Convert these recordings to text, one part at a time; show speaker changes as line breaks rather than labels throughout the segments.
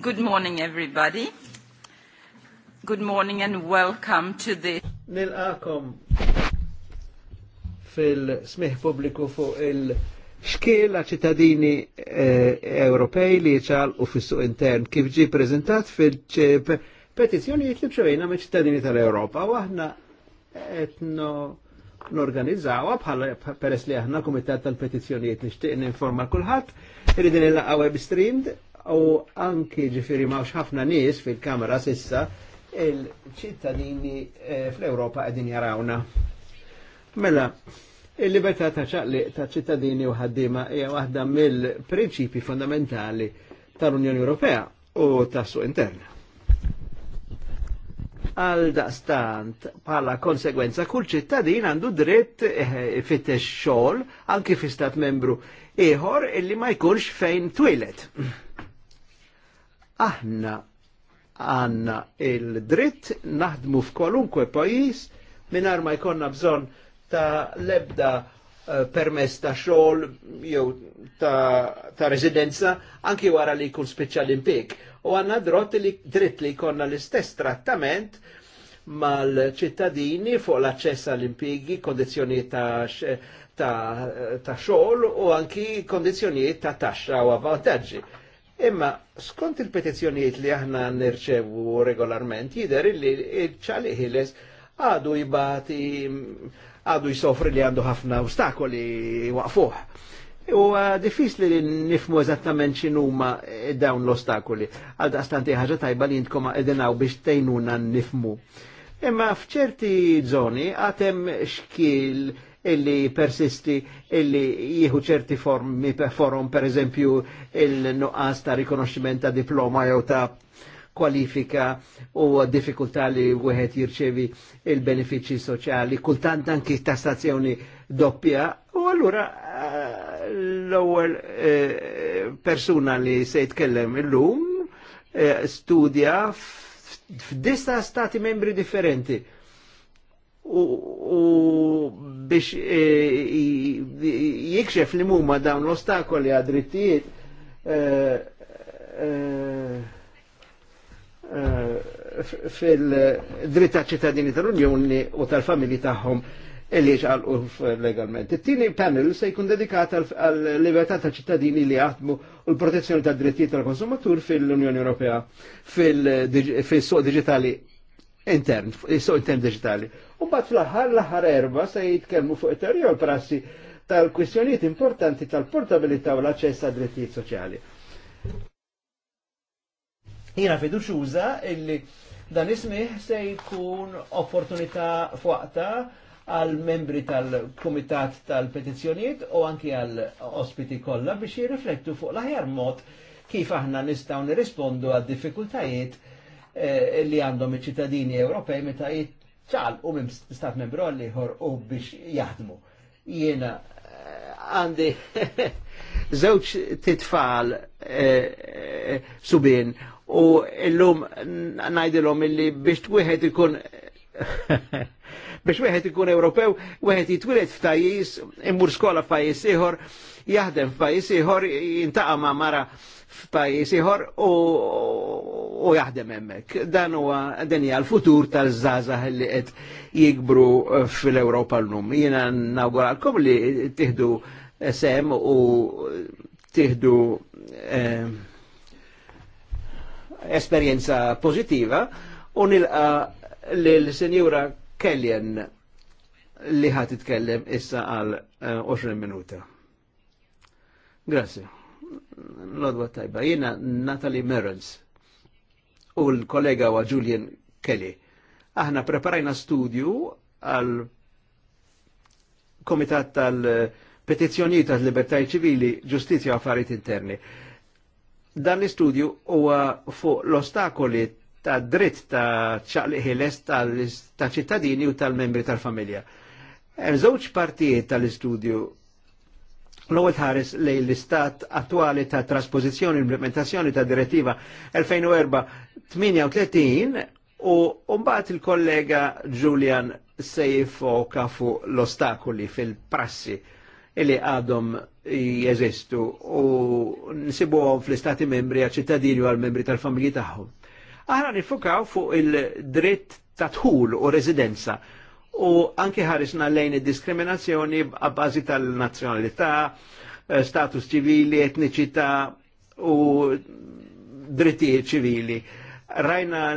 Good morning, everybody. Good morning and
welcome to the... Nil-għakom fil-smiħ publiku fuq il-xkiela ċittadini eh, Ewropej li ċal u fissuq intern kif ġi prezentat fil-ċip petizjoni jitlib xejna me ċittadini tal-Europa u aħna etno norganizzawa bħala peress li aħna komitat tal-petizjonijiet nixtieq ninforma kulħadd irid nilaqgħu web streamed u anki ġifiri mawx ħafna nis fil-kamera sissa il-ċittadini eh, fl-Europa għedin jarawna. Mela, il-libertà ta' ċaqli ta' ċittadini u ħaddima hija waħda mill-prinċipi fondamentali tal-Unjoni Ewropea u tas su interna. Għal daqstant, pala konsegwenza, kull ċittadin għandu dritt eh, fittex xogħol anki fi stat membru ieħor illi ma jkunx fejn twilet aħna għanna il-dritt naħdmu f'kolunkwe pajis minn ma jkonna bżon ta' lebda eh, permess ta' xogħol jew ta', ta residenza anki wara li jkun speċjal impik. U għandna drott li dritt li jkollna l-istess trattament mal-ċittadini fuq l-aċċess għall impigi kondizzjonijiet ta', ta, ta xogħol u anki kondizzjonijiet ta' taxxa u avvantaġġi. Imma skont il-petizzjonijiet li aħna nirċevu regolarment jider illi ċali ħiles għadu jibati għadu jisofri li għandu ħafna ostakoli waqfuħ. U uh, diffiċli li nifmu eżattament x'inhuma eh, dawn l-ostakoli. Għal daqstanti ħaġa tajba li jintkom edinaw biex tejnuna nifmu. Imma fċerti zoni għatem xkil illi persisti illi jieħu ċerti formi forum per eżempju il-nuqqas ta' rikonoxximent ta' diploma jew ta' kwalifika u diffikultà li wieħed jirċevi il benefiċi soċjali, kultant anki ta' stazzjoni doppja, u allura eh, l-ewwel eh, persuna li se jitkellem illum eh, studja f'dista stati membri differenti u biex e, jikxef li mumma dawn l-ostakoli għadrittijiet e, e, fil-dritta ċittadini tal-Unjoni u tal-familji tagħhom li ġalqu legalment. It-tieni panel se jkun dedikat għal libertà ta' ċittadini li jaħdmu u l-protezzjoni tad drittijiet tal-konsumatur fil-Unjoni Ewropea fil-suq digitali intern, il suq intern digitali. U bat fl-aħħar l-aħħar erba se jitkellmu fuq it terjol prassi tal-kwistjonijiet importanti tal-portabilità u l-aċċess għad drittijiet soċjali. Jina fiduċuża illi dan ismiħ se jkun opportunità fuqta għal membri tal-Kumitat tal-Petizzjonijiet u anki għal ospiti kollha biex jirriflettu fuq l-aħjar mod kif aħna nistgħu nirrispondu għad diffikultajiet eh, li għandhom iċ-ċittadini Ewropej meta jitt ċal u minn stat membru li ħor u biex jaħdmu. Jiena eh, għandi zewċ titfal eh, eh, subin u illum najdilom illi biex t-wihet ikun biex wieħed ikun Ewropew, wieħed jitwilet f'pajjiż, imur skola f'pajjiż ieħor, jaħdem f'pajjiż ieħor, jintaqa' ma' mara f'pajjiż ieħor u jaħdem hemmhekk. Dan huwa din hija l-futur tal-żgħażagħ li qed jikbru fil-Ewropa llum. Jiena nawguralkom li tieħdu sem u tieħdu eh, esperjenza pożittiva u nilqa l-Senjura Kellien li ħat titkellem issa għal 20 eh, minuta. Grazie l-odwa tajba. Jena Natalie Merens u l-kollega wa Julian Kelly. Aħna preparajna studju għal komitat tal-petizjoniet tal-libertaj ċivili, ġustizja u affarijiet interni. Dan l-istudju huwa fuq l-ostakoli ta' dritt ta' ċaqliħiles ta' ċittadini u tal-membri tal-familja. Hemm żewġ partijiet tal-istudju l-ewwel ħares lejn l-istat attwali ta' trasposizzjoni implementazzjoni ta' direttiva 2004-38 u mbagħad il-kollega Julian se jifoka fuq l-ostakoli fil-prassi li għadhom jeżistu u nsibuhom fl-istati membri għal ċittadini u għal membri tal-familji tagħhom. Aħna nifukaw fuq il-dritt ta' tħul u residenza u anki ħarisna lejn id-diskriminazzjoni għabbażi tal-nazzjonalità, eh, status ċivili, etniċità u drittijiet ċivili. Rajna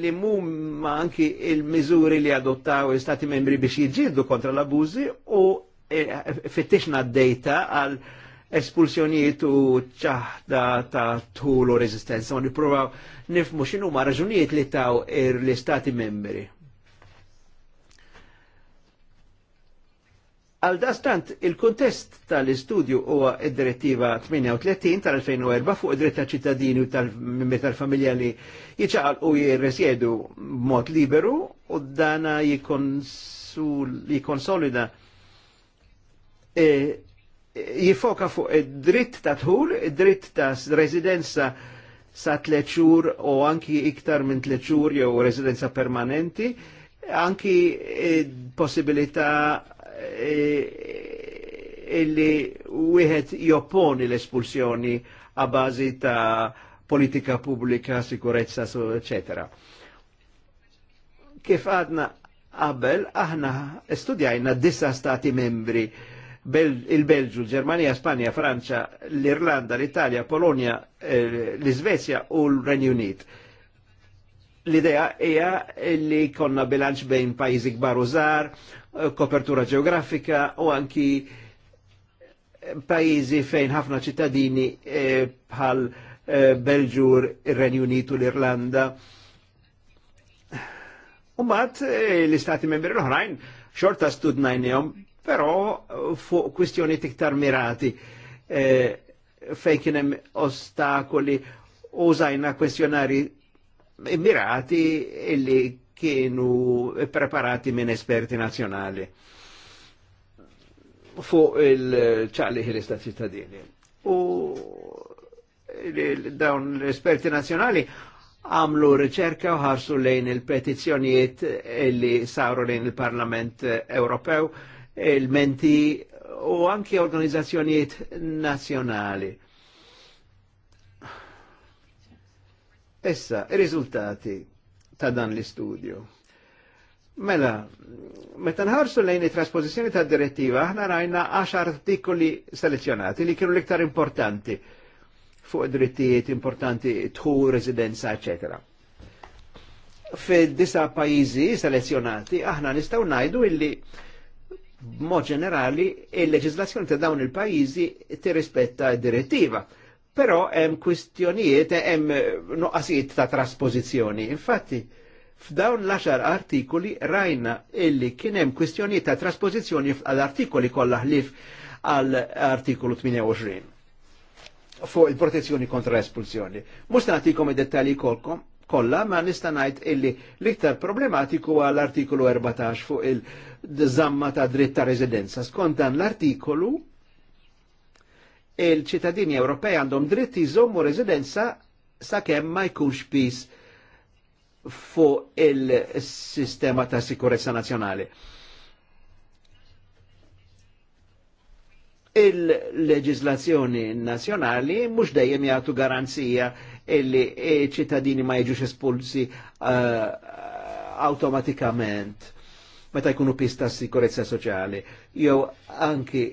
li mumma anki il-miżuri li adottaw il-Stati membri biex jġiddu kontra l-abużi u eh, fittixna d-dejta għal espulsjonijiet u ċaħda ta' tħul u rezistenza nifmu xinu ma' raġunijiet li taw l-istati membri Għal dastant, il-kontest tal-istudju huwa id-direttiva 38 tal-2004 fuq id-dritt ta' ċittadini u tal mimmi tal-familja li jiċaqal u jirresjedu mod liberu u dana jikonsolida e, e, jifoka fuq id-dritt ta' tħul, id-dritt ta' residenza sa' tleċur u anki iktar minn tleċur jew residenza permanenti, anki e, possibilità Eh, illi wieħed jopponi l-espulsjoni a bażi ta' politika pubblika, sikurezza, eccetera. Kif għadna qabel, aħna studjajna disa stati membri il-Belġu, l-Germania, Spanja, Franċa, l-Irlanda, l-Italja, Polonia, eh, l-Svezja u l-Renju Unit. L-idea hija li konna bilanċ bejn pajjiżi kbar u żgħar, kopertura ġeografika u anki pajizi fejn ħafna ċittadini eh, bħal eh, Belġur, ir-Renju Unitu, l-Irlanda. U mat eh, l-istati membri l-oħrajn xorta studnajnijom, però fuq kwistjoni tiktar mirati fejn kienem ostakoli użajna kwestjonari mirati illi kienu preparati minn esperti nazjonali fuq il-ċalli ħilis ta' ċittadini. U dawn l-esperti nazjonali għamlu riċerka u ħarsu lejn il-petizzjonijiet li saru lejn il-Parlament Ewropew, il-menti u anki organizzazzjonijiet nazjonali. Essa, i riżultati ta' dan l-istudju. Mela, meta nħarsu lejn it-trasposizjoni ta' direttiva, aħna rajna 10 artikoli selezzjonati li kienu l-iktar importanti fuq drittijiet importanti tħu residenza, eccetera. Fid-disa pajizi selezzjonati, aħna nistaw najdu illi b'mod ġenerali il-leġizlazzjoni ta' dawn il-pajizi tirrispetta d-direttiva. Però hemm kwistjonijiet hemm eh, nuqqasijiet ta' traspożizzjoni. Infatti, f'dawn l għaxar artikoli rajna illi kien hemm kwistjonijiet ta' traspożizzjoni għall-artikoli kollha ħlif għall artikolu 28 fuq il-protezzjoni kontra espulsjoni. Mux natikom id-dettalji kolkom, kollha ma nista' ngħid illi l-iktar problematiku għall artikolu 14 fuq il-żamma ta' dritta residenza. Skont dan l-artikolu il-ċittadini Ewropej għandhom dritt jżommu residenza sakemm ma jkunx pis fuq il-sistema ta' sikurezza nazzjonali. Il-leġizlazzjoni nazzjonali mhux dejjem jagħtu garanzija illi ċittadini ma jiġux espulsi uh, automatikament meta jkunu pista sikurezza soċjali. Jew anki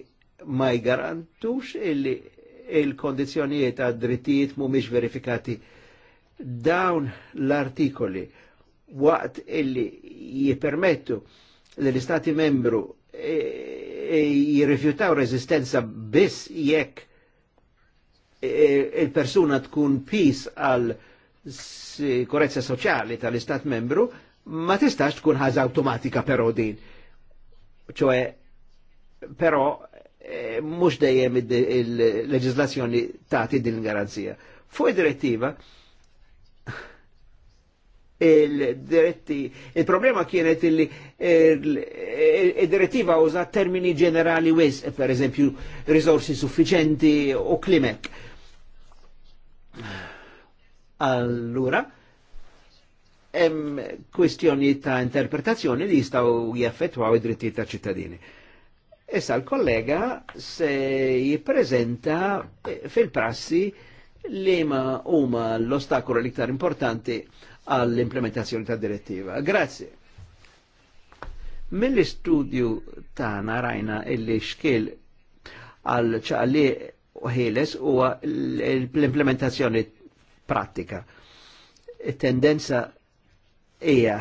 ma jgarantux illi il-kondizjonijiet għad drittijiet miex verifikati dawn l-artikoli waqt illi jipermettu li l-istati membru e, e, jirrifjutaw rezistenza biss jekk e, il-persuna tkun pis għal sikurezza soċjali tal-istat membru, ma tistax tkun ħaż automatika però din. ċoe, però Eh, mux dejjem il-leġizlazzjoni tagħti din garanzija. Fuq id-direttiva, il-diretti, il-problema kienet li il-direttiva uża termini ġenerali wis, per eżempju, risorsi suffiċenti u klimek. Allura, em kwestjoni ta' interpretazzjoni li jistgħu jaffettwaw id dritti ta' ċittadini. Issa l-kollega se jipprezenta eh, fil-prassi li ma huma l ostakolo l-iktar importanti għall-implementazzjoni ta' direttiva. Grazie. Mill-istudju ta' narajna illi xkil għal ċaqli ħieles huwa l-implementazzjoni pratika. Tendenza hija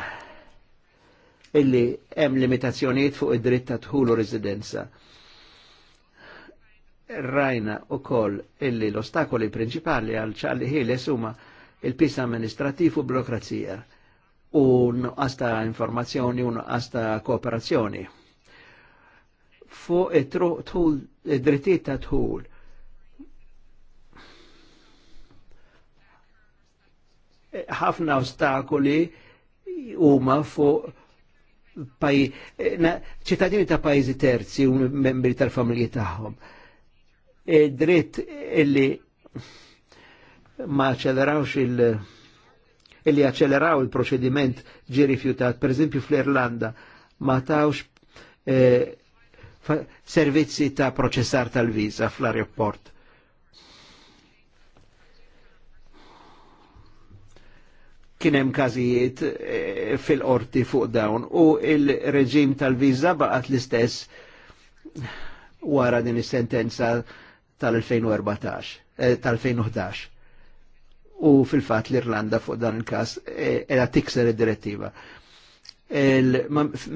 illi hemm limitazzjonijiet fuq id-dritt ta' tħulu residenza. Rajna u koll illi l-ostakoli principali għal ċalli ħiles huma il-pis amministrativ u burokrazija u nuqqas informazzjoni u nuqqas kooperazzjoni. Fuq id-drittijiet ta' tħul ħafna ostakoli huma fuq ċittadini ta' pajzi terzi u membri tal-familji tagħhom. dritt illi ma ċelerawx il- illi acceleraw il-proċediment ġi rifjutat, per eżempju fl-Irlanda, ma tawx eh, servizzi ta' proċessar tal-viza fl-aeroport. kien hemm każijiet eh, fil-qorti fuq dawn u il-reġim tal-viża baqat l-istess wara din is-sentenza tal-2014 eh, tal-2011. U fil-fat l-Irlanda fuq dan il-kas eh, era tikser id-direttiva.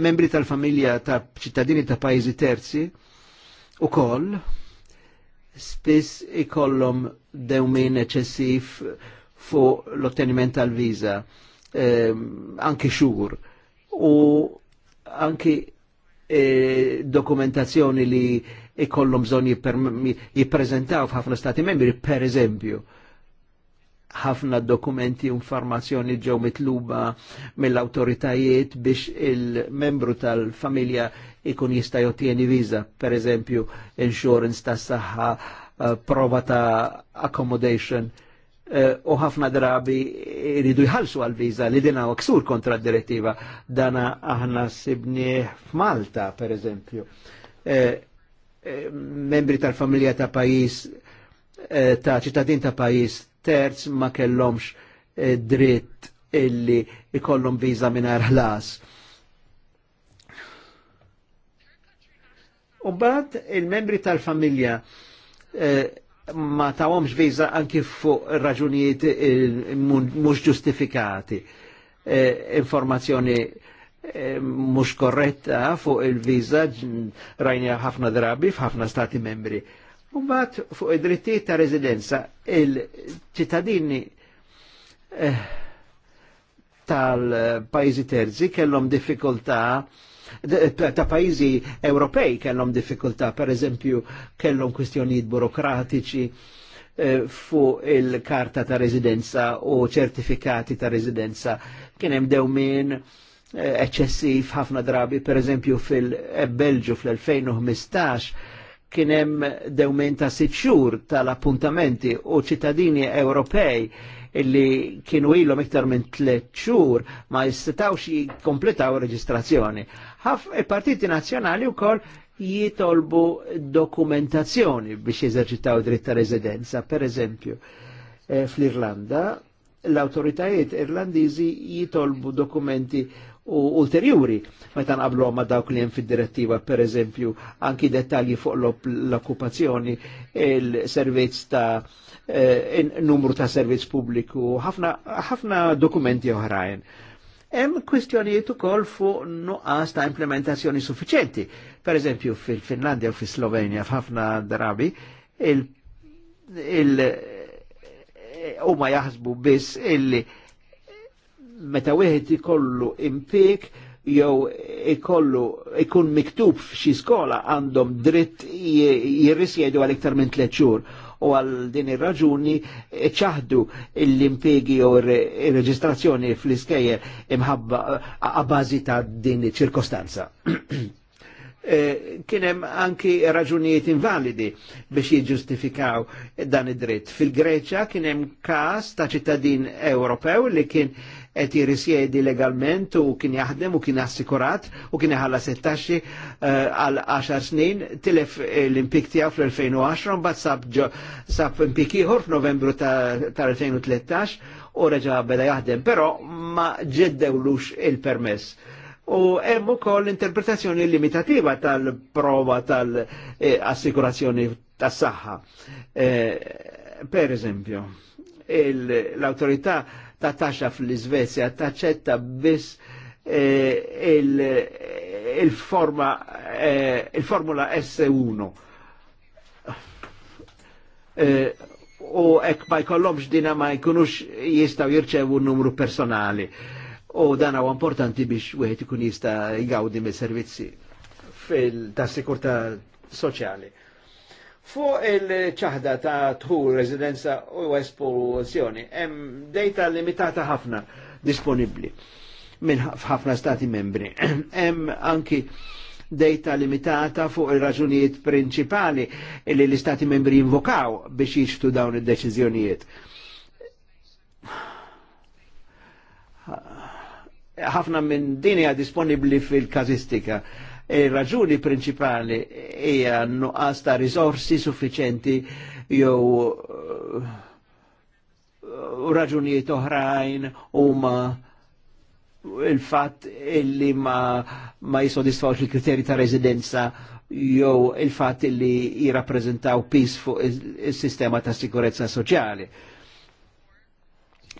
Membri tal-familja ta' ċittadini ta' pajjiżi terzi u koll spiss ikollhom dewmin eċessiv fuq l-otteniment tal-viza, eh, anki xur, u anki eh, dokumentazzjoni li ikollhom bżonn jippreżentaw f'ħafna stati membri, per eżempju ħafna dokumenti u informazzjoni ġew mitluba mill awtoritajiet biex il-membru tal-familja ikun jista' jottieni viża, per eżempju insurance tas saħħa, eh, prova ta' accommodation Eh, u ħafna drabi iridu jħalsu għal-viza li dina u ksur kontra d-direttiva. Dana aħna sibnieh f'Malta, per eżempju. Eh, eh, membri tal-familja ta' pajis, ta' ċittadin ta' pajis terz ma kellomx dritt illi ikollhom viza mingħajr ħlas. Umbat il-membri tal-familja eh, ma tawomx viza anki fuq raġunijiet eh, mhux ġustifikati. Eh, informazzjoni mux eh, mhux korretta fuq il-viza rajna ħafna drabi f'ħafna stati membri. Umbat fuq id-drittijiet ta' residenza il-ċittadini tal-pajzi terzi kellhom diffikultà ta' Europej Ewropej kellhom diffikultà, eżempju, kellhom kwistjonijiet burokratiċi eh, fuq il-karta ta' residenza u ċertifikati ta' residenza. Kien hemm dewmin eh, eċċessiv ħafna drabi, eżempju fil-Belġu eh, fl-2015 kien hemm dewmin ta' sitt xhur tal-appuntamenti u ċittadini Ewropej illi kienu ilu miktar minn tliet xhur ma jistgħux kompletaw reġistrazzjoni. Ħaf il-partiti e, u wkoll jitolbu dokumentazzjoni biex jeżerċitaw dritta residenza, per eżempju, eh, fl-Irlanda l-autoritajiet irlandiżi jitolbu dokumenti u ulterjuri meta nqablu ma dawk li hemm fid-direttiva eżempju anki dettalji fuq l-okkupazzjoni il-servizz ta' eh, numru ta' servizz pubbliku ħafna dokumenti oħrajn. Hemm kwistjonijiet ukoll fuq nuqqas ta' implementazzjoni suffiċenti. eżempju fil-Finlandja u fis-Slovenja f'ħafna drabi il- eh, huma jaħsbu biss illi meta wieħed ikollu impik jew ikollu ikun miktub f'xi skola għandhom dritt jirrisjedu għal iktar minn tliet xhur u għal din ir-raġuni ċaħdu l-impjegi u r-reġistrazzjoni fl-iskejjer imħabba għabazi ta' din ċirkostanza. Eh, kienem anki raġunijiet invalidi biex jiġustifikaw dan id-dritt. Fil-Greċa kienem kas ta' ċittadin Ewropew li kien qed jirrisjedi legalment u kien jaħdem u kien assikurat u kien iħalla 16 eh, għal 10 snin tilef l-impik tiegħu fl-2010 mbagħad sab sab impik ieħor f'Novembru tal-2013 u reġa' beda jaħdem, però ma ġeddewlux il-permess. U hemm ukoll interpretazzjoni limitativa tal-prova tal-assikurazzjoni tas-saħħa. Eh, per eżempju, l-autorità ta' taxa fl izvezja taċċetta biss eh, il-forma eh, il formula S1. Eh, u ek ma jkollomx dina ma jkunux jistaw jirċevu numru personali. U dan huwa importanti biex wieħed ikun jista' jgawdi mis-servizzi fil-tas-sikurta soċjali. Fuq il-ċaħda ta' tħur residenza u espulsjoni, hemm data limitata ħafna disponibbli minn ħafna stati membri. Hemm anki data limitata fuq il-raġunijiet prinċipali li l-istati membri invokaw biex jixtu dawn id-deċiżjonijiet. ħafna minn din hija disponibbli fil-kazistika Il-raġuni principali hija nuqqas ta' risorsi suffiċenti jew eh, raġunijiet oħrajn huma il-fatt illi ma, ma jisodisfawx il-kriteri ta' residenza jew il-fatt illi jirrappreżentaw pis fuq il-sistema ta' sikurezza soċjali.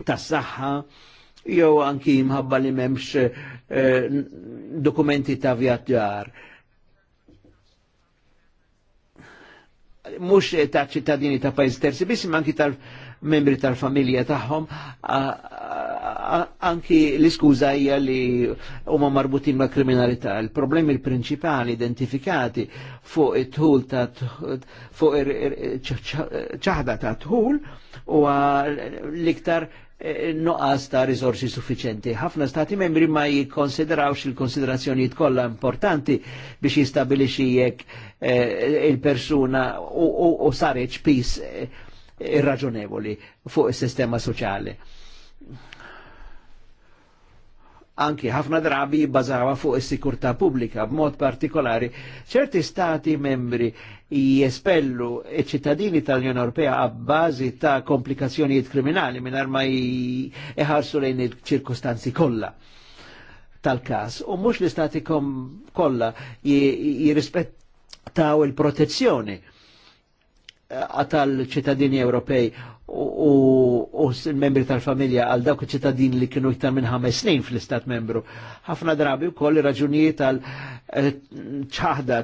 ta' saħħa jew anki mħabba li memx Eh, dokumenti ta' vjaġġar. Mux ta' ċittadini ta' pajz terzi, biss anki tal-membri tal-familja tagħhom, anki l-iskuża hija li huma marbutin ma' kriminalità. Il-problemi l-prinċipali identifikati fuq it tul ta' fuq ċaħda ta' tħul u l-iktar Eh, eh, noqas ta' risorsi suffiċenti. Ħafna stati membri ma jikkonsiderawx il-konsiderazzjonijiet kollha importanti biex jistabilixi jekk eh, il-persuna u, u, sareċ pis irraġunevoli fuq is-sistema soċjali anki ħafna drabi jibbażawa fuq is-sikurtà pubblika b'mod partikolari. ċerti stati membri jespellu ċittadini tal-Unjoni Ewropea għabbażi ta' komplikazzjonijiet kriminali minn ma jħarsu lejn il-ċirkustanzi kollha tal każ u mhux l-istati kollha jirrispettaw il-protezzjoni għatal ċittadini Ewropej u membri tal-familja għal dawk ċittadini li kienu iktar minn ħames snin fl-istat membru. ħafna drabi u koll raġunijiet għal eh, ċaħda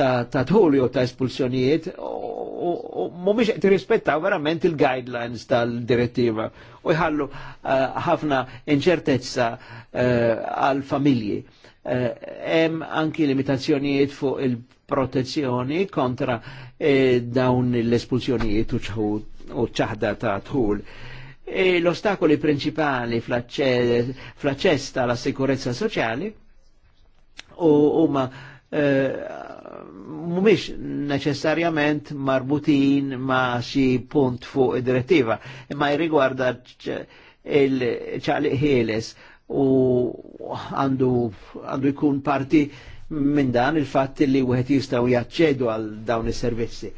ta' tħulju ta' espulsjonijiet u mumiex qed irrispettaw verament il-guidelines tal-direttiva u jħallu eh, ħafna inċertezza eh, għal familji. Hemm anki limitazzjonijiet fuq il- protezzjoni kontra eh, dawn l-espulsjonijiet u ċaħda ta' tħul. E L-ostakoli principali fl-aċċess tal sikurezza soċjali u huma eh, mumiex neċessarjament marbutin ma xi punt fuq id-direttiva, imma jirrigwarda il-ċaliq ħieles u għandu jkun parti minn dan il-fatt li wieħed jistgħu jaċċedu għal dawn is-servizzi.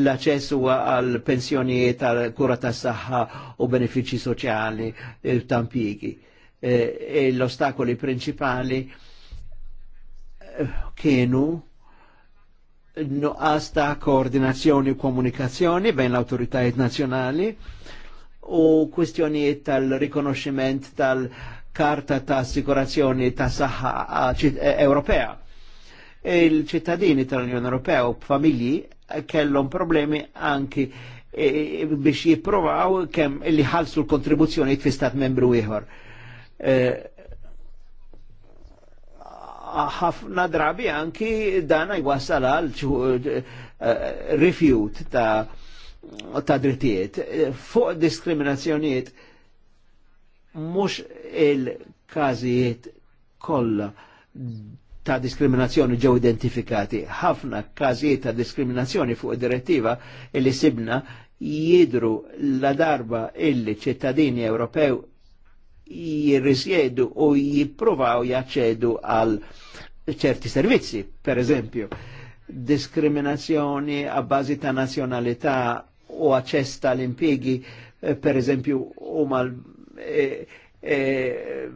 L-aċess huwa għal pensjonijiet għal kura ta' saħħa u benefiċi soċjali eh, tampiki. Eh, e, L-ostakoli prinċipali eh, kienu nuqqas ta' koordinazzjoni u komunikazzjoni bejn l-autoritajiet nazzjonali u kwistjonijiet tal-rikonoxximent tal-, -rikonoxximent tal karta ta' assikurazzjoni ta' saħħa e, Ewropea. Il-ċittadini tal-Unjoni Ewropea u familji kellhom problemi anki e, e, biex jipprovaw kemm li ħalsu l-kontribuzzjoni fi stat membru ieħor. ħafna drabi anki dan jwassal għal rifjut ta' drittijiet. Fuq diskriminazzjonijiet mhux il-każijiet kollha ta' diskriminazzjoni ġew identifikati. Ħafna każijiet ta' diskriminazzjoni fuq direttiva illi sibna jidru la darba illi ċittadini Ewropew jirrisjedu u jipprovaw jaċċedu għal ċerti servizzi, per eżempju, diskriminazzjoni a bazi ta' nazjonalità u aċċess tal-impjegi, eh, per eżempju, u mal Eh, eh,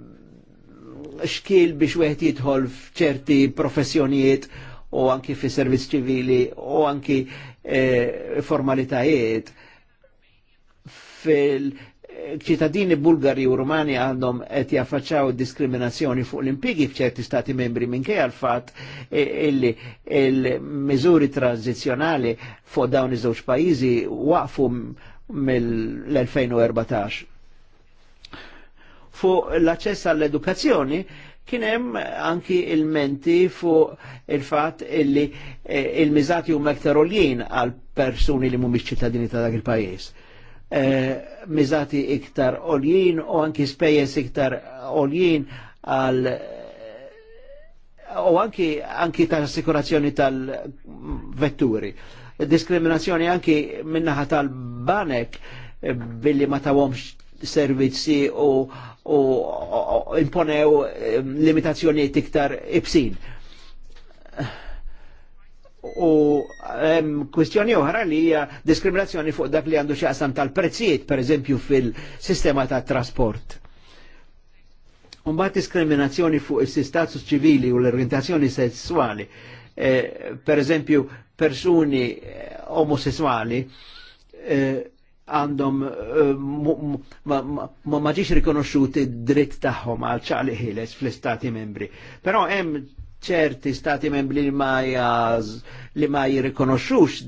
xkil biex wieħed jidħol f'ċerti professjonijiet u anki fi servizz ċivili u anki eh, formalitajiet fil ċittadini bulgari u rumani għandhom qed jaffaċċaw diskriminazzjoni fuq l impigi f'ċerti stati membri minkej għal fatt e, illi il mizuri tranzizjonali fuq dawn iż-żewġ pajjiżi waqfu mill-2014 fuq l access għall-edukazzjoni kien hemm anki il-menti fuq il-fatt illi eh, il-miżati huma iktar għal persuni li mhumiex ċittadini ta' dak il-pajjiż. Eh, miżati iktar oljin u anki spejjeż iktar oljien għal u anki anki tal-assikurazzjoni tal-vetturi. Diskriminazzjoni anki minnaħa tal-banek eh, billi ma tawomx servizzi u u imponew limitazzjonijiet iktar ibsin. U kwistjoni oħra li hija diskriminazzjoni fuq dak li għandu xaqsam tal-prezzijiet, per eżempju, fil-sistema ta' trasport. Umbat diskriminazzjoni fuq il-sistatus ċivili u l-orientazzjoni sessuali, eh, per eżempju persuni eh, omosessuali, eh, għandhom eh, ma maġiċ rikonosciuti dritt taħħom għal ċali ħiles fl-istati membri. Pero hemm ċerti stati membri li ma jaz, li ma jirrikonoxxux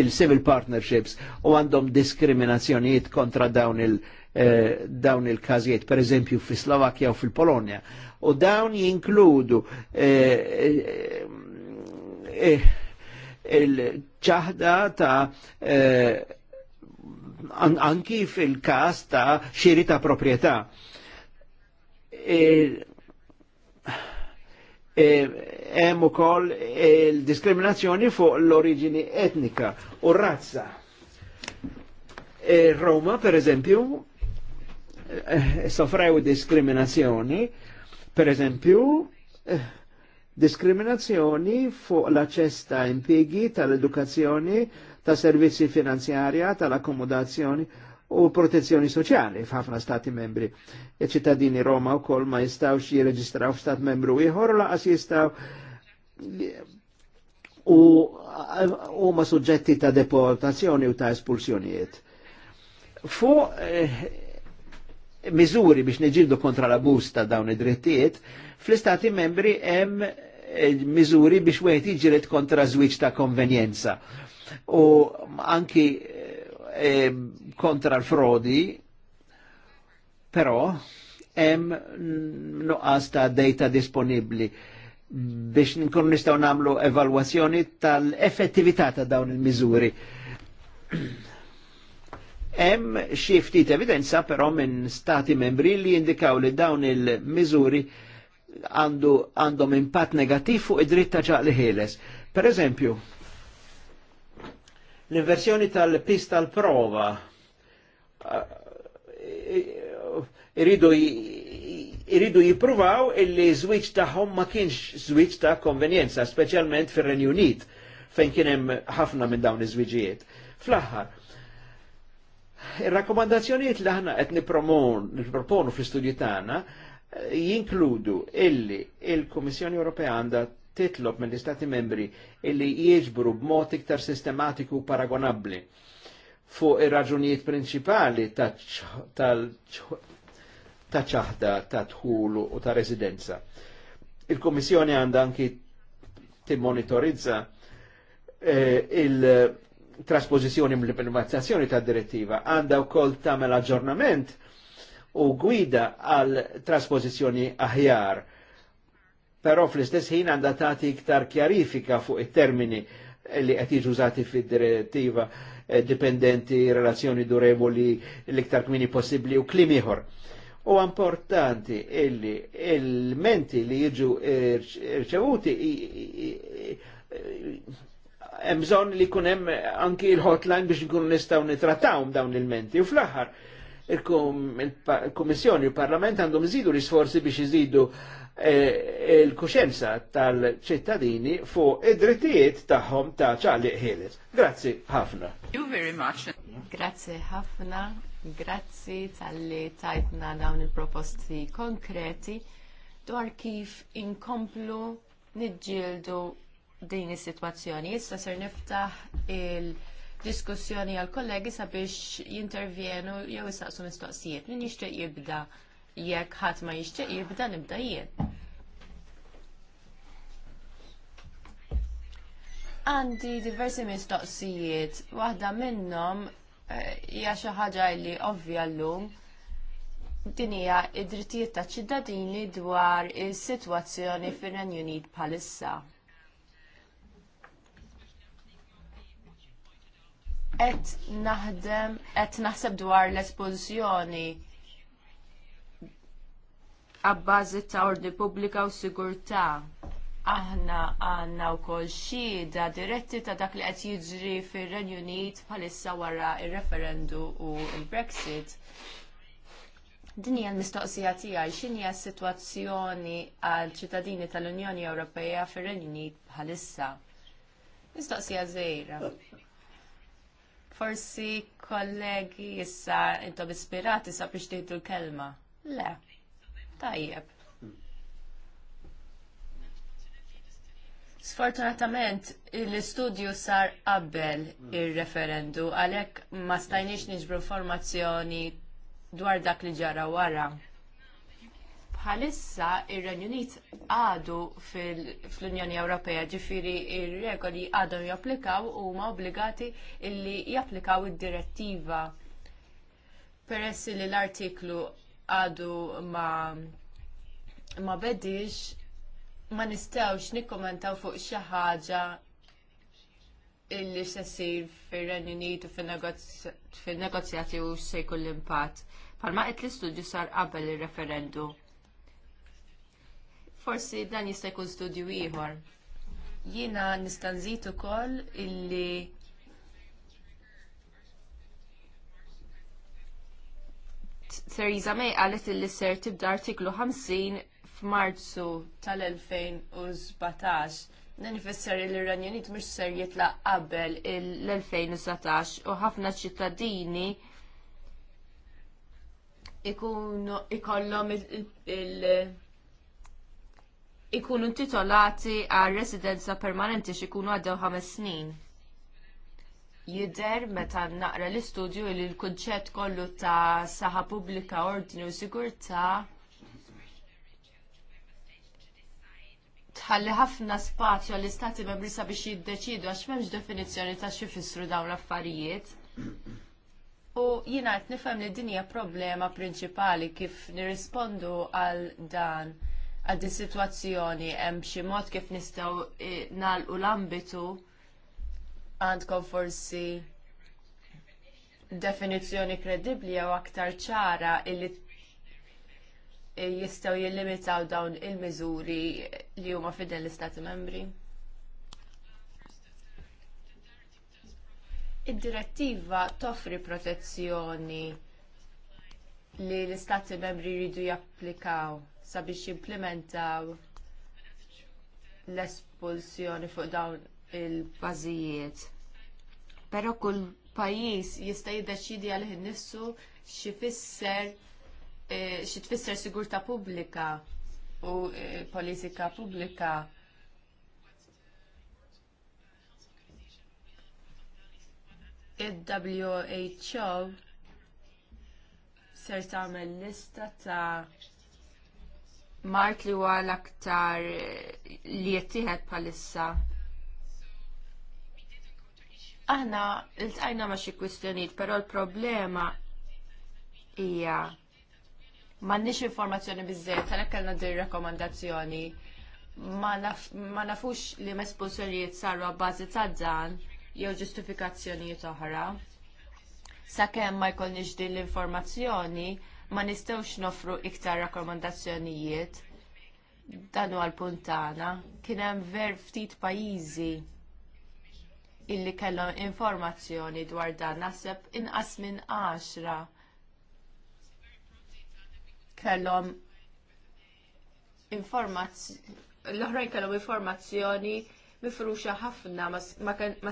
il-civil partnerships u għandhom diskriminazzjonijiet kontra dawn il- eh, dawn il-każijiet, per eżempju fi Slovakkja u fil-Polonja. U dawn jinkludu eh, il ċahda ta' anki fil-kas ta' xiri ta' proprjetà. E, e, hemm ukoll il-diskriminazzjoni fuq l-oriġini etnika u razza. E, Roma, per eżempju, eh, sofrew diskriminazzjoni, per eżempju, eh, diskriminazzjoni fuq l-aċċess ta' impjegi tal-edukazzjoni ta' servizzi finanzjarja, tal-akkomodazzjoni u protezzjoni soċjali f'ħafna stati membri. Iċ-ċittadini Roma u kol ma jistawx jirreġistraw f'stat membru ieħor laqas jistaw u, huma suġġetti ta' deportazzjoni u ta' espulsjonijiet. Fu eh, miżuri biex neġildu kontra l-abus ta' dawn id-drittijiet, fl-istati membri hemm eh, miżuri biex wieħed jiġilet kontra żwieġ ta' konvenjenza u anki eh, kontra l-frodi, però hemm nuqqas ta' data disponibli biex nkun nistgħu nagħmlu evalwazzjoni tal-effettività ta' dawn il-miżuri. Hemm xi ftit evidenza però minn stati membri li jindikaw li dawn il-miżuri għandhom impatt negattiv fuq id-dritt ta' ċaqli ħieles. Per eżempju, L-inversjoni tal-pista l prova eh, iridu iridu jipruvaw illi żwieġ tagħhom ma kienx żwieġ ta' konvenjenza, speċjalment fir-Renju Unit fejn kien hemm ħafna minn dawn iż-żwiġijiet. Fl-aħħar, Ir-rakkomandazzjonijiet li aħna qed nipproponu fl-istudju tagħna eh, jinkludu illi il-Kummissjoni Ewropea għandha titlob mill-Istati membri illi jieġbru b'mod iktar sistematiku paragonabli paragonabbli fuq ir-raġunijiet prinċipali ta' ċaħda ta' tħulu u ta' residenza. Il-Komissjoni għandha anki timmonitorizza eh, il-trasposizjoni mill-implementazzjoni ta' direttiva u wkoll tagħmel aġġornament u gwida għal trasposizjoni aħjar però fl-istess ħin għandha tagħti iktar kjarifika fuq it-termini li qed użati fid-direttiva eh, dipendenti, relazzjoni durevoli, l-iktar kmini possibbli u klim ieħor. U importanti illi il-menti li jiġu irċevuti eh, hemm bżonn li jkun hemm anki l-hotline biex nkunu nistgħu nitrattawhom dawn il-menti. U fl-aħħar il-Kummissjoni, il-Parlament għandhom zidu. l-isforzi biex iżidu E, il-kuxenza tal-ċittadini fuq id-drittijiet tagħhom ta' ċalli ħieles. Grazzi ħafna.
You very much. Grazzi ħafna, grazzi tal-li tajtna dawn il-proposti konkreti dwar kif inkomplu nidġildu din is-sitwazzjoni. Issa ser niftaħ il-diskussjoni għal kollegi sabiex jintervjenu jew jistaqsu mistoqsijiet. Min jixtieq jibda' jekk ħadd ma jixtieq jibda nibda jien. Għandi diversi mistoqsijiet, waħda minnhom eh, hija xi ħaġa li ovvja llum din hija id-drittijiet taċ ċittadini dwar is-sitwazzjoni fir-Renju Unit bħalissa. Qed naħdem qed naħseb dwar l-espożjoni għabbażi ta' ordni pubblika u sigurtà. Aħna għandna wkoll xhieda diretti ta' dak li qed jiġri fir-Renju Unit bħalissa wara r referendu u l brexit Din hija l-mistoqsija tiegħi x'inhi s-sitwazzjoni għal ċittadini tal-Unjoni Ewropea fir-Renju Unit bħalissa. Mistoqsija żgħira. Forsi kollegi issa intom ispirati sa biex tieħdu l-kelma. Le. Tajjeb. Sfortunatament, l-istudju sar qabel mm. il-referendu, għalek ma stajniex niġbru formazzjoni dwar dak li ġara wara. Bħalissa il renju Unit għadu fil unjoni Ewropea ġifiri il regoli għadhom japplikaw u ma obbligati illi japplikaw id-direttiva. Peressi li l-artiklu għadu ma ma bedix ma nistawx nikkommentaw fuq xi ħaġa illi se sir fir-Renju Unit u fin-negozjati u se jkun l-impatt. Palma qed l-istudju sar qabel ir-referendu. Forsi dan jista' jkun studju ieħor. Jiena nista' nżid ukoll illi Theresa May qalet illi ser tibda artiklu 50 f'Marzu tal-2017. Dan li l-Iran Unit mhux ser jitlaq qabel l-2019 u ħafna ċittadini ikunu ikollhom il ikunu intitolati għal residenza permanenti x'ikunu għaddew ħames snin jider meta naqra l-istudju li l-kunċett kollu ta' saħa pubblika ordni u sigurtà tħalli ħafna spazju għall istati membri sabiex jiddeċidu għax m'hemmx definizzjoni ta' xi dawn l-affarijiet. U jiena qed nifhem li din hija problema prinċipali kif nirrispondu għal dan għal din sitwazzjoni hemm xi mod kif nistgħu eh, nagħlqu l-ambitu għandkom forsi definizzjoni kredibbli jew aktar ċara illi jistgħu jillimitaw dawn il-miżuri li huma fidel l-Istati membri? Id-direttiva toffri protezzjoni li l-Istati membri jridu japplikaw sabiex jimplementaw l-espulsjoni fuq dawn il-bażijiet. Però kull pajjiż jista' jiddeċidi għal ħinnifsu xi fisser e, xi tfisser sigurtà pubblika u e, politika pubblika. il-WHO ser tagħmel lista ta' mart li huwa l-aktar li jittieħed bħalissa Aħna l-tajna ma xi kwistjonijiet, però l-problema hija m'għandniex informazzjoni biżżejjed, għana kellna dir rekomandazzjoni. Ma, naf, ma nafux li ma espulsjonijiet saru għabbażi ta' dan jew ġustifikazzjonijiet oħra. Sakemm ma jkollniex din l-informazzjoni, ma nistgħux nofru iktar rakkomandazzjonijiet. Dan huwa l-puntana. Kien hemm ver ftit pajjiżi illi kellhom informazzjoni dwar dan naħseb inqas minn 10 kellhom informazzjoni l-oħrajn kellhom informazzjoni mifruxa ħafna ma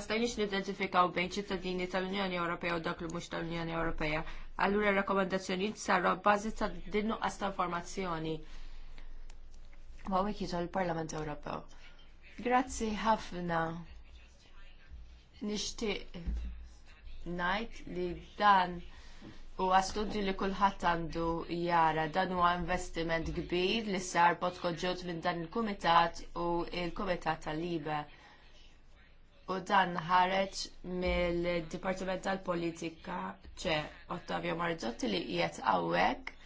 stajniex nidentifikaw bejn ċittadini tal-Unjoni Ewropea u dak li mhux tal-Unjoni Ewropea. Allura rakkomandazzjonijiet saru bbażi ta' din nuqqas ta' informazzjoni. Ma wek il-Parlament Ewropew. Grazzi ħafna nixtieq ngħid li dan huwa studju li kulħadd għandu jara dan huwa investiment kbir li sar podkoġġut minn dan il-kumitat u il-kumitat tal-libe. U dan ħareġ mill-Dipartiment tal-Politika ċe Ottavio Marzotti li qiegħed hawnhekk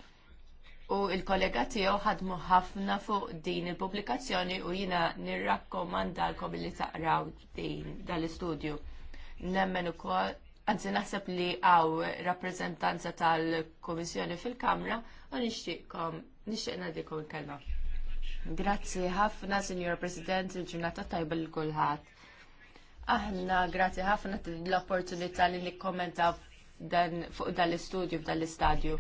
u il-kollega tiegħu ħadmu ħafna fuq din il-pubblikazzjoni u jina nirrakkomandalkom li taqraw din dal-istudju. Nemmen ukoll anzi naħseb li għaw rappreżentanza tal-Komissjoni fil-Kamra u nixtieqkom nixtieq nadikom il-kelma. Grazzi ħafna, Signor President, il-ġurnata tajba l kulħadd Aħna grazzi ħafna l-opportunità li nikkommenta fuq dal-istudju f'dal-istadju.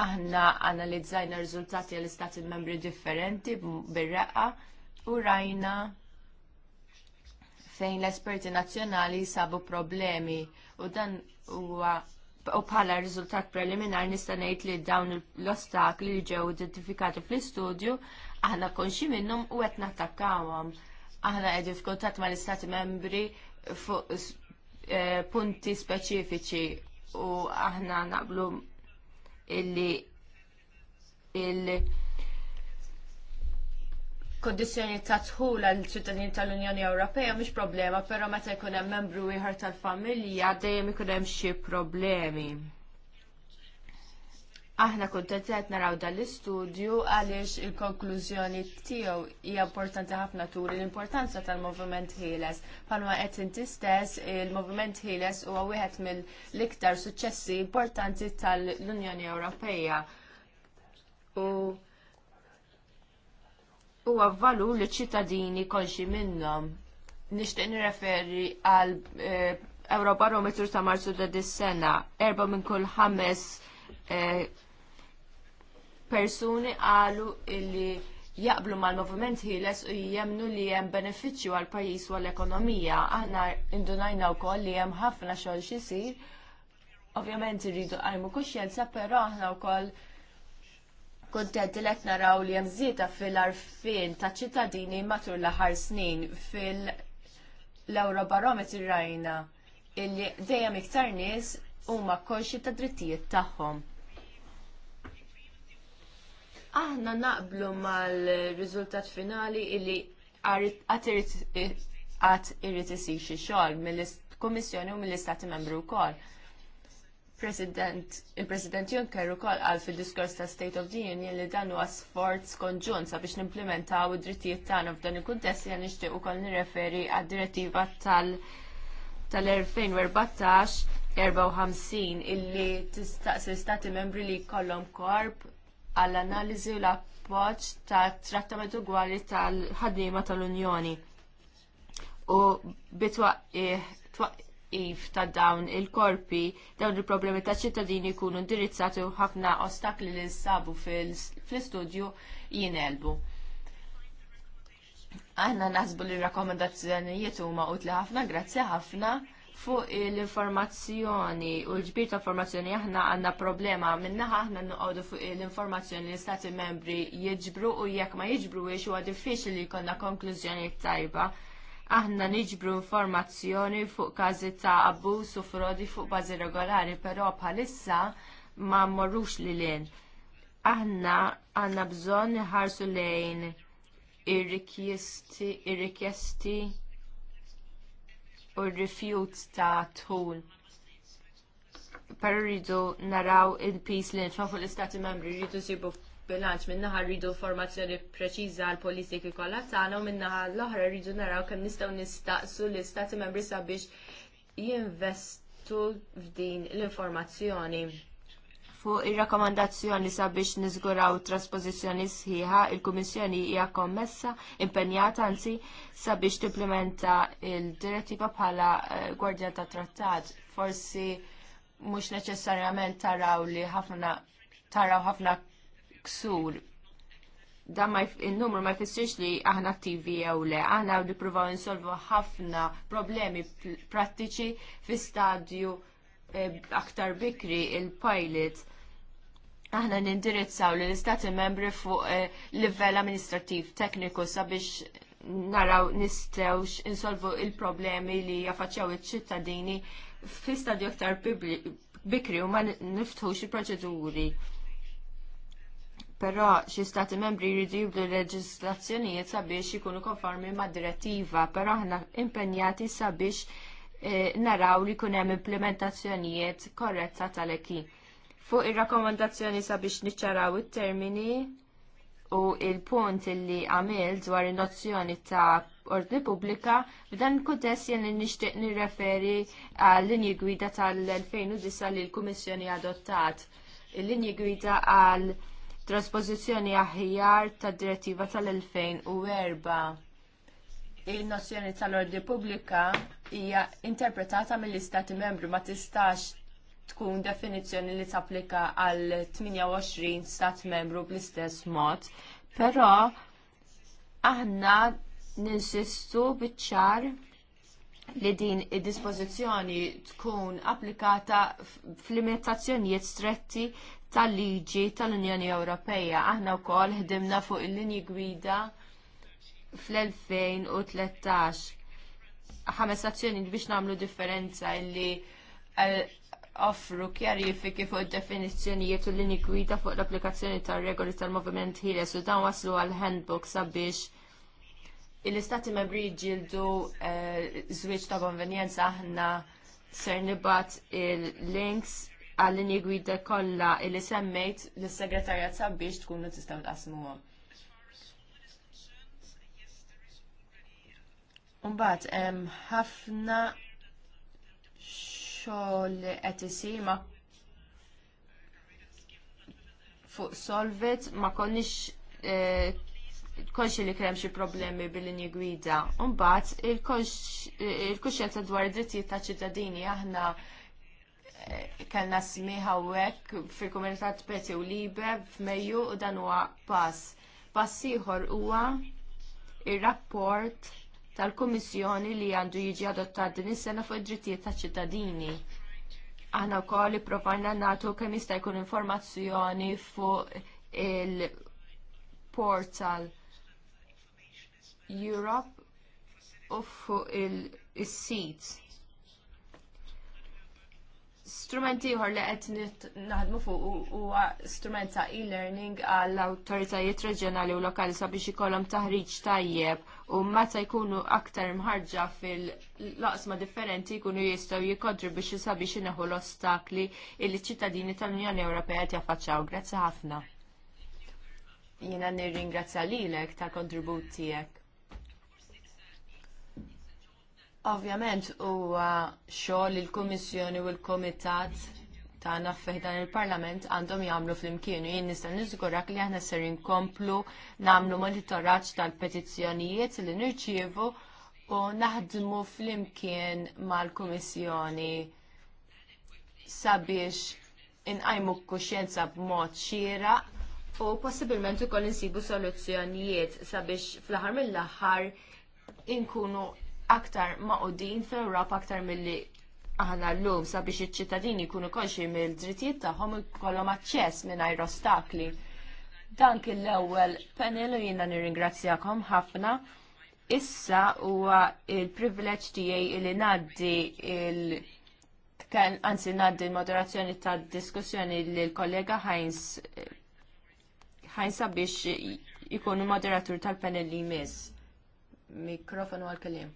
Aħna analizzajna riżultati għall istati membri differenti bir-raqqa u rajna fejn l-esperti nazzjonali sabu problemi u dan huwa u bħala riżultat preliminar nista' ngħid li dawn l-ostakli li ġew identifikati fl-istudju aħna konxi minnhom u qed nattakkawhom. Aħna qegħdin f'kuntatt mal-Istati Membri fuq eh, punti speċifiċi u aħna naqblu illi il- kondizjoni ta' tħula l-ċittadin tal-Unjoni Ewropea mhix problema, però meta jkun hemm membru ieħor tal-familja dejjem ikun hemm xi problemi. Aħna kuntentet naraw dan l-istudju għaliex il-konklużjoni tiegħu hija importanti ħafna tur l-importanza tal-moviment ħieles. Palma qed intistess il-moviment ħieles huwa wieħed mill-iktar suċċessi importanti tal-Unjoni Ewropea. U huwa valu li ċittadini konxi minnhom. Nixtieq nirreferi għal eh, Ewropa Rometru ta' Marzu ta' dis-sena, erba' minn kull ħames eh, persuni qalu illi jaqblu mal-movement ħieles u jemnu li hemm benefiċċju għal pajjiż u għall-ekonomija. Aħna indunajna wkoll li hemm ħafna xogħol xi jsir. Ovvjament irridu għajmu kuxjenza, però aħna wkoll kontenti li qed naraw li hemm zita fil-arfin ta' ċittadini matul l-aħħar snin fil-Eurobarometri rajna illi dejjem iktar nies ma' konxi ta' drittijiet tagħhom. Aħna naqblu mal-riżultat finali illi għat irrit isir xi xogħol mill-Kummissjoni u mill-Istati Membru wkoll. President, il-President Juncker ukoll għal fil-diskors ta' State of the Union li dan huwa sforz konġunt sabiex nimplementaw id-drittijiet tagħna f'dan il-kuntest li nixtieq ukoll nirreferi għad-direttiva tal- tal-2014 54 illi tistaqsi stati membri li jkollhom korp għall-analiżi u l-appoġġ tat trattament ugwali tal-ħaddiema tal-Unjoni. U bitwaqqif ta' dawn il-korpi, dawn il-problemi ta' ċittadini jkunu indirizzati u ħafna ostakli li nsabu fl-istudju jinelbu. Aħna nasbu li r rakkomandazzjonijiet huma utli ħafna, grazzi ħafna. Fuq l-informazzjoni u l-ġbir ta' informazzjoni aħna għanna problema minnaħa aħna nqogħdu fuq l-informazzjoni li stati membri jiġbru u jekk ma jiġbru u huwa diffiċli li jkollna konklużjoni tajba. Aħna niġbru informazzjoni fuq każi ta' abbuż u frodi fuq bażi regolari, però bħalissa ma morrux li l-in. Aħna għanna bżonn ħarsu lejn ir-rikjesti u r-rifjut ta' tħul. Però rridu naraw il-pis li nfa fuq l-Istati membri rridu sibu bilanċ minnaħa rridu formazzjoni preċiża għal politiki kollha tagħna u minnaħa l-oħra rridu naraw kemm nistgħu nistaqsu l-Istati membri sabiex jinvestu f'din l-informazzjoni Fuq ir-rakkomandazzjoni sabiex niżguraw t-traspożizzjoni sħiħa, il-Kummissjoni hija kommessa impenjata anzi sabiex tipplementa il-direttiva bħala eh, gwardja ta' trattat. Forsi mhux neċessarjament taraw li ħafna taraw ħafna ksur dan ma il-numru ma jfissirx li aħna attivi jew le, aħna nippruvaw insolvu ħafna problemi prattiċi fi stadju eh, aktar bikri il-pilot aħna nindirizzaw l-istati membri fuq eh, livell amministrativ tekniku sabiex naraw nistewx insolvu il-problemi li jaffaċċaw iċ-ċittadini fi stadju aktar bikri u ma niftħux il-proċeduri. Però xi stati membri jridu jibdu leġislazzjonijiet sabiex ikunu konformi mad direttiva, però aħna impenjati sabiex eh, naraw li jkun hemm implementazzjonijiet korretta tal-ekin Fuq ir-rakkomandazzjoni sabiex niċċaraw it-termini u il-punt li għamil dwar il-nozzjoni ta' ordni pubblika, f'dan il-kutess jen nishtiq nirreferi għal linji gwida tal-2009 li l-Kummissjoni adottat. Il-linji gwida għal trasposizjoni aħjar ta' direttiva tal-2004. Il-nozzjoni tal-ordni pubblika hija interpretata mill-Istati membri ma tistax tkun definizzjoni li tapplika għal 28 stat membru bl-istess mod, però aħna ninsistu biċ-ċar li din id-dispożizzjoni tkun applikata f'limitazzjonijiet stretti tal-liġi tal-Unjoni Ewropea. Aħna wkoll ħdimna fuq il-linji gwida fl-2013 ħames azzjoni biex nagħmlu differenza illi eh, offru kjarifiki fuq id definizzjonijiet u l-lini gwida fuq l-applikazzjoni tar regoli tal-moviment ħiles u dan waslu għal handbook sabiex il-istati membri ġildu eh, żwieġ ta' konvenjenza aħna ser nibat il-links għall-lini gwida kollha li semmejt l-segretarjat sabiex tkunu tistgħu tqasmuhom. Umbat, ħafna xogħol qed isir fuq solvet ma konniex eh, konxi li krem xi problemi bil-linji gwida. mbagħad il-kuxjenza dwar id-drittijiet ta' ċittadini aħna eh, kellna hawnhekk fil-komunità Peti u Libe f'Mejju u dan huwa pass. Pass ieħor huwa ir-rapport tal-Kummissjoni li għandu jiġi adottat din is-sena fuq id-drittijiet taċ-ċittadini. Aħna wkoll ipprovajna nagħtu kemm jista' jkun informazzjoni fuq il-portal Europe u fuq il sit Strumenti ieħor li qed naħdmu fuq huwa strument ta' e-learning għall awtoritajiet reġjonali u lokali sabiex ikollhom taħriġ tajjeb u meta jkunu aktar mħarġa fil-laqsma differenti jkunu jistgħu biex sabiex ineħu l-ostakli li ċittadini tal-Unjoni Ewropea jaffaċċjaw. Grazzi ħafna. Jiena nirringrazzja lilek tal kontribut tiegħek. Ovvjament huwa xogħol il-Kummissjoni u l-Kumitat tagħna f'dan il-Parlament għandhom jagħmlu flimkien u jien nista' niżgurak li aħna ser inkomplu nagħmlu monitoraġġ tal-petizzjonijiet li nirċievu u naħdmu flimkien mal-Kummissjoni sabiex inqajmu kuxjenza b'mod xieraq u possibilment ukoll insibu soluzzjonijiet sabiex fl-aħħar mill-aħħar inkunu aktar maqudin fl-Ewropa aktar milli aħna llum sabiex iċ-ċittadini jkunu konxi mill-drittijiet tagħhom ikollhom aċċess mingħajr ostakli. Dan kien l-ewwel panel u jiena nirringrazzjakom ħafna. Issa huwa il-privileġġ tiegħi li ngħaddi il kan anzi ngħaddi l-moderazzjoni tad-diskussjoni lill kollega Heinz Heinz sabiex ikun il-moderatur tal-panel li jmiss. Mikrofonu għal-kelim.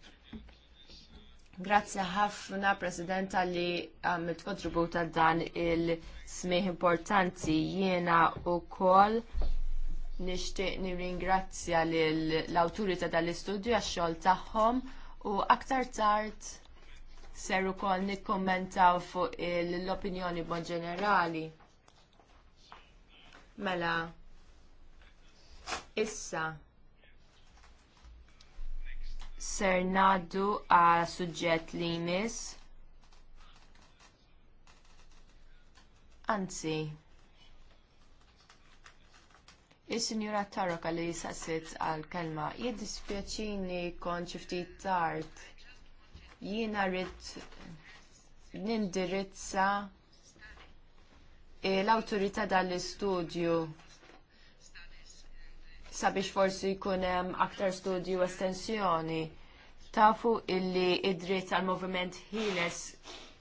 Grazzi ħafna President li għamilt um, kontributa dan il smeħ importanti jiena u kol nishtiq nirringrazzja l-awturi ta' dal-istudju għax-xogħol tagħhom u aktar tard ser ukoll nikkommentaw fuq l-opinjoni bon ġenerali. Mela, issa ser ngħaddu għal suġġett li jmiss. Anzi, Is-Sinjura Tarok li saqsit għal kelma, jiddispjaċini kont xi ftit tard. Jiena rrid nindirizza l-awtorità dal-istudju sabiex forsi jkun hemm aktar studju estensjoni. Tafu illi id-dritt għal moviment ħieles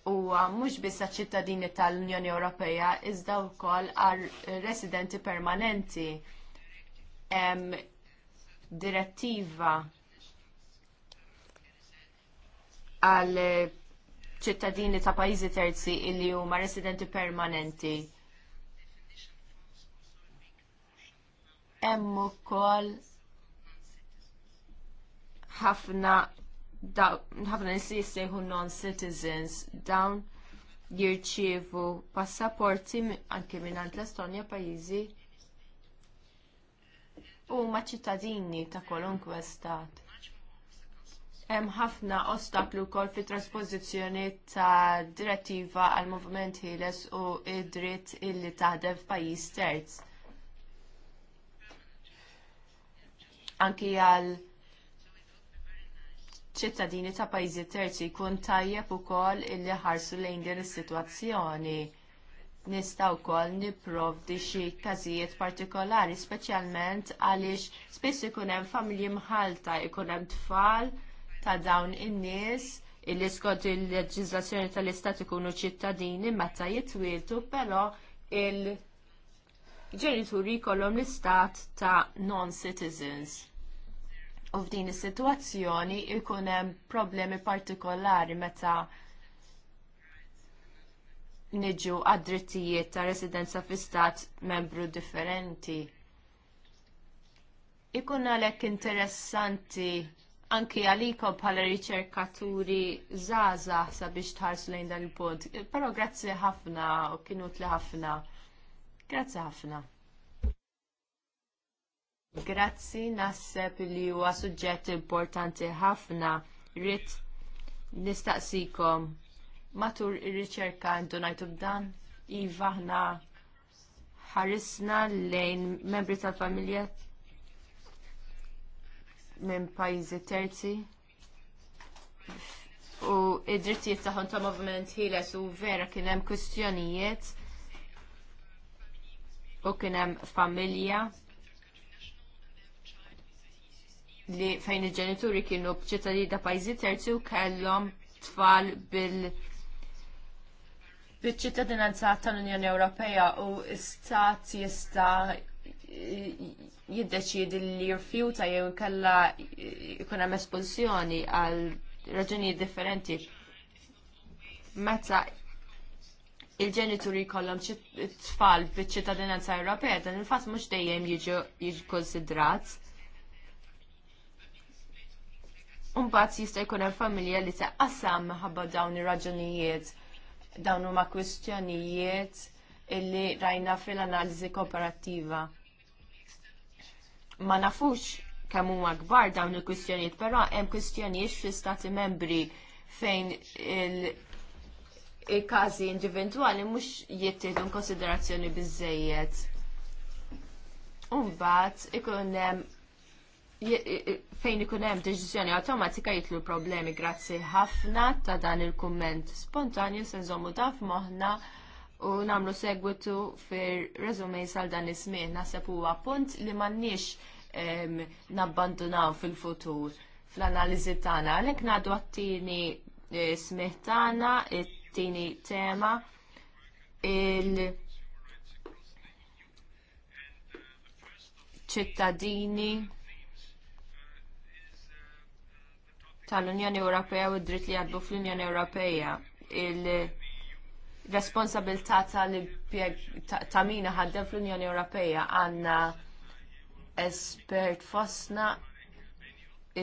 huwa mhux biss ċittadini tal-Unjoni Ewropea iżda wkoll għal residenti permanenti. Hemm direttiva għal ċittadini ta' pajjiżi terzi illi huma residenti permanenti hemm ukoll ħafna ħafna nies jissejħu non-citizens dawn jirċievu passaporti anke mingħand l-Estonja pajjiżi huma ċittadini ta' kwalunkwe stat. Hemm ħafna ostaklu wkoll fit trasposizzjoni ta' direttiva għal moviment ħieles u id-dritt illi taħdem f'pajjiż terz. anki għal ċittadini ta' pajjiżi terzi jkun tajjeb ukoll illi ħarsu lejn din is-sitwazzjoni. Nista' wkoll nipprovdi xi każijiet partikolari, speċjalment għaliex spiss ikun hemm familji mħalta, ikun hemm tfal ta' dawn in-nies illi skont il-leġiżlazzjoni tal-istat ikunu ċittadini meta jitwieltu, però il- ġenituri jkollhom l-istat ta' non-citizens. U f'din is-sitwazzjoni jkun hemm problemi partikolari meta niġu għad-drittijiet ta' residenza fl-istat membru differenti. Ikun għalhekk interessanti anki għalikom bħala riċerkaturi zaza sabiex tħarsu lejn dan il-punt. Però grazzi ħafna u kienu tli ħafna. Grazzi ħafna. Grazzi, nasseb li huwa suġġett importanti ħafna rrit nistaqsikom matur ir-riċerka għandu ngħidu b'dan iva ħna ħarisna lejn membri tal-familja minn pajjiżi terzi u id-drittijiet tagħhom ta' movement ħieles u vera kien hemm kwistjonijiet u kien hemm familja li fejn il-ġenituri kienu b'ċittadini ta' pajjiżi terzi u kellhom tfal bil bil-ċittadinanza tal-Unjoni Ewropea u stat jista' jiddeċiedi li jirfjuta jew kella jkun hemm espulsjoni għal raġunijiet differenti. Meta il-ġenituri kollom tfal fiċ ċittadinanza Ewropea, dan il-fatt mhux dejjem jiġi konsidrat. Umbat jista' jkun hemm familja li taqqasam minħabba dawn ir-raġunijiet, dawn huma kwistjonijiet illi rajna fil-analiżi komparattiva. Ma nafux kemm huma kbar dawn il-kwistjonijiet, però hemm kwistjonijiet fl-istati membri fejn il- każi individwali mhux jittieħdu konsiderazzjoni biżejjed. Umbagħad ikun hemm fejn ikun hemm deċiżjoni awtomatika jitlu problemi grazzi ħafna ta' dan il-kumment spontanju se nżommu ta' f'moħħna u nagħmlu segwitu fir resume sal dan ismih naħseb huwa punt li m'għandniex nabbandunaw fil-futur fl-analiżi tagħna. Għalhekk ngħadu għattini eh, smih tagħna tini tema il ċittadini tal-Unjoni Ewropea u d-dritt li jadbu fl-Unjoni Ewropea il-responsabilità tal-mina ħaddem fl-Unjoni Ewropea għanna espert fosna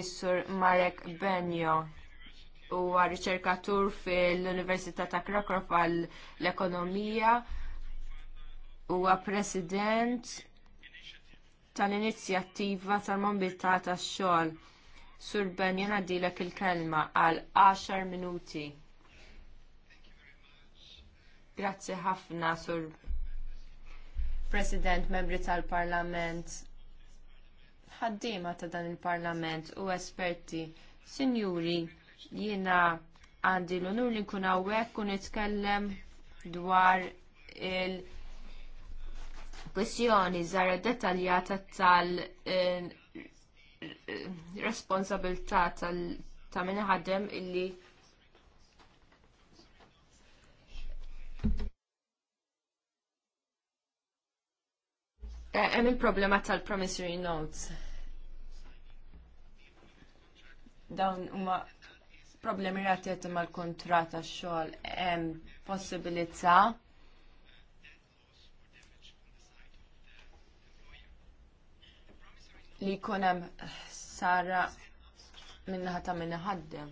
is-sur Marek Benjo huwa riċerkatur fil-Università ta' Krakow għall-ekonomija huwa president tal-inizjattiva tal-mobilità tax-xogħol. Sur Ben jena dilek il-kelma għal 10 minuti. Grazzi ħafna, Sur President, membri tal-Parlament, ħaddiema ta' dan il-Parlament u esperti, sinjuri, Jiena għandi l-onur li nkun hawnhekk u nitkellem dwar il- kwestjoni żara dettaljata tal-responsabilità eh, ta' min ħadem illi eh, Hemm il-problema tal-promissory notes. Dawn huma problemi rati mal-kontrat għax-xogħol hemm possibilità li jkun hemm sara minnaħa ta' minna ħaddem.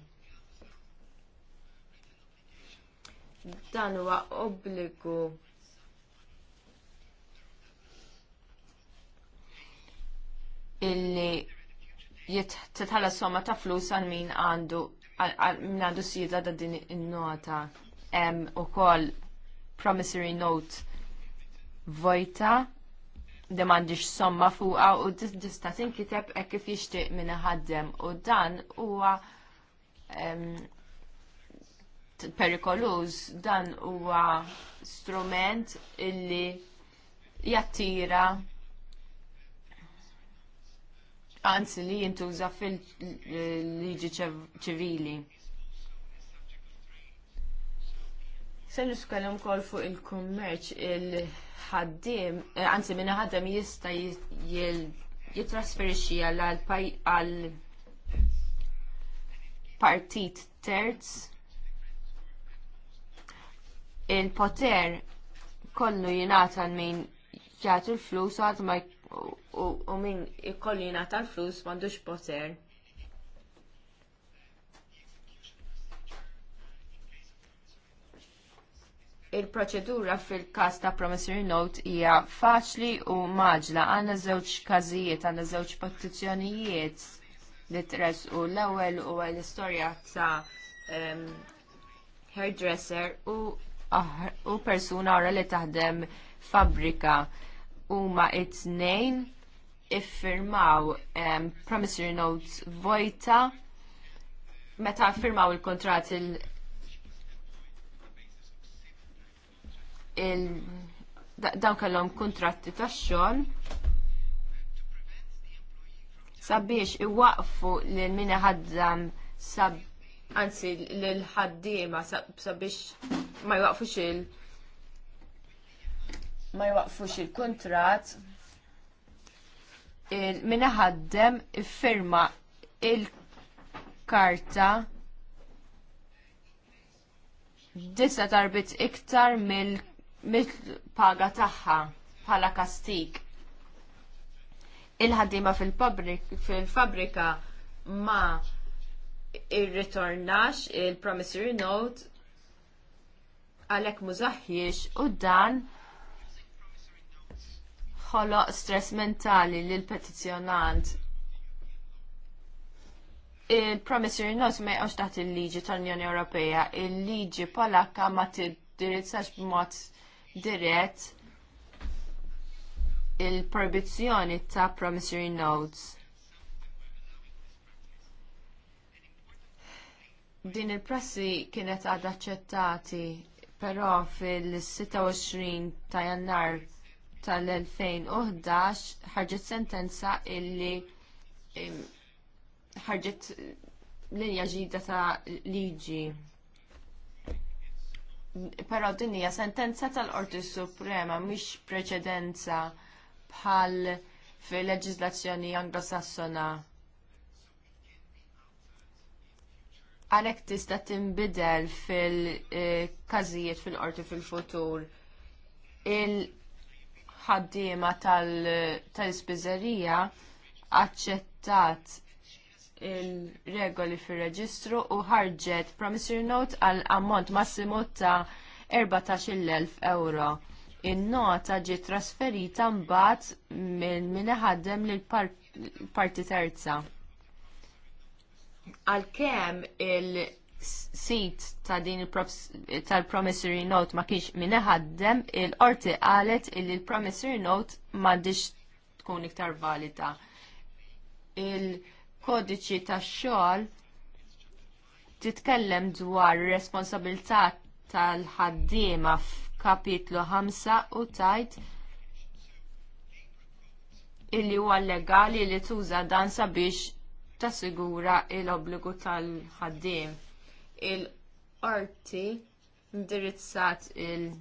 Dan huwa obbligu illi jitħalla somma ta' flus għal min għandu minn għandu sida għadda din il-nota u kol promissory note vojta demandix somma fuqa u tista' tinkiteb hekk kif jixtieq minna ħaddem u dan huwa perikoluż dan huwa strument illi jattira anzi li jintuża fil-liġi ċivili. Se niskellem kol fuq il-kummerċ il-ħaddim, eh, anzi minna ħaddim jista jitrasferixi għal partit terz il-poter kollu jingħata l-min jagħti l-flus għad ma u min ikollina tal-flus m'għandux poter. Il-proċedura fil każ ta' promissory note hija faċli u maġla għandna żewġ każijiet, għanna żewġ petizzjonijiet li tres u l-ewwel u l-istorja ta' um, hairdresser u, uh, u persuna ora li taħdem fabbrika huma it-tnejn iffirmaw um, promissory notes vojta meta firmaw il-kontrat il, il dawn kellhom kuntratti tax-xogħol sabiex iwaqfu lil min ħaddam sab anzi lil ħaddiema sabiex ma jwaqfux il- ma jwaqfux il-kontrat il minna ħaddem iffirma il-karta disa tarbit iktar mill-paga mil tagħha bħala kastik il-ħaddima fil-fabrika fil ma il-returnax il promissory note għalek mużaħjiex u dan ħoloq stress mentali lil petizzjonant il-promissory notes ma jgħux taħt il-liġi tal-Unjoni Ewropea, il-liġi polakka ma tiddirizzax b'mod dirett il-proibizzjoni ta' promissory notes. Din il-prassi kienet għad aċċettati, però fil-26 ta' jannar tal-2011 ħarġet sentenza illi ħarġet linja ġida ta' liġi. Però din hija sentenza tal-Qorti Suprema mhix preċedenza bħal fil-leġiżlazzjoni anglosassona. Għalhekk tista' tinbidel fil-każijiet eh, fil-qorti fil-futur. il ħaddiema tal-ispiżerija aċċettat il-regoli fir-reġistru u ħarġet promissory note għal ammont massimu ta' 14,000 euro. In-nota ġiet trasferita mbagħad minn min ħaddem lil parti terza. Għalkemm il- sit ta' din tal-promissory note ma kienx minn ħaddem, il-qorti qalet li l promissory note m'għandix tkun iktar valida. Il-kodiċi tax-xogħol titkellem dwar responsabilità tal-ħaddiema f'kapitlu 5 u tajt illi huwa legali li tuża dan sabiex tassigura l obbligu tal-ħaddiem il-qorti indirizzat il-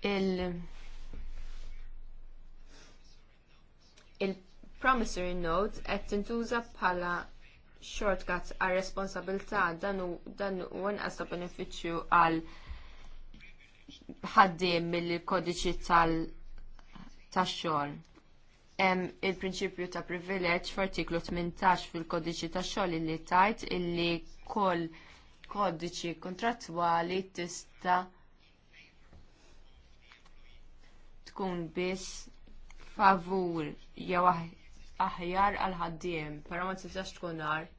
il- il-promissory note qed tintuża bħala shortcut għal responsabilità dan u inqas ta' benefiċċju għal ħaddiem mill-kodiċi tal- tax-xogħol. Hemm il-prinċipju ta' privileġġ f'artiklu 18 fil-kodiċi tax-xogħol illi tajt illi kull kodiċi kontrattwali tista' tkun biss favur jew aħjar għal ħaddiem, però ma tistax tkun nar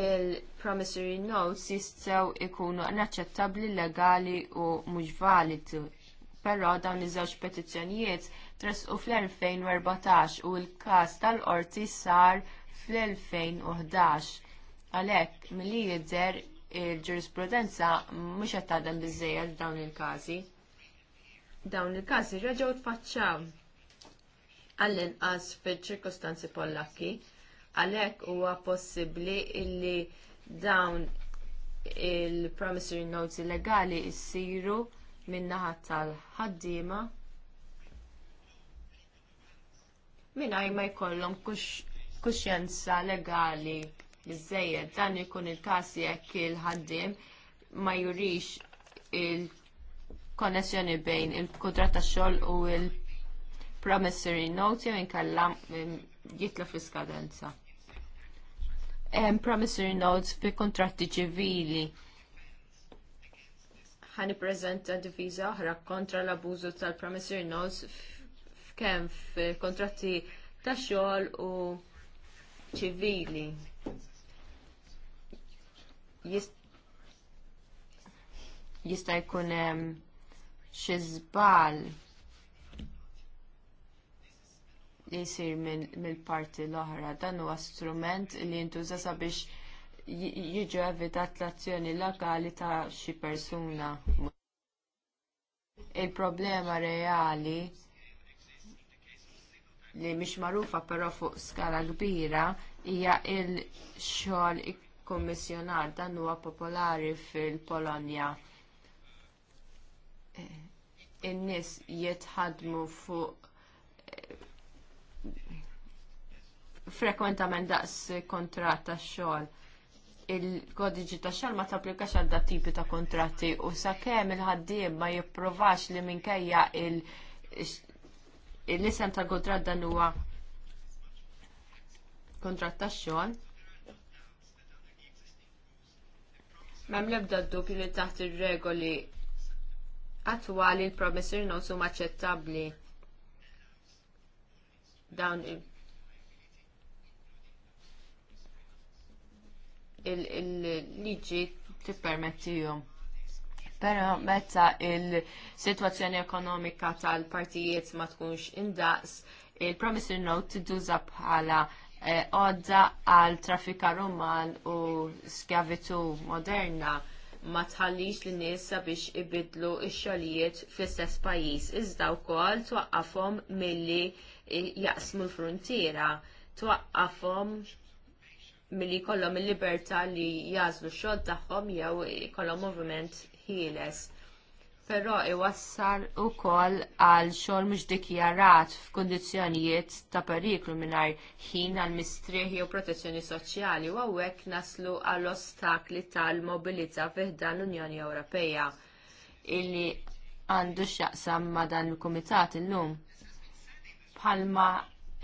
il-promissory notes jistgħu jkunu naċċettabli legali u mhux validi. Però dawn iż-żewġ petizzjonijiet tresqu fl-2014 u l-każ tal-qorti sar fl-2011. Għalhekk milli jidher il-ġurisprudenza mhux qed tagħdem biżżejjed dawn il-każi. Dawn il-każi reġgħu tfaċċaw għall-inqas fiċ-ċirkostanzi Pollakki għalhekk huwa possibbli illi dawn il-promissory notes illegali jsiru min-naħa tal-ħaddiema mingħajr ma jkollhom kuxjenza legali biżżejjed dan ikun il-każ jekk il-ħaddiem ma jurix il-konnessjoni bejn il-kudrat tax-xogħol u l promissory notes jew inkella jitlu fl-iskadenza promissory notes fi kontratti ċivili. Ħani prezenta diviża oħra kontra l-abużu tal-promissory notes f'kemm kontratti ta' xogħol u ċivili. Jista' jkun hemm xi żball li jsir mill-parti l-oħra. Dan huwa strument li jintuża sabiex jiġu evitat l-azzjoni lokali ta' xi persuna. Il-problema reali li mhix magħrufa però fuq skala kbira hija l xogħol kommissjonar dan huwa popolari fil-Polonja. In-nies jitħadmu fuq frekwentament daqs kontrat ta' xogħol il-kodiġi ta' xogħol ma tapplikax għal dat tipi ta' kontratti u sakemm il-ħaddiem ma jipprovax li minkejja il-nisem tal kontrat dan huwa kontratt ta' xogħol. Mem lebda dubju li taħt ir-regoli attwali l-promissir notes huma aċċettabbli dawn il- t liġi jom. Pero meta il-situazzjoni ekonomika tal-partijiet ma tkunx indaqs, il-promissory note t-duża bħala eh, għodda għal traffika roman u skjavitu moderna ma tħallix li nies sabiex ibidlu x-xogħlijiet fl-istess pajjiż, iżda wkoll twaqqafhom milli jaqsmu l-fruntiera, twaqqafhom milli jkollhom il-libertà li jażlu x-xogħol tagħhom jew ikollhom moviment ħieles però iwassal ukoll għal xogħol mhux dikjarat f'kundizzjonijiet ta' periklu mingħajr ħin għal mistrieħi jew protezzjoni soċjali u għawek naslu għall ostakli tal-mobilità fiħda l-Unjoni Ewropea illi għandu x'jaqsam ma' dan il-kumitat illum. Bħalma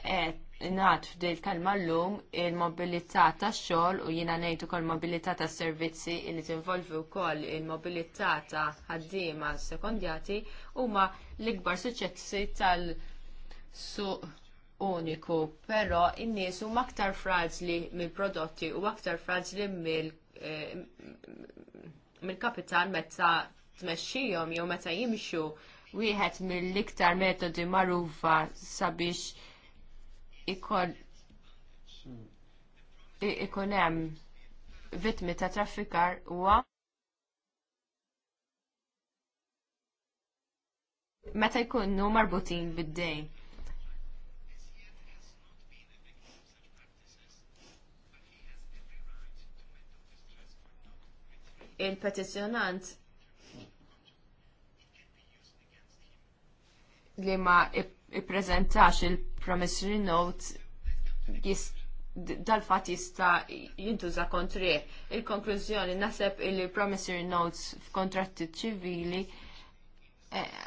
qed nat f'dejt kalma l-lum il-mobilità tax xogħol u jiena ngħid ukoll mobilità tas servizzi li tinvolvi wkoll il-mobilità ta' ħaddiema sekondjati huma l-ikbar suċċessi tal-suq uniku, però n nies huma aktar fraġli mill-prodotti u aktar fraġli eh, mill-kapital meta tmexxihom jew meta jimxu wieħed mill-iktar metodi magħrufa sabiex
ikun
hemm vitmi ta' traffikar huwa meta jkunu marbutin bid-dejn. il-petizjonant li ma ippreżentax il promissory note dal-fat jista jintuża kontri. E. Il-konklużjoni naseb il-promissory notes f'kontratti ċivili eh,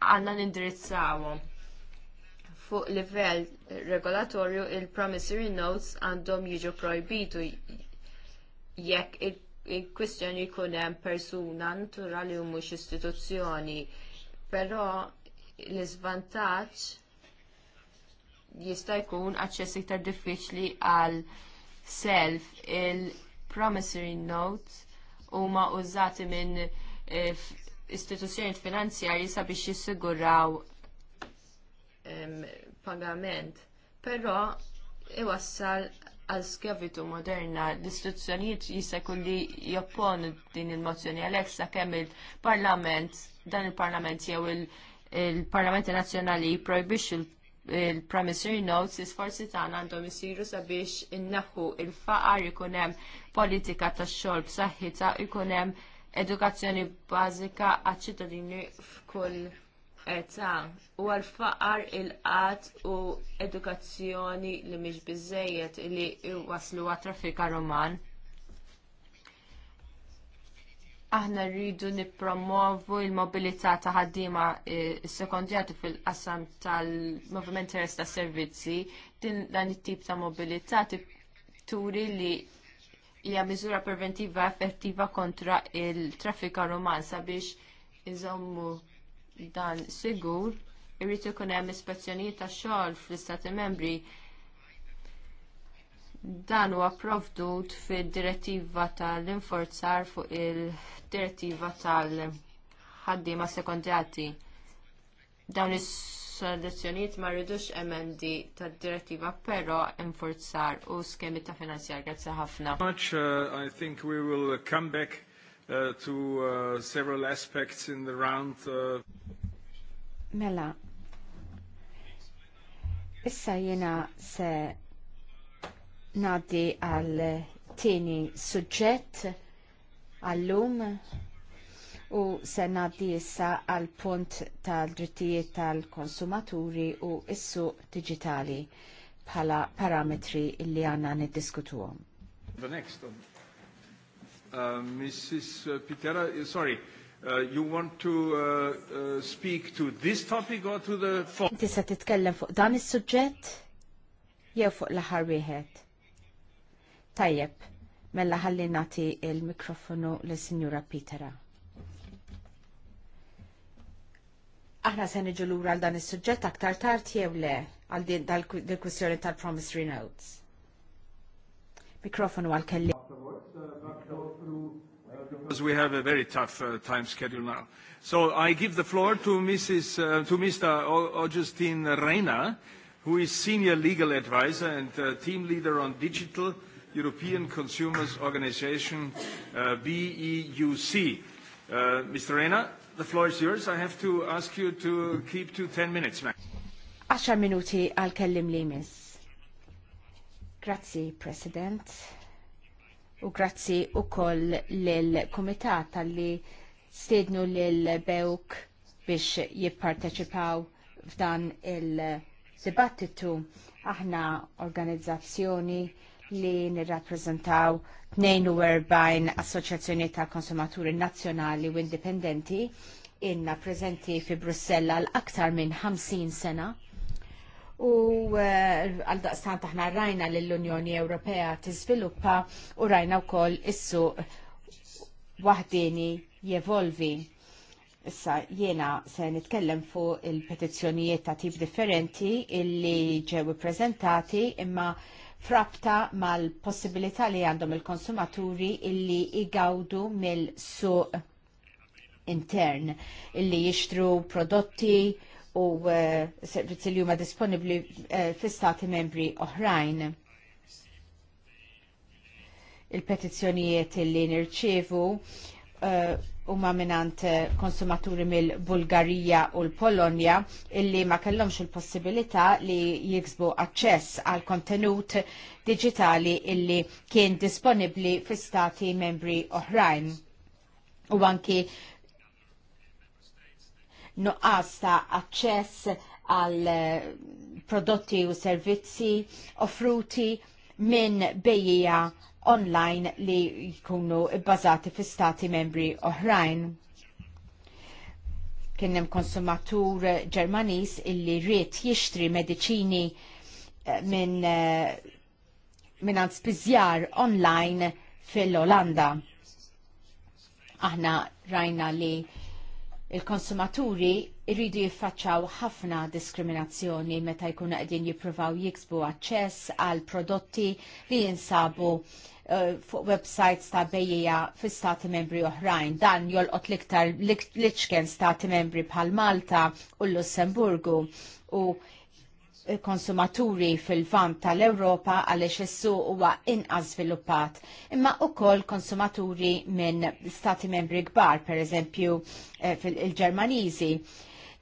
għanna eh, nindirizzawhom. Fuq livell regolatorju il-promissory notes għandhom jiġu projbitu jekk il-kwistjoni il jkun hemm persuna naturali u mhux istituzzjoni. Però l-iżvantaġġ jista' jkun aċċess iktar diffiċli għal self il-promissory notes huma użati minn eh, istituzzjonijiet finanzjarji sabiex jissiguraw pagament. Però iwassal għal skjavitu moderna l-istituzzjonijiet jista' kulli jopponu din il-mozzjoni għalhekk sakemm il-Parlament dan il-Parlament jew il-Parlamenti Nazzjonali jipprojbix il il-promissory notes, l-isforzi tagħna għandhom isiru sabiex innaħħu il-faqar ikun hemm politika tax-xogħol b'saħħitha ikun hemm edukazzjoni bażika għal ċittadini f'kull età u għal-faqar il qat u edukazzjoni li mhix biżżejjed li waslu għat-traffika roman aħna rridu nippromovu l mobilità ta' ħaddiema eh, sekondjati fil-qasam tal movement teres ta' servizzi, din dan it-tip ta' mobilità turi li hija miżura preventiva effettiva kontra il-traffika roman sabiex iżommu dan sigur, irrid ikun hemm ispezzjonijiet ta' xogħol fl-Istati Membri dan huwa provdut fid-direttiva tal-inforzar fuq il-direttiva tal-ħaddiema sekondjati. Dawn is-soluzzjonijiet ma rridux emendi tad-direttiva però inforzar u skemi ta' finanzjar grazzi ħafna.
Much uh, I think we will uh, come back uh, to uh, several aspects in the round. Uh...
Mela, Issa jena se Naddi għal tieni suġġett għallum u se nadi issa għal punt tal-drittijiet tal-konsumaturi u issu suq digitali bħala parametri li għanna niddiskutuhom.
The next one. Uh, Mrs. Pitera, uh, sorry, Uh, you want to uh, uh, speak to this topic or to the
Inti se titkellem fuq dan is-suġġett jew fuq l-aħħar wieħed? Tajjeb, mella ħalli nati il-mikrofonu l signora Pitera. Aħna se niġu l għal dan is-suġġett aktar tard jew le għal din kwistjoni tal-promissory notes. Mikrofonu għal kelli.
Because we have a very tough uh, time schedule now. So I give the floor to Mrs. Uh, to Mr. Augustine Reina, who is senior legal advisor and uh, team leader on digital European Consumers Organization, uh, BEUC. Uh, Mr. Rena, the floor is yours. I have to ask you to keep to 10 minutes, ma'am.
10 minuti għal kellim li miss. Grazzi, President. U grazie u koll l-Komitat tal-li stednu l-Bewk biex jipparteċipaw f'dan il-dibattitu. Aħna organizzazzjoni li nirrappreżentaw 42 assoċjazzjoni ta' konsumaturi nazzjonali u indipendenti inna preżenti fi Brussella l-aktar minn 50 sena. U eh, għal-daqstan taħna rajna l-Unjoni Ewropea tiżviluppa u rajna wkoll is-suq wahdini jevolvi. Issa jiena se nitkellem fuq il-petizzjonijiet ta' tip differenti illi ġew ippreżentati imma frabta mal-possibilità li għandhom il-konsumaturi illi igawdu mill-suq intern illi jixtru prodotti u eh, servizzi li huma disponibbli eh, fi stati membri oħrajn il-petizzjonijiet illi nirċievu uh, huma minant eh, konsumaturi mill-Bulgarija u l-Polonja illi ma kellhomx il-possibilità li jiksbu aċċess għal kontenut digitali illi kien disponibbli fi stati membri oħrajn. U anki nuqqas ta' aċċess għal eh, prodotti u servizzi offruti minn bejja online li jkunu bbażati fi stati membri oħrajn kien hemm konsumatur Ġermaniż illi ried jixtri mediċini eh, minn eh, minn spizjar online fil-Olanda. Aħna rajna li il-konsumaturi irridu jiffaċċaw ħafna diskriminazzjoni meta jkunu qegħdin jippruvaw jiksbu aċċess għal prodotti li jinsabu uh, fuq websites ta' bejja fi stati membri oħrajn. Dan jolqot liktar liċken stati membri bħal Malta u l-Lussemburgu u konsumaturi fil-vant tal-Europa għaliex essu huwa inqas sviluppat, imma ukoll konsumaturi minn stati membri kbar, per eżempju eh, fil-Ġermaniżi.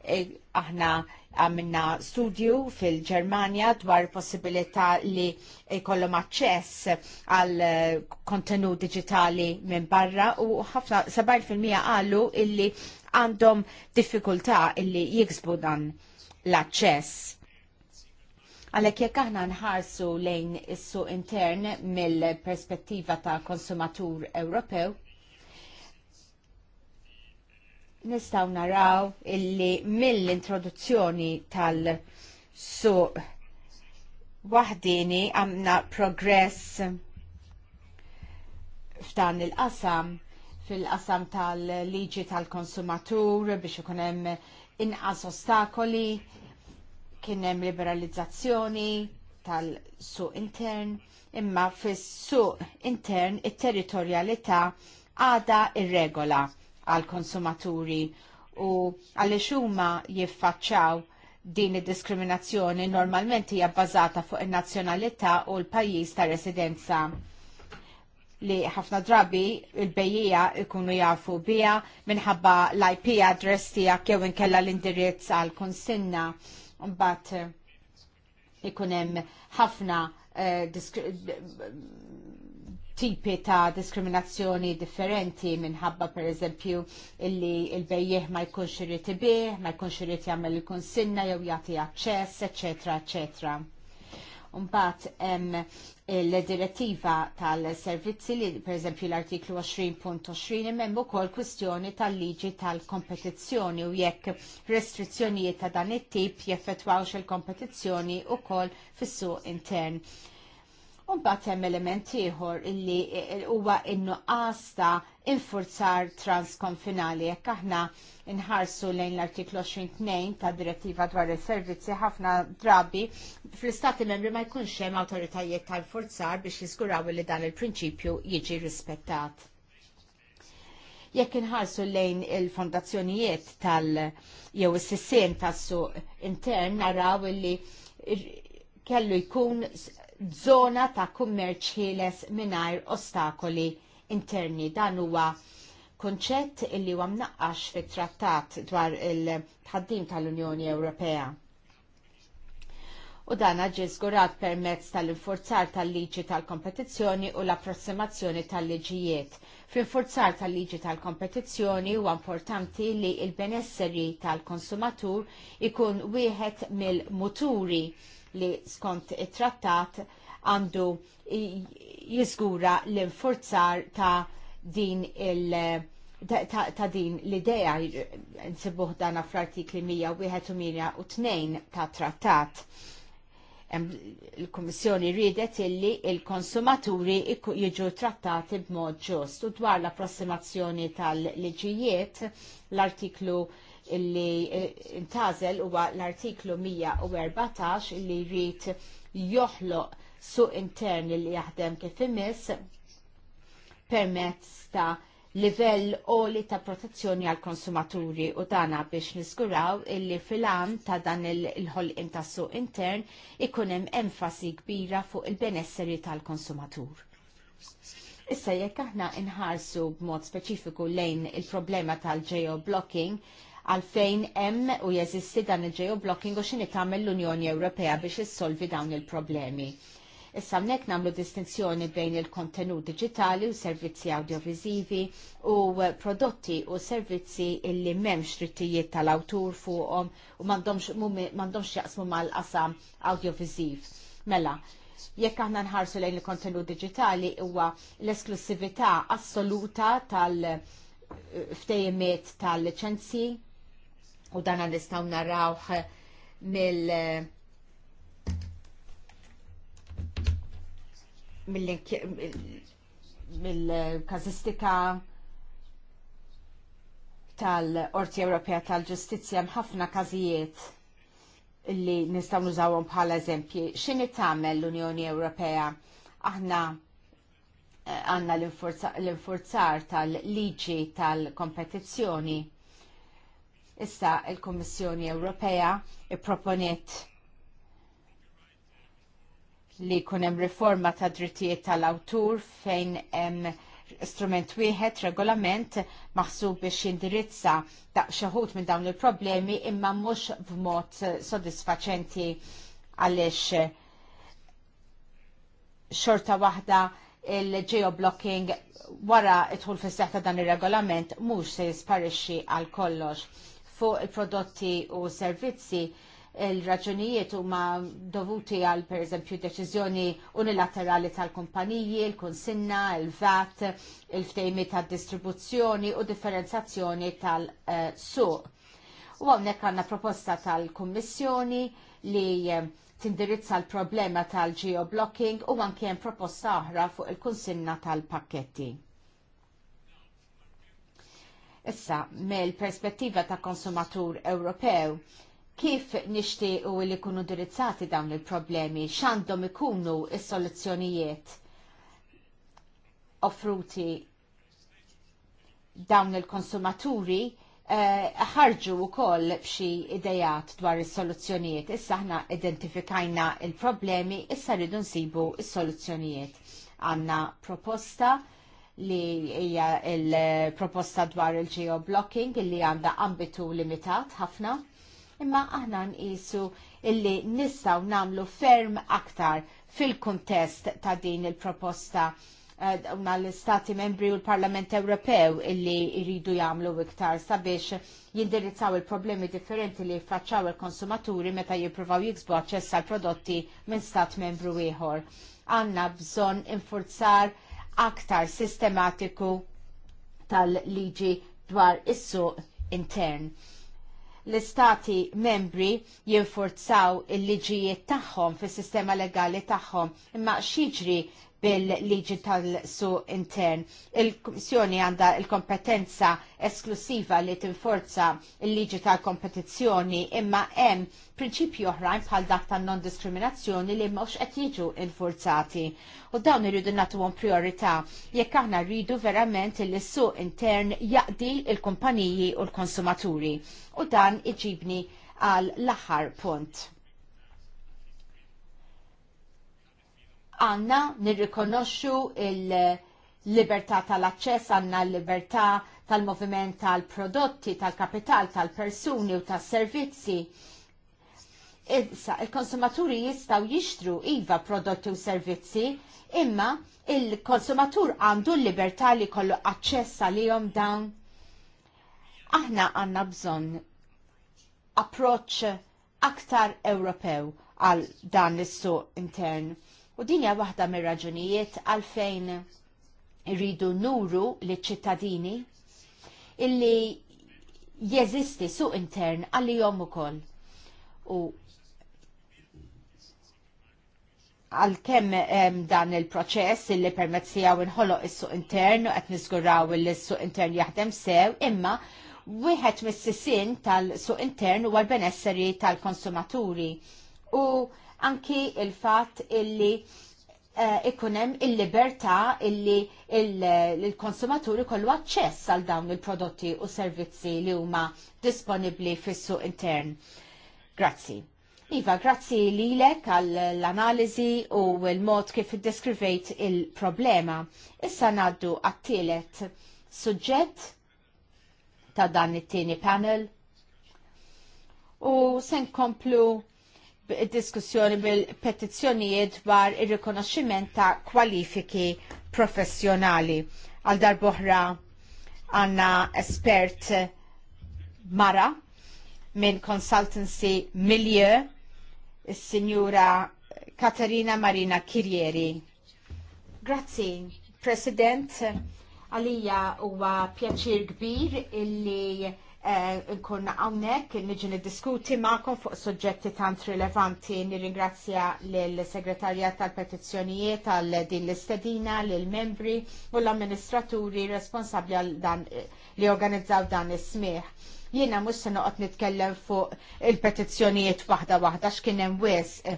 Eh, aħna għamilna studju fil-Ġermanja dwar possibilità li jkollhom aċċess għal kontenut digitali minn barra u ħafna 70% qalu illi għandhom diffikultà illi jiksbu dan l-aċċess Għalhekk jekk aħna nħarsu lejn is-suq intern mill-perspettiva ta' konsumatur Ewropew, nistgħu naraw illi mill-introduzzjoni tal-suq wahdini għamna progress f'dan il-qasam fil-qasam tal-liġi tal-konsumatur biex ikun hemm inqas ostakoli, Kien hemm liberalizzazzjoni tal-suq intern, imma fis-suq intern it-territorjalità għada ir-regola għall konsumaturi u għaliex huma jiffaċċaw din id-diskriminazzjoni normalment hija bbażata fuq in-nazzjonalità u l-pajjiż ta' residenza li ħafna drabi il-bejjija ikunu jafu bija minħabba l-IP address tiegħek jew inkella l-indirizz għal konsinna mbagħad eh, ikun hemm ħafna eh, tipi ta' diskriminazzjoni differenti minħabba per eżempju illi il-bejjeħ ma jkunx irid ibih, ma jkunx irid jagħmel ikun sinna jew jagħti aċċess, eċetera, eċetera. Mbagħad hemm il-direttiva tal-servizzi li per eżempju l-artiklu 20.20 imem ukoll kustjoni tal-liġi tal-kompetizzjoni u jekk restrizzjonijiet ta' dan it-tip jeffetwawx il-kompetizzjoni u fis-suq intern bat hemm element ieħor illi eh, eh, huwa in-nuqqas ta' infurzar transkonfinali jekk aħna nħarsu lejn l-artiklu 22 ta' direttiva dwar is-servizzi ħafna drabi fl-istati membri ma jkunx hemm awtoritajiet ta' infurzar biex jiżguraw li dan il-prinċipju jiġi rispettat. Jekk inħarsu lejn il-fondazzjonijiet tal- jew is-sistem tas-suq intern naraw illi kellu jkun zona ta' kummerċ ħieles mingħajr ostakoli interni. Dan huwa konċett illi huwa mnaqqax fit-trattat dwar il-ħaddim tal-Unjoni Ewropea. U dan ġi żgurat permezz tal-infurzar tal-liġi tal-kompetizzjoni u l-approssimazzjoni tal-liġijiet. Fl-infurzar tal-liġi tal-kompetizzjoni huwa importanti li l benesseri tal-konsumatur ikun wieħed mill-muturi li skont it-trattat għandu jizgura l-infurzar ta' din il- ta, din l-idea nsibuħ dana fl-artikli 101 ta' trattat. Il-Kommissjoni ridet illi il-konsumaturi jiġu trattati b'mod ġust u dwar l-approssimazzjoni tal-liġijiet l-artiklu illi eh, intazel huwa l-artiklu 114 illi jrid joħloq suq interni li jaħdem kif imiss permezz ta' livell oli ta' protezzjoni għal konsumaturi u dana biex niskuraw illi filan ta' dan il-ħolqin ta' suq intern ikun hemm enfasi kbira fuq il-benesseri tal-konsumatur. Issa jekk aħna inħarsu b'mod speċifiku lejn il-problema tal-geoblocking, għalfejn hemm u jeżisti dan il-geoblocking u x'inhi tagħmel l-Unjoni Ewropea biex issolvi dawn il-problemi. Issa mnek namlu distinzjoni bejn il-kontenut digitali u servizzi audiovizivi u prodotti u servizzi illi memx drittijiet tal-awtur fuqhom u m'għandhomx jaqsmu mal-qasam audiovisiv. Mela, jekk aħna nħarsu lejn il-kontenut digitali huwa l-esklusività assoluta tal- eh, ftejmiet tal-licenzi u dan nistaw narawħ mill mill-kazistika tal-Orti Ewropea tal-Ġustizzja mħafna każijiet li nistgħu nużawhom bħala eżempji. X'inhi tagħmel l-Unjoni Ewropea? Aħna eh, għandna l-infurzar tal-liġi tal-kompetizzjoni. tal liġi tal kompetizzjoni Issa il-Kommissjoni Ewropea ipproponiet li hemm riforma ta' drittijiet tal-awtur fejn hemm strument wieħed regolament maħsub biex jindirizza xaħut minn dawn il-problemi imma mhux b'mod sodisfaċenti għaliex xorta waħda il-geoblocking wara tħul fis seħħ ta' dan ir regolament mhux se jisparixxi għal kollox fuq il-prodotti u servizzi il-raġunijiet huma dovuti għal per eżempju deċiżjoni unilaterali tal-kumpaniji, il-konsinna, il-VAT, il-ftejmi tad-distribuzzjoni u differenzazzjoni tal-suq. U għonek għanna proposta tal-Kommissjoni li eh, tindirizza l-problema tal-geoblocking u anke proposta oħra fuq il-kunsinna tal-pakketti. Issa, mill perspettiva ta' konsumatur Ewropew, kif nixtiequ li jkunu dirizzati dawn il-problemi, x'għandhom ikunu s soluzzjonijiet offruti dawn il-konsumaturi eh, ħarġu u koll bxi idejat dwar il-soluzzjonijiet. Issa ħna identifikajna il-problemi, issa rridu nsibu il-soluzzjonijiet. Għanna proposta li hija il-proposta dwar il-geoblocking illi għandha ambitu limitat ħafna. Imma aħna nqisu illi nistgħu nagħmlu ferm aktar fil-kuntest ta' din il-proposta eh, unna l-Stati membri u l-Parlament Ewropew illi jridu jagħmlu iktar sabiex jindirizzaw il-problemi differenti li jiffaċċaw il-konsumaturi meta jippruvaw jiksbu aċċess għal prodotti minn stat membru ieħor. Għanna bżonn infurzar aktar sistematiku tal-liġi dwar is-suq intern. L-istati membri jinforzaw il-liġijiet tagħhom fis sistema legali tagħhom imma xiġri bil-liġi tal-su intern. Il-Komissjoni għanda il-kompetenza esklusiva li tinforza il-liġi tal-kompetizzjoni imma hemm prinċipju oħrajn bħal dak ta' non-diskriminazzjoni li mhux qed jiġu infurzati. U dawn irridu nagħtuhom priorità jekk aħna rridu verament li s-suq intern jaqdi il-kumpaniji u l-konsumaturi. U dan iġibni għal l-aħħar punt għanna nirrikonoxxu il-libertà tal-aċċess, għanna l-libertà tal-moviment tal-prodotti, tal-kapital, tal-persuni u tal-servizzi. Issa, il-konsumaturi jistaw jixtru iva prodotti u servizzi, imma il-konsumatur għandu l-libertà li kollu aċċess għalihom dawn. Aħna għanna bżonn approċ aktar Ewropew għal dan l-suq intern U din hija waħda mir-raġunijiet għalfejn irridu nuru liċ ċittadini illi jeżisti suq intern għalihom ukoll. U għal-kem dan il-proċess illi permezzijaw inħoloq is-suq intern u qed niżguraw li s-suq intern jaħdem sew, imma wieħed mis-sisin tal-suq intern huwa l benesseri tal-konsumaturi. U anki il-fat illi eh, ikunem il-libertà illi il-konsumaturi kollu aċċess għal dawn il-prodotti u servizzi li huma disponibli fis-suq intern. Grazzi. Iva, grazzi li lek għall-analizi u l-mod kif deskrivejt il-problema. Issa naddu għattilet suġġett ta' dan it-tieni panel. U sen komplu diskussjoni bil-petizzjonijiet dwar ir-rikonoxximent ta' kwalifiki professjonali. Għal darboħra għanna espert Mara minn Consultancy Milieu, il signora Katerina Marina Kirjeri. Grazzi, President, għalija huwa pjaċir kbir illi Eh, nkun hawnhekk nġi niddiskuti magħkom fuq suġġetti tant rilevanti. Nirringrazzja lill-Segretarjat tal-Petizzjonijiet tal din l-istedina, lill-membri u l-amministraturi responsabbli għal dan li organizzaw dan is-smieħ. Jiena mhux se noqgħod nitkellem fuq il-petizzjonijiet waħda waħda x'kien hemm wisq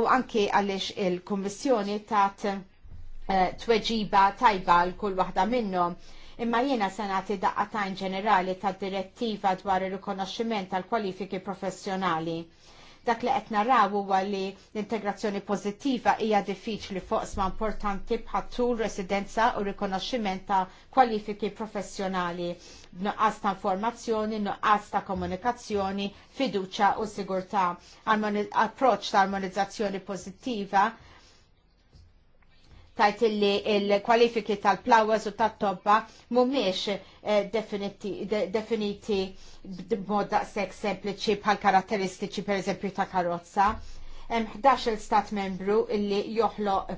u anke għaliex il-Kummissjoni tat eh, tweġiba tajba l-kull waħda minnhom imma jiena se nagħti daqqatajn ġenerali tad-direttiva dwar ir-rikonoxximent tal-kwalifiki professjonali. Dak li qed naraw huwa li l-integrazzjoni pożittiva hija diffiċli fuq sma importanti bħat-tul residenza u rikonoxximent ta' kwalifiki professjonali, b'nuqqas ta' informazzjoni, nuqqas ta' komunikazzjoni, fiduċa u sigurtà. Approċċ ta' armonizzazzjoni pożittiva tajt illi il-kwalifiki tal-plawas u tal-tobba mumiex eh, definiti b'mod daqshekk sempliċi bħal karatteristiċi per eżempju ta' karozza. Hemm 11 stat membru illi joħloq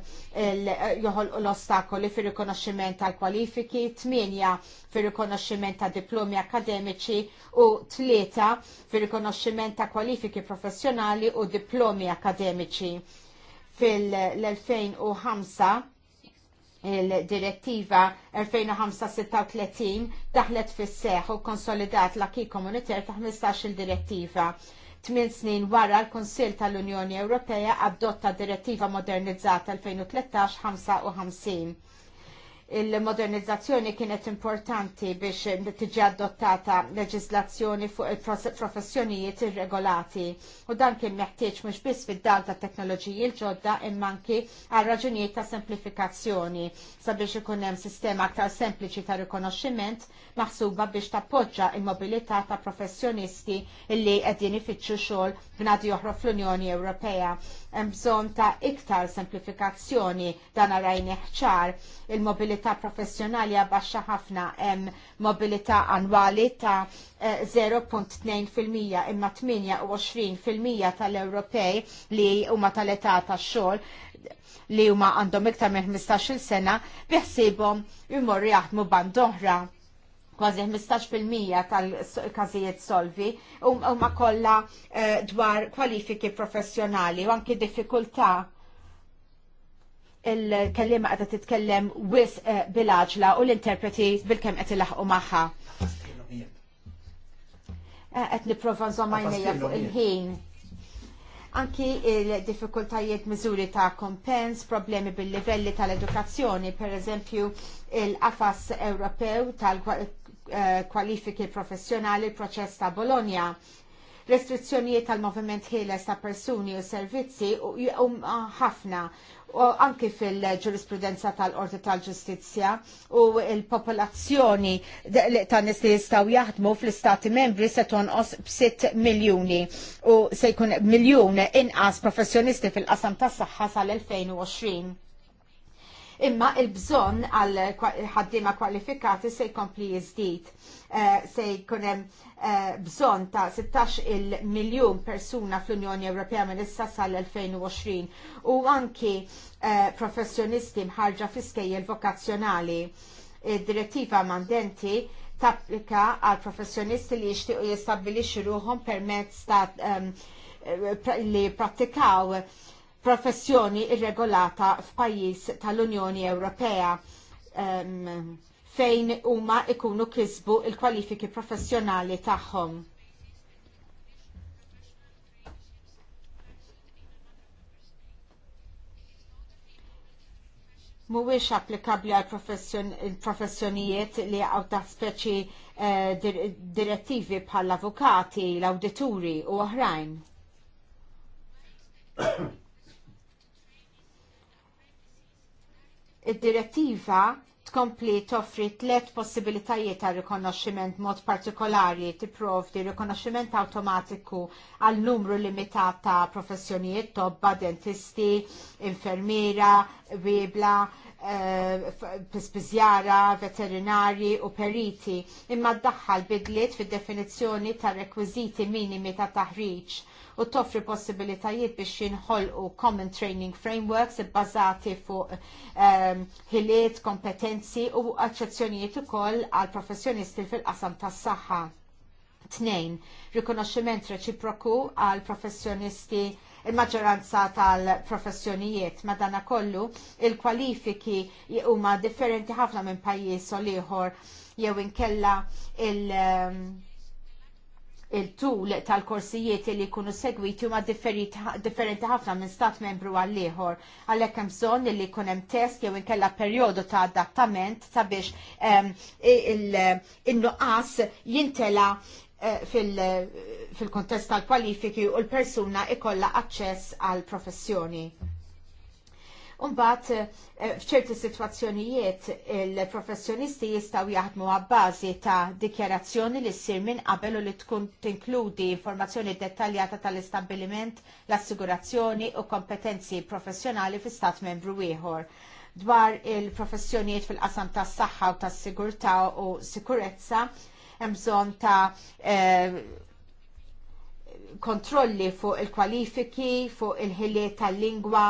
l-ostakoli fir-rikonoxximent tal-kwalifiki, 8 fir-rikonoxximent ta' diplomi akademiċi u 3 fir-rikonoxximent ta' kwalifiki professjonali u diplomi akademiċi fil-2005 il-direttiva 2035 daħlet fis seħ u konsolidat l-aki komuniter ta' 15 il-direttiva. Tmien snin wara l-Konsil tal-Unjoni Ewropea adotta direttiva modernizzata 2013-55 il-modernizzazzjoni kienet importanti biex tiġi adottata leġislazzjoni fuq il-professjonijiet irregolati u dan kien meħtieġ mhux biss fid-dal ta' teknoloġiji l-ġodda imma anki għal raġunijiet ta' semplifikazzjoni sabiex ikun hemm sistema aktar sempliċi ta' rikonoxximent maħsuba biex tappoġġa il-mobilità ta' professjonisti illi qegħdin ifittxu xogħol b'nadi oħra fl-Unjoni Ewropea hemm bżonn ta' iktar semplifikazzjoni dan rajni ħċar il-mobilità professjonali baxxa ħafna hemm mobilità annwali ta' 0.2% eh, imma 28% tal-Ewropej li huma tal-età tax-xogħol li huma għandhom iktar minn 15-il sena biħsibhom jmorru jaħdmu band oħra kważi 15% tal-każijiet solvi huma kollha eh, dwar kwalifiki professjonali u anki diffikultà il-kellima għadha titkellem wis eh, bil-għaġla u l-interpreti bil-kem qed ilaħqu magħha. Eh, qed nipprova nżomma jnejja fuq il-ħin. Anki il-diffikultajiet miżuri ta' kompens, problemi bil-livelli tal-edukazzjoni, per eżempju il-qafas Ewropew Eh, kwalifiki professjonali proċess ta' Bologna restrizzjonijiet tal-moviment ħieles ta' persuni u servizzi huma ħafna u anki fil-ġurisprudenza tal-Qorti tal-Ġustizzja u l-popolazzjoni ta' nies li jistgħu jaħdmu fl-Istati membri se tonqos bsitt miljuni u se jkun miljun inqas professjonisti fil-qasam tas-saħħa sal-2020 imma il-bżonn għal ħaddiema kwalifikati se jkompli jiżdied. Eh, se jkun hemm eh, bżonn ta' 16 il miljun persuna fl-Unjoni Ewropea minn issa sal-2020 u anki eh, professjonisti mħarġa fiskej il vokazzjonali. direttiva mandenti tapplika għal professjonisti li jixtiequ jistabbilixxu ruhom permezz ta' ehm, li pratikaw professjoni irregolata f'pajjiż tal-Unjoni Ewropea um, fejn huma ikunu kisbu il-kwalifiki professjonali tagħhom. Mhuwiex applikabbli għal professjonijiet li għaw ta' speċi eh, dir direttivi bħall avukati l-awdituri u oħrajn. Id-direttiva tkompli toffri tlet possibilitajiet ta' rikonoxximent mod partikolari tipprovdi rikonoxximent awtomatiku għal numru limitat ta' professjonijiet tobba, dentisti, infermiera, wibla, pispizjara, eh, veterinari u periti, imma ddaħħal bidliet fid definizzjoni ta' rekwiżiti minimi ta' taħriġ u toffri possibilitajiet biex jinħolqu common training frameworks bbażati fuq ehm, ħiliet, um, kompetenzi u aċċezzjonijiet ukoll għal professjonisti fil-qasam tas-saħħa. Tnejn, rikonoxximent reċiproku għal professjonisti il-maġġoranza tal-professjonijiet madana kollu il-kwalifiki huma differenti ħafna minn pajjiż u jew inkella il- ehm, il-tul tal-korsijiet li jkunu segwiti huma differenti ħafna minn stat membru għal ieħor għalhekk hemm bżonn li jkun hemm test jew inkella perjodu ta' adattament sabiex ehm, in-nuqqas jintela eh, fil-kontest tal-kwalifiki u l-persuna ikolla aċċess għal professjoni. Unbat, eh, fċerti situazzjonijiet il-professjonisti jistaw jaħdmu għabbażi ta' dikjarazzjoni li ssir minn qabel u li tkun tinkludi informazzjoni dettaljata tal istabiliment l-assigurazzjoni u kompetenzi professjonali fi stat membru ieħor dwar il-professjonijiet fil-qasam tas saħħa u tas sigurtà u sikurezza, hemm bżonn ta' eh, kontrolli fuq il-kwalifiki, fuq il-ħiliet tal-lingwa,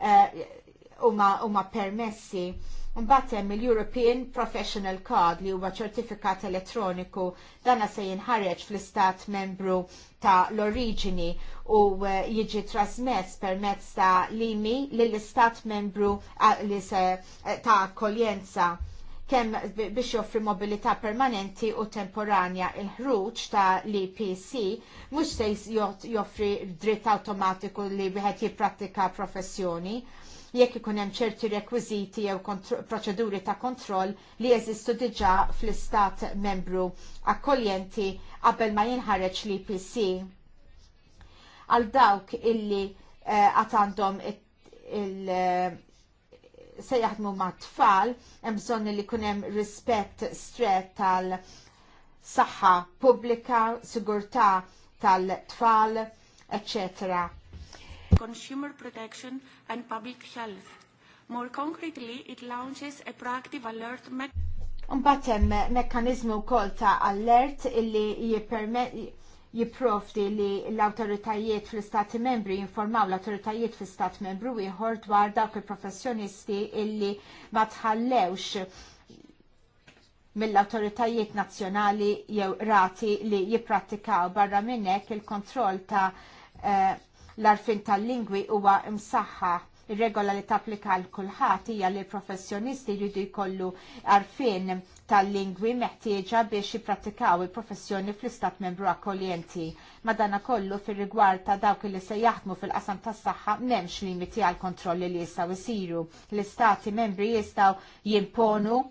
eh, huma permessi. Mbagħad hemm il-European Professional Card li huwa ċertifikat elettroniku dana se jinħareġ fl-istat membru ta' l-oriġini u eh, jiġi trasmess permezz ta' limi lill-istat membru eh, eh, ta' akkoljenza kemm biex joffri mobilità permanenti u temporanja il-ħruġ ta' l-EPC mhux se joffri dritt awtomatiku li wieħed jipprattika professjoni jekk ikun hemm ċerti rekwiżiti jew proċeduri ta' kontroll li jeżistu diġà fl-istat membru akkoljenti qabel ma jinħareġ l IPC. Għal dawk illi għatandhom eh, għandhom il- eh, se jaħdmu ma' tfal, hemm bżonn li jkun hemm rispett stret tal saħħa pubblika, sigurtà tal-tfal, eccetera consumer protection
and public health. More concretely, it launches a proactive alert mechanism.
Unbatem mekkanizmu kol ta' alert illi jiprovdi li l-autoritajiet fl stati membri informaw l-autoritajiet fl-istat membru ieħor dwar dawk il-professjonisti illi ma tħallewx mill-autoritajiet nazzjonali jew rati li jippratikaw barra minnek il-kontroll ta' eh, l-arfin tal-lingwi huwa msaħħa Ir-regola li tapplika l kulħadd hija li l-professjonisti jridu jkollu arfin tal-lingwi meħtieġa biex jipprattikaw il-professjoni fl-istat membru akkoljenti. Madana kollu fir-rigward ta' dawk li se jaħdmu fil-qasam tas-saħħa m'hemmx limiti għal kontrolli li jistgħu jsiru. L-istati membri jistgħu jimponu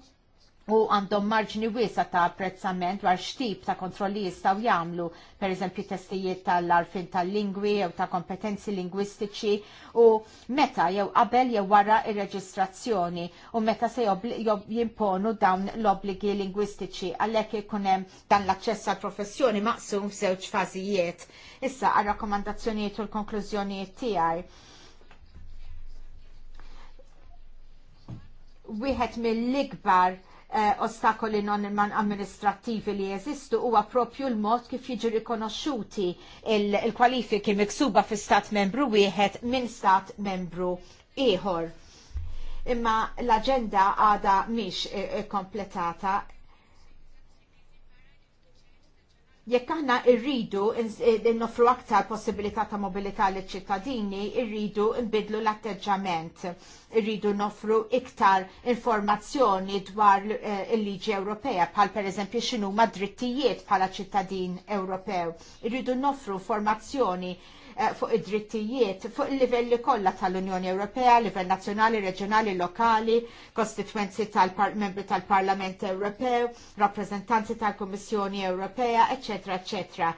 u għandhom marġni wiesa ta' apprezzament dwar xtip ta' kontrolli jistaw jagħmlu, per eżempju testijiet tal-arfin tal-lingwi jew ta' kompetenzi lingwistiċi u meta jew qabel jew wara ir-reġistrazzjoni u meta se jimponu dawn l-obligi lingwistiċi għalhekk ikun hemm dan l-aċċess għall professjoni maqsum f'żewġ fażijiet. Issa għar-rakkomandazzjonijiet u l-konklużjonijiet tiegħi. Wieħed mill-ikbar Eh, ostakoli non amministrativi li jeżistu huwa propju l-mod kif jiġi rikonoxxuti il-kwalifiki miksuba fi stat membru wieħed minn stat membru ieħor. Imma l-agenda għada miex kompletata jekk aħna rridu eh, nofru aktar possibilità ta' mobilità liċ ċittadini rridu nbidlu l-atteġġament, irridu nofru iktar informazzjoni dwar eh, il-liġi Ewropea, bħal pereżempju x'inhuma drittijiet bħala ċittadin Ewropew. Irridu nofru formazzjoni Eh, fuq id-drittijiet fuq il-livelli kollha tal-Unjoni Ewropea, livell nazzjonali, reġjonali, lokali, kostituenzi tal-membri tal-Parlament Ewropew, rappreżentanti tal-Kummissjoni Ewropea, eċetera, eċetera.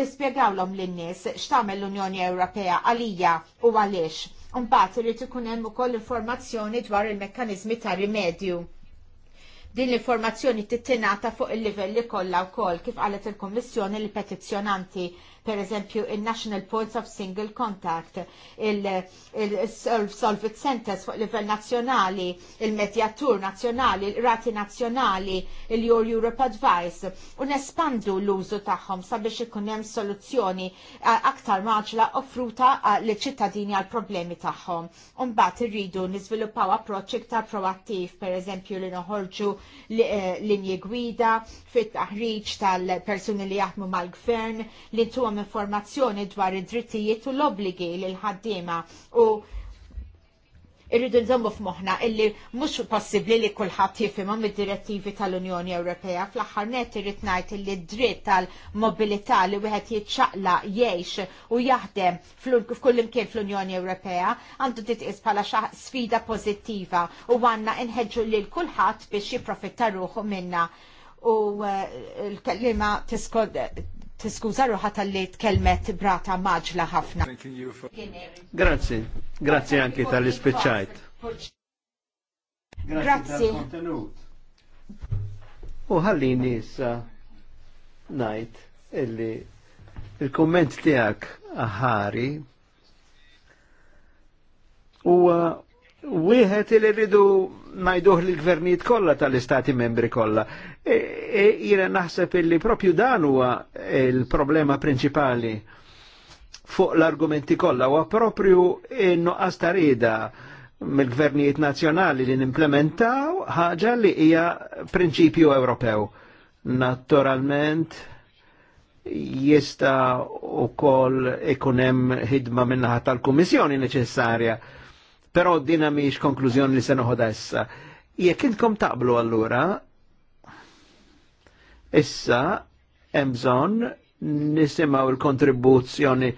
Nispjegawlhom lin-nies x'tagħmel l-Unjoni Ewropea għalija u għaliex. Mbagħad irid ikun hemm ukoll informazzjoni dwar il-mekkaniżmi ta' rimedju din l-informazzjoni tittinata fuq il-livelli kollha wkoll kif qalet il kummissjoni li petizzjonanti per eżempju il-National Points of Single Contact, il-Solvit Centers fuq livell nazzjonali, il-Medjatur nazzjonali, il-Rati nazzjonali, il-Your Europe Advice, u nespandu l-użu tagħhom sabiex ikun hemm soluzzjoni aktar maġla offruta li ċittadini għal problemi tagħhom. Umbagħad irridu niżviluppaw approċċ iktar proattiv, per eżempju li noħorġu eh, linji gwida fit taħriġ tal-persuni li jaħdmu mal-gvern li tu jagħtuhom informazzjoni dwar id-drittijiet u l-obbligi l ħaddiema u irridu nżommu f'moħħna illi mhux possibbli li kulħadd jifimom id-direttivi tal-Unjoni Ewropea fl-aħħar net irrid ngħid illi d-dritt tal-mobilità li wieħed jiċċaqla jgħix u jaħdem f'kullimkien fl-Unjoni Ewropea għandu titqis bħala sfida pożittiva u għandna inħeġġu lil kulħadd biex jipprofitta ruħu minna u eh, l-kellima tiskod tiskuża ruħa li tkelmet brata maġla ħafna.
Grazzi, grazzi anki tal ispeċajt Grazzi. U ħalli nisa najt illi il-komment tijak ħari u wieħed li rridu najduħ l-gvernijiet kollha tal-istati membri kollha E, e jina naħseb illi propju dan huwa il-problema principali fuq l-argumenti kollha huwa propju in-nuqqas tarida mill-gvernijiet nazzjonali li nimplementaw ħaġa li hija prinċipju Ewropew. Naturalment jista u koll ikunem ħidma minnaħat tal-Kummissjoni neċessarja, però dina miex konklużjoni li se noħodessa. Jekk intkom taqblu allura, Issa hemm bżonn nisimgħu l-kontribuzzjoni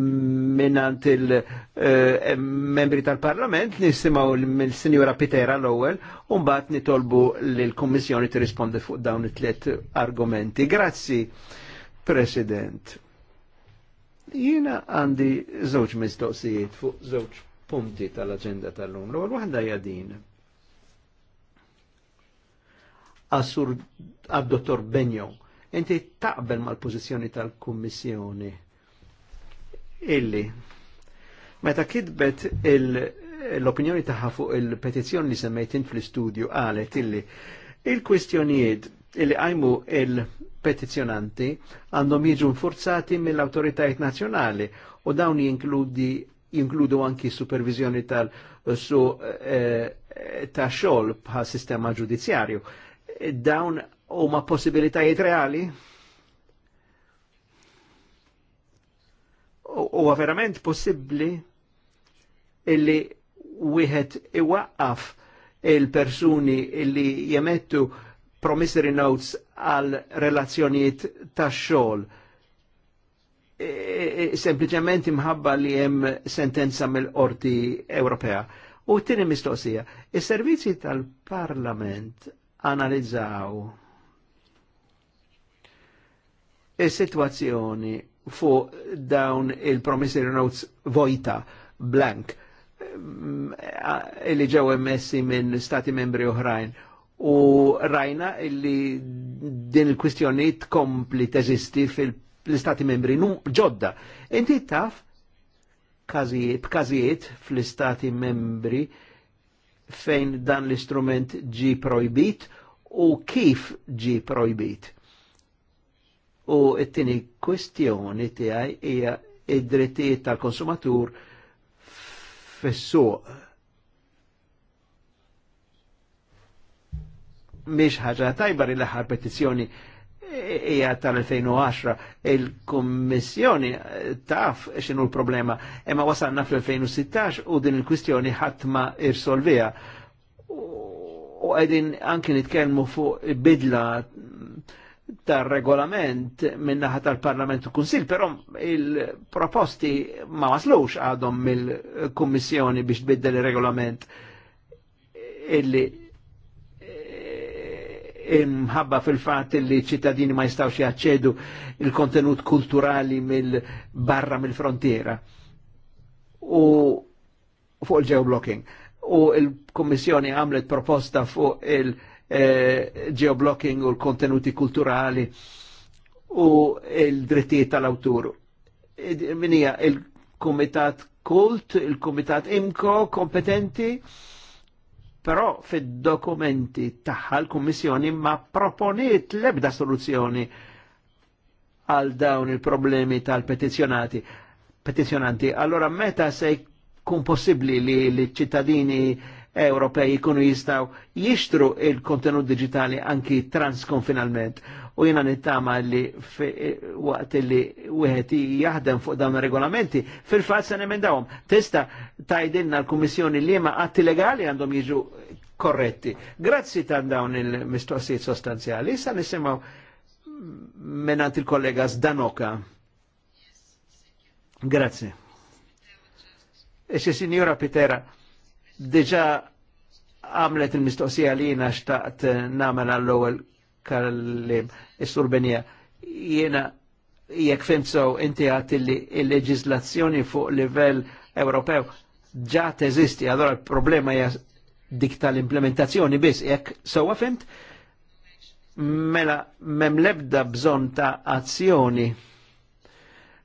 minant il-membri eh, tal-parlament nisimaw il-Sinjura Pitera l-ewel un-bat nitolbu l-Kommissjoni t-rispondi fuq dawn it-tlet argumenti. Grazzi, President. Jina għandi zewġ mistoqsijiet fuq zewġ punti tal-agenda tal-lum. L-ewel waħda jadin għassur għad-dottor Benjo. Inti taqbel mal-pozizjoni tal kommissjoni illi meta kidbet l-opinjoni il taħħa fuq il petizjoni li semmejtin fl-istudju għalet illi il-kwistjonijiet illi għajmu il-petizjonanti għandhom jiġu nfurzati mill-autoritajiet nazjonali u dawn jinkludi jinkludu anki supervizjoni tal-su eh, eh, ta' xol bħal sistema ġudizzjarju dawn u ma possibilitajiet reali? U verament possibli illi wieħed iwaqqaf il-persuni illi jemettu promissory notes għal relazzjonijiet tax xogħol. E, e, sempliċement imħabba li hemm sentenza mill-Qorti Ewropea. U tieni mistoqsija, is-servizzi tal-Parlament analizzaw is-sitwazzjoni fu fuq dawn il-promissory notes vojta blank mm, eh, illi ġew emessi minn stati membri oħrajn u rajna illi din il-kwistjoni tkompli teżisti fil-istati membri nu ġodda. Inti taf kazijiet, kazijiet fl-istati membri fejn dan l-istrument ġi projbit u kif ġi projbit. U it-tini kwestjoni tiegħi hija id-drittijiet tal-konsumatur fis-suq. ħaġa tajba li l-aħħar petizzjoni hija tal-2010 il-Kummissjoni taf x'inhu l-problema, imma wasalna fl-2016 u din il-kwistjoni ħadd ma irsolvija u għedin anki nitkelmu fuq bidla tal-regolament min-naħa tal-Parlament u Kunsil, però il-proposti ma waslux għadhom mill-Kummissjoni biex tbiddel il-regolament illi eh, imħabba fil-fat li ċittadini ma jistawx jaċċedu il-kontenut kulturali mill-barra mill-frontiera u fuq il-geoblocking. blocking u il-Kommissjoni għamlet proposta fuq il-geoblocking u l-kontenuti kulturali u il-drittijiet tal-awtur. Minija il-Komitat Kult, il-Komitat Imko kompetenti, però fid-dokumenti taħħa l-Kommissjoni ma proponiet lebda soluzzjoni għal dawn il-problemi tal-petizjonati. Petizjonanti, allora meta se kun possibli li l-ċittadini Ewropej jkunu jistaw jixtru il-kontenut digitali anki transkonfinalment. U jena nittama li e, waqt li wieħed jaħdem fuq dawn regolamenti, fil-fatt se nemendawhom. Tista tajdilna l-Kummissjoni li ma atti legali għandhom jiġu korretti. Grazzi ta' dawn il-mistoqsijiet sostanzjali. Issa nisimgħu menant il-kollega Zdanoka. Grazie. Ixi Signora Pitera, diġa għamlet il-mistoqsija li jina xtaqt namel għall-ewel kallim, is-surbenija. Jena jekk fimt inti għat il-leġizlazzjoni fuq livell Ewropew ġa teżisti, allora il-problema hija dik tal-implementazzjoni biss, jekk sewwa fimt mela mem lebda bżon ta' azzjoni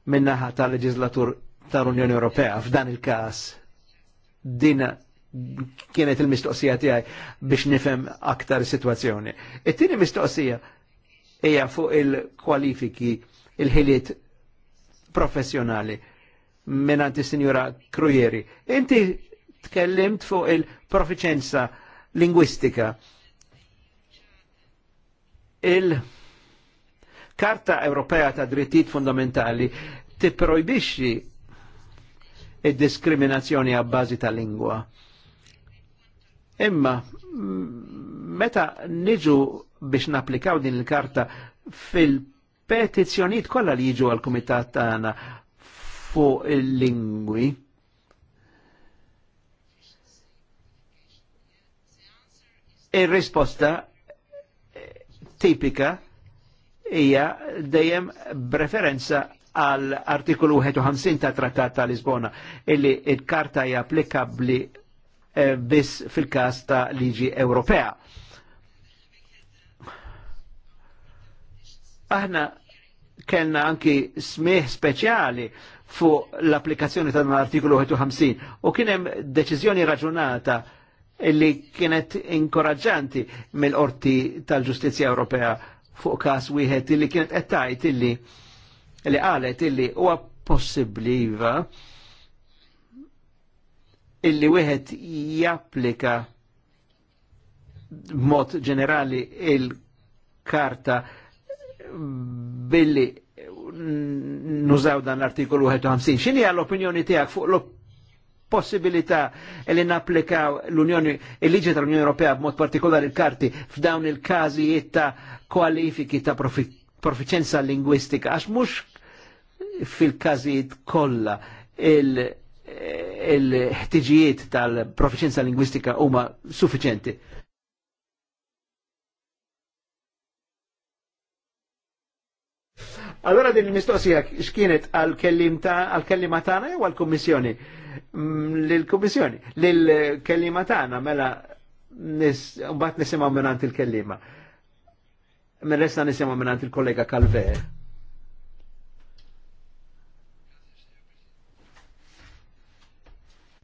minnaħa tal leġislatur tal-Unjoni Ewropea f'dan il-każ din kienet il-mistoqsija tiegħi biex nifhem aktar is-sitwazzjoni. It-tieni mistoqsija hija fuq il-kwalifiki il-ħiliet professjonali minn is-Sinjura Krujeri. Inti tkellimt fuq il-profiċenza lingwistika. Il-Karta Ewropea ta' Drittijiet Fundamentali tipprojbixxi id-diskriminazzjoni bazi ta' lingwa Imma, meta niġu biex naplikaw din il-karta fil-petizjoniet kollha li jiġu għal-kumitat tagħna fuq il-lingwi, ir-risposta tipika hija dejjem preferenza għal artikolu 51 ta' trattat ta' Lisbona illi il-karta hija applikabbli eh, biss fil-każ ta' liġi Ewropea. Aħna kellna anki smih speċjali fuq l-applikazzjoni ta' l artiklu 51 u kien hemm deċiżjoni raġunata illi kienet inkoraġġanti mill-Qorti tal-Ġustizzja Ewropea fuq każ wieħed illi kienet qed tgħid illi li qalet illi huwa possibbliva illi wieħed japplika b'mod ġenerali il-karta billi nużaw dan l-artikolu 51. X'inhi l-opinjoni tiegħek fuq l possibilità li napplikaw l-Unjoni, il-liġi tal-Unjoni Ewropea b'mod partikolari l-karti f'dawn il-każijiet ta' kwalifiki ta' profiċenza lingwistika, għax mux fil-każijiet kollha il-ħtiġijiet il tal-proficienza lingwistika huma suffiċenti. Allora din il-mistoqsija x'kienet għal-kellima tagħna jew għall-Kummissjoni? Mm, lil kummissjoni lill-kellima tagħna mela mbagħad nisimgħu minn il-kellima. Min resta nisimgħu minn il-kollega Calvert.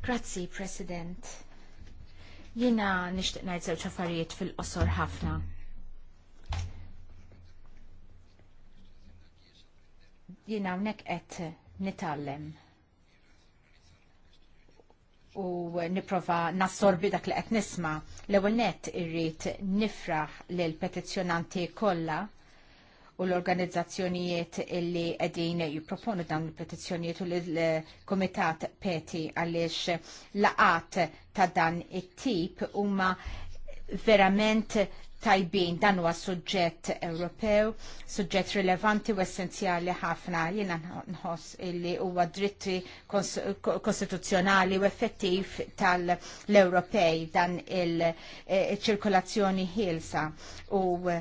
Grazzi, President. Jina nishtiq ngħid żewġ affarijiet fil-qosor ħafna. Jina hawnhekk qed nitgħallem u niprofa nassorbi dak li qed nisma. L-ewwel nett irrid nifraħ lil petizzjonanti kollha u l-organizzazzjonijiet illi qegħdin jipproponu dawn il-petizzjonijiet u l-Kumitat Peti għaliex laqat ta' dan it-tip huma verament tajbin dan huwa suġġett Ewropew, suġġett rilevanti u essenzjali ħafna jiena nħoss illi huwa dritti kostituzzjonali u effettiv tal-Ewropej dan il-ċirkolazzjoni eh, ħielsa u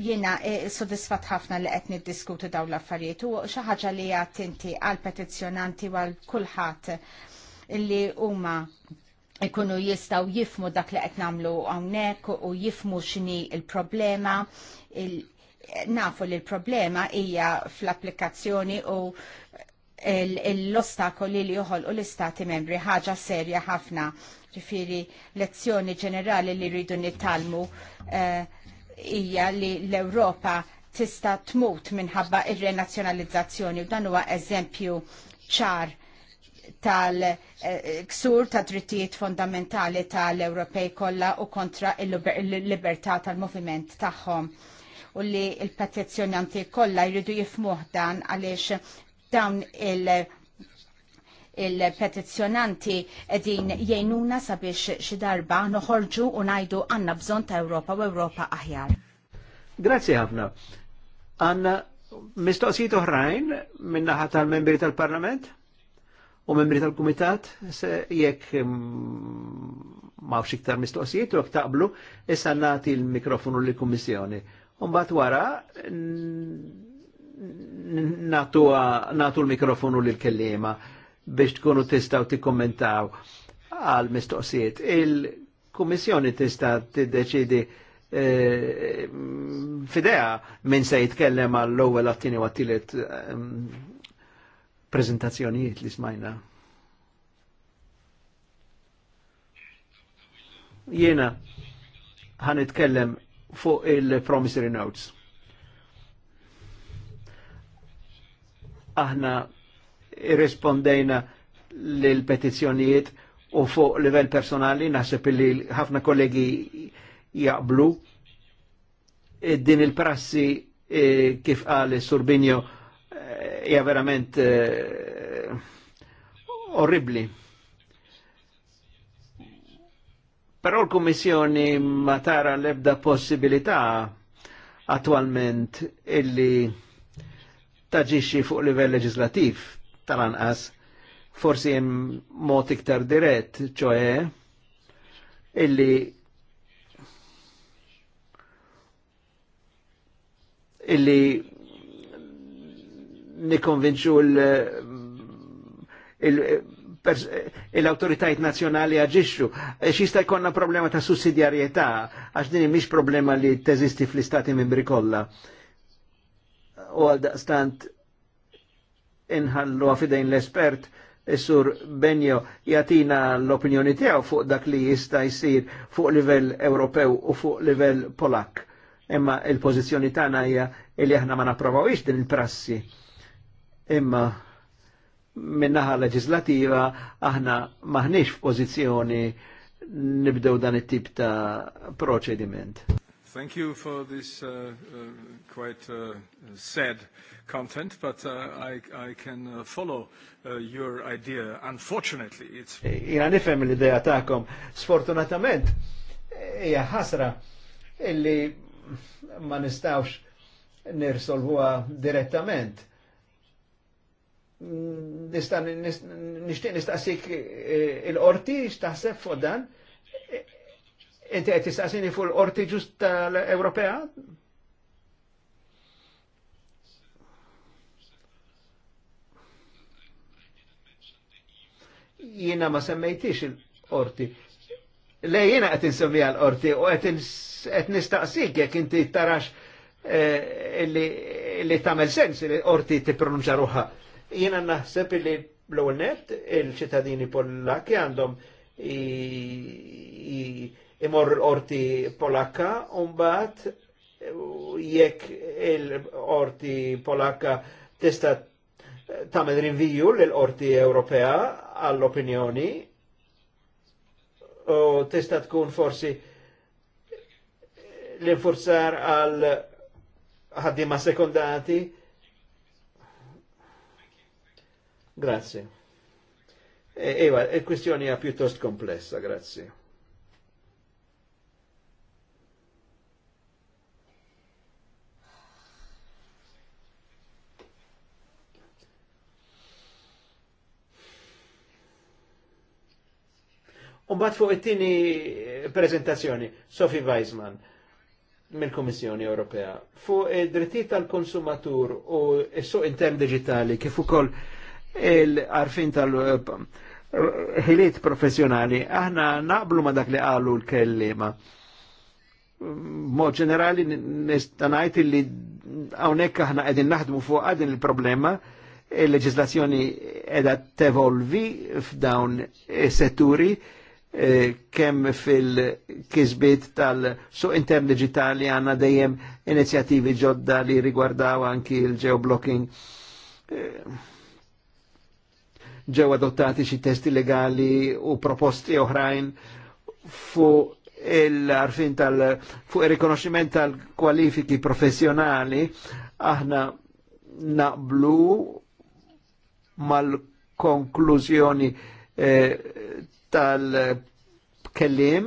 Jiena eh, soddisfat ħafna li qed niddiskutu daw l-affarijiet u xi ħaġa li hija inti għal petizzjonanti għal kulħadd li huma ikunu jistaw jifmu dak li qed nagħmlu hawnhekk u jifmu x'inhi il-problema nafu li l-problema hija fl-applikazzjoni u l-ostakoli li joħol u l-istati membri ħaġa serja ħafna ġifiri lezzjoni ġenerali li rridu nitalmu uh, hija li l-Ewropa tista' tmut minħabba ir-renazzjonalizzazzjoni u dan huwa eżempju ċar tal-ksur ta' drittijiet fondamentali tal-Ewropej kollha u kontra l libertà tal-moviment tagħhom u li l-petizzjonanti kollha jridu jifmuh dan għaliex dawn il- il-petizzjonanti edin jgħinuna sabiex xi darba noħorġu u ngħidu għandna bżonn ta' Ewropa u Ewropa aħjar.
Grazzi ħafna. Għanna mistoqsijiet oħrajn minnaħa tal-membri tal-Parlament u membri tal-Kumitat se jekk mm, mawx iktar mistoqsijiet u taqblu issa nagħti l-mikrofonu lill-Kummissjoni. Umbat wara natu l-mikrofonu lill-kellima biex tkunu tistaw tikkommentaw għal mistoqsijiet. Il-Kummissjoni tista' tiddeċidi eh, fidea minn se jitkellem għall ewwel għattini u għattilet ehm, prezentazzjonijiet li smajna. Jiena ħanitkellem fuq il-promissory notes. Aħna irrispondejna l-petizjonijiet u fuq livell personali naħseb li ħafna kollegi jaqblu e din il-prassi e kif għal Surbinjo e hija verament orribli. Però l-Kummissjoni ma tara l-ebda possibilità attualment illi taġixxi fuq livell leġislativ tal-anqas forsi jem mod iktar dirett, ċoħe, illi illi nikonvinċu il l-autoritajt nazjonali għagġiċu. E xista jkonna problema ta' sussidjarieta, għax dini mish problema li teżisti fl-istati membri kolla. U għal daqstant inħallu għafidejn l-espert Sur Benjo jatina l-opinjoni tiegħu fuq dak li jista' jsir fuq livell Ewropew u fuq livell Polak. Imma il-pożizzjoni tagħna hija li aħna ma napprovawix din il-prassi. Imma minnaħa leġislativa aħna maħniex f'pożizzjoni nibdew dan it-tip ta' proċediment.
Thank you for this uh, uh, quite uh, sad content, but uh, I, I can uh, follow uh, your idea. Unfortunately, it's...
Ina nifem l idea. ta'kom. Sfortunatament, ija ħasra illi ma nistawx nirsolvuha direttament. Nista' nistaqsik eh, il-qorti x'taħseb fuq dan? Inti qed tistaqsini fuq l-qorti ġust tal-Ewropea? Jiena ma semmejtix il-qorti. Le jiena qed insemmija l-qorti u qed nistaqsik jekk inti tarax eh, li tagħmel sens li qorti tippronunċa ruħha. Jiena naħseb li l-ewwel net il-ċittadini Pollakki għandhom imorru l-orti polakka, umbat jekk il-orti polakka tista tamel rinviju l-orti Ewropea għall-opinjoni u tista tkun forsi l-infurzar għal ħaddima sekondati. Grazie. Ewa, il-kwistjoni hija pjuttost komplessa, grazie. Umbat fuq it-tini prezentazzjoni, Sofi Weisman mill-Komissjoni Ewropea fuq id-drittijiet tal-konsumatur u s-suq intern digitali kif ukoll il-arfin tal-ħiliet professjonali, aħna naqblu ma dak li qalu l-kellima. Mod ġenerali nistanajt li hawnhekk aħna qegħdin naħdmu fuq għadin il-problema il-leġislazzjoni edha tevolvi f'dawn is-setturi. Eh, kemm fil-kizbit tal-suq intern digitali għanna dejjem inizjativi ġodda li rigwardaw anki il-geoblocking. Eh, ġew adottati xi testi legali u proposti oħrajn fuq il-arfin tal fu il-rikonoxximent tal-kwalifiki professjonali aħna naqblu mal-konklużjoni eh, tal-kellim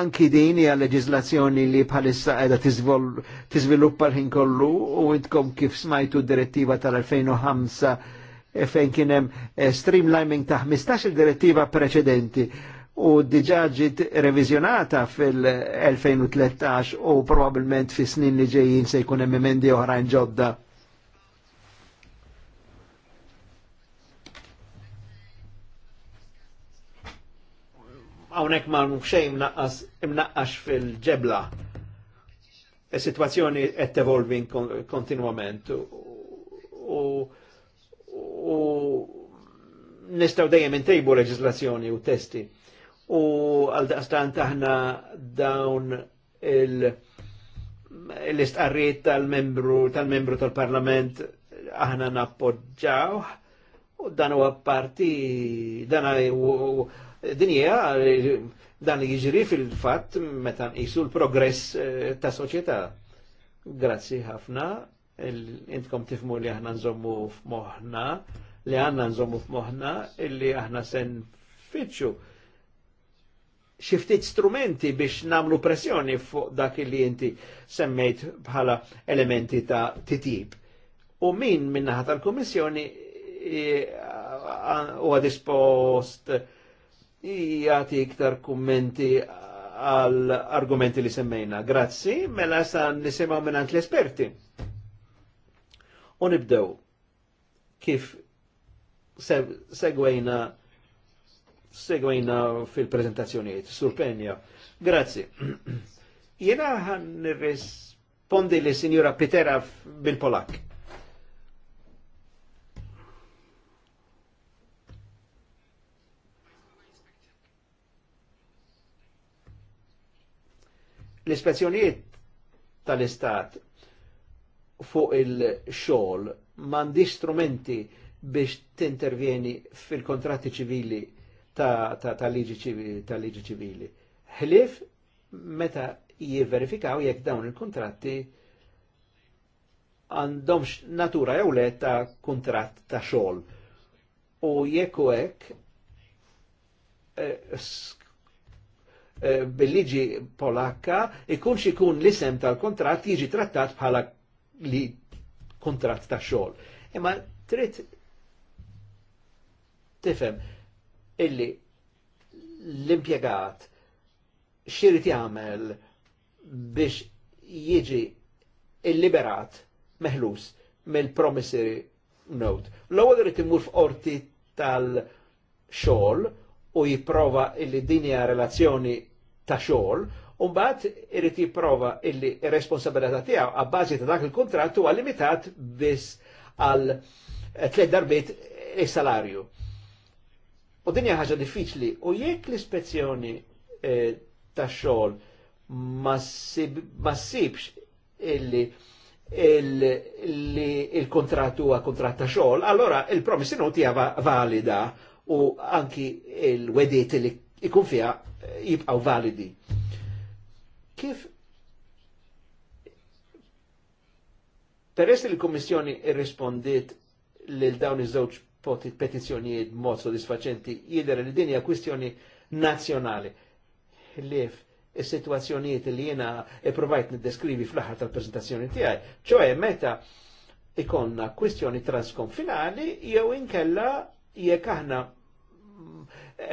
anki din hija leġizlazzjoni li bħalissa qiegħda tiżviluppa l-ħin kollu u intkom kif smajtu direttiva tal-2005 eh, fejn kien hemm eh, streamlining ta' 15 direttiva preċedenti u diġà revizjonata fil-2013 u probabbilment fis snin li ġejjin se jkun hemm emendi oħrajn ġodda hawnhekk ma xejn imnaqqax fil-ġebla. Is-sitwazzjoni e qed evolving kontinwament u, nistaw nistgħu dejjem intejbu leġislazzjoni u testi. U għal daqstant aħna dawn il- l-istqarriet tal-membru tal-membru tal-parlament aħna nappoġġaw u dan huwa parti dan Din hija eh, dan jiġri fil-fatt meta nqisu l-progress eh, ta' soċjetà. Grazzi ħafna, intkom tifmu li aħna nżommu f'moħħna, li għanna nżommu f'moħħna, illi aħna sen fitxu ftit strumenti biex namlu pressjoni fuq dak li inti semmejt bħala elementi ta' titib. U min minnaħat tal-Komissjoni eh, huwa dispost uh, jgħati iktar kummenti għal argumenti li semmejna. Grazzi, mela sa nisimgħu mingħand l-esperti. Unibdew kif segwejna segwejna fil-prezentazzjonijiet, penja Grazzi. Jena għan rispondi li sinjura Pitera bil-Polak. L-ispezzjonijiet tal-Istat fuq il-xol mandi strumenti biex t-intervjeni fil-kontratti ċivili tal-liġi ta', ta, ta ċivili. Ta Hlif, meta jiverifikaw jekk dawn il-kontratti għandhomx natura jew le ta' kuntratt ta' xol. U jekk hekk eh, Eh, bil-liġi polakka ikun ikun l-isem tal-kontrat jiġi trattat bħala li kontrat ta' xogħol. Imma trid tifem illi l impiegat xirit jagħmel biex jiġi illiberat meħlus mill-promissory note. L-ewwel irid imur f'qorti tal-xogħol u jipprova illi dinja relazzjoni ta' xogħol u mbagħad irid jipprova illi responsabilità tiegħu għabbażi ta' dak il-kuntratt huwa limitat biss għal tliet darbiet is-salarju. U dinja ħaġa diffiċli. U jekk l-ispezzjoni eh, ta' xogħol ma ssibx illi il-kontrat huwa kontrat ta' xogħol, allora il-promissi noti valida u anki il wedieti li ikun fija jibqaw validi. Kif Peress li l-Kommissjoni irrispondiet lil dawn iż-żewġ petizzjonijiet mod sodisfaċenti jidher li din hija kwistjoni nazzjonali. Lif, is-sitwazzjonijiet li jiena provajt niddeskrivi fl-aħħar tal-preżentazzjoni tiegħi, ċoe meta ikonna kwistjoni transkonfinali jew inkella jekk aħna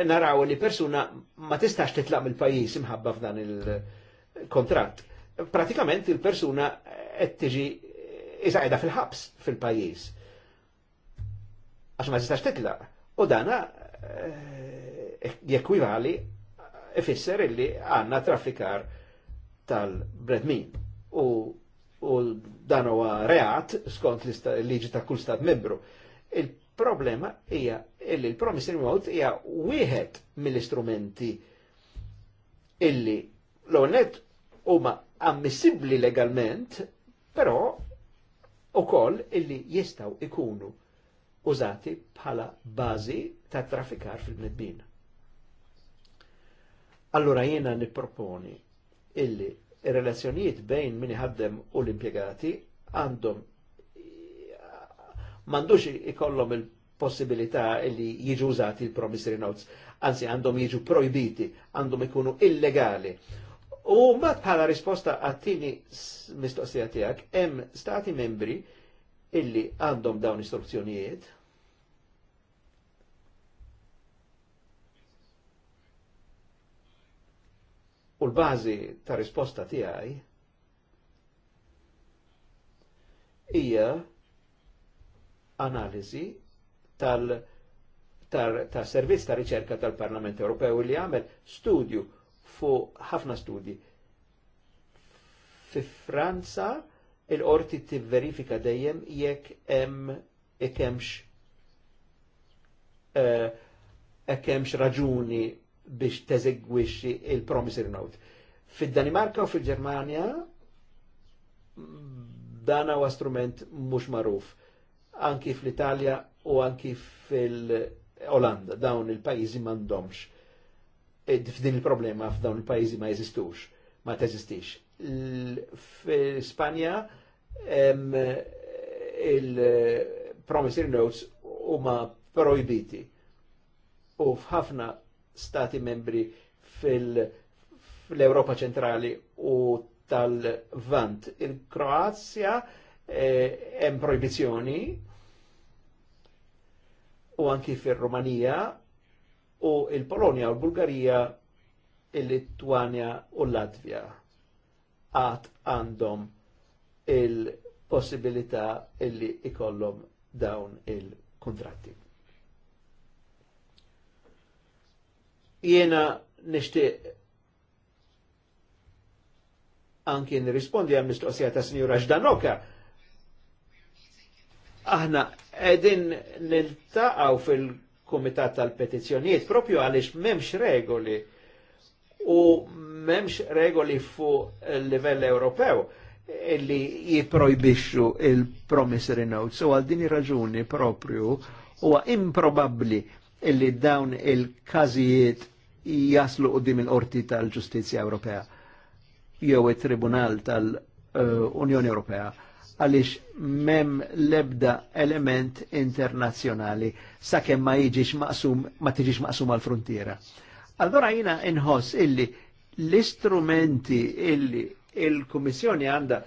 naraw li persuna ma tistax titlaq mill-pajis imħabba f'dan il-kontrat. Pratikament il-persuna qed tiġi isajda fil-ħabs fil-pajis. Għax ma tistax titlaq. U dana eh, jekwivali ifisser illi għanna traffikar tal-bredmin. U, u dan huwa reat skont l-liġi ta' kull stat membru problema hija illi l promise remote hija wieħed mill-istrumenti illi l-onet huma ammissibbli legalment, però ukoll illi jistgħu ikunu użati bħala bażi ta' traffikar fil-bnedmin. Allura jiena nipproponi illi relazzjonijiet bejn min iħaddem u l-impjegati għandhom mandux ikollom il-possibilità li jiġu użati il-promissory notes, anzi għandhom jiġu proibiti, għandhom ikunu illegali. U ma bħala risposta għattini mistoqsija tiegħek hemm stati membri illi għandhom dawn istruzzjonijiet. U l bazi ta' risposta tijaj ija analiżi tal- tar, ta' servizz ta' riċerka tal-Parlament Ewropew li għamel studju fuq ħafna studji. Fi Franza il-qorti tivverifika dejjem jekk hemm ikemx ekkemx eh, raġuni biex teżegwixxi il-promissory note. Fid-Danimarka u fil-Ġermanja dan huwa strument mhux magħruf anki fl-Italja u anki fil-Olanda, dawn il-pajizi mandomx. E, f'din il-problema f'dawn il-pajizi ma jeżistux, ma teżistix. fil Fil-Spanja, il-promissory notes huma projbiti u f'ħafna stati membri fil-Europa ċentrali u tal-Vant. Il-Kroazja hemm eh, proibizjoni u anki fir-Rumanija u il polonia u l-Bulgarija, il lituania u l latvija għat għandhom il-possibilità illi ikollhom dawn il-kontratti. Jena nishti anki nirrispondi għal mistoqsija ta' Sinjura Ġdanoka aħna edin nil-taqaw fil-Kumitat tal-Petizzjonijiet propju għaliex memx regoli u memx regoli fu l-livell Ewropew illi jiprojbixxu il-promissory notes u għal din raġuni propju huwa improbabbli illi dawn il-każijiet jaslu dim il-qorti tal ġustizja Ewropea jew it-Tribunal tal-Unjoni Ewropea għaliex mem lebda element internazzjonali sakemm ma jiġix maqsum ma tiġix maqsum għal frontiera. Allora jina inħoss illi l-istrumenti illi il-Kummissjoni għandha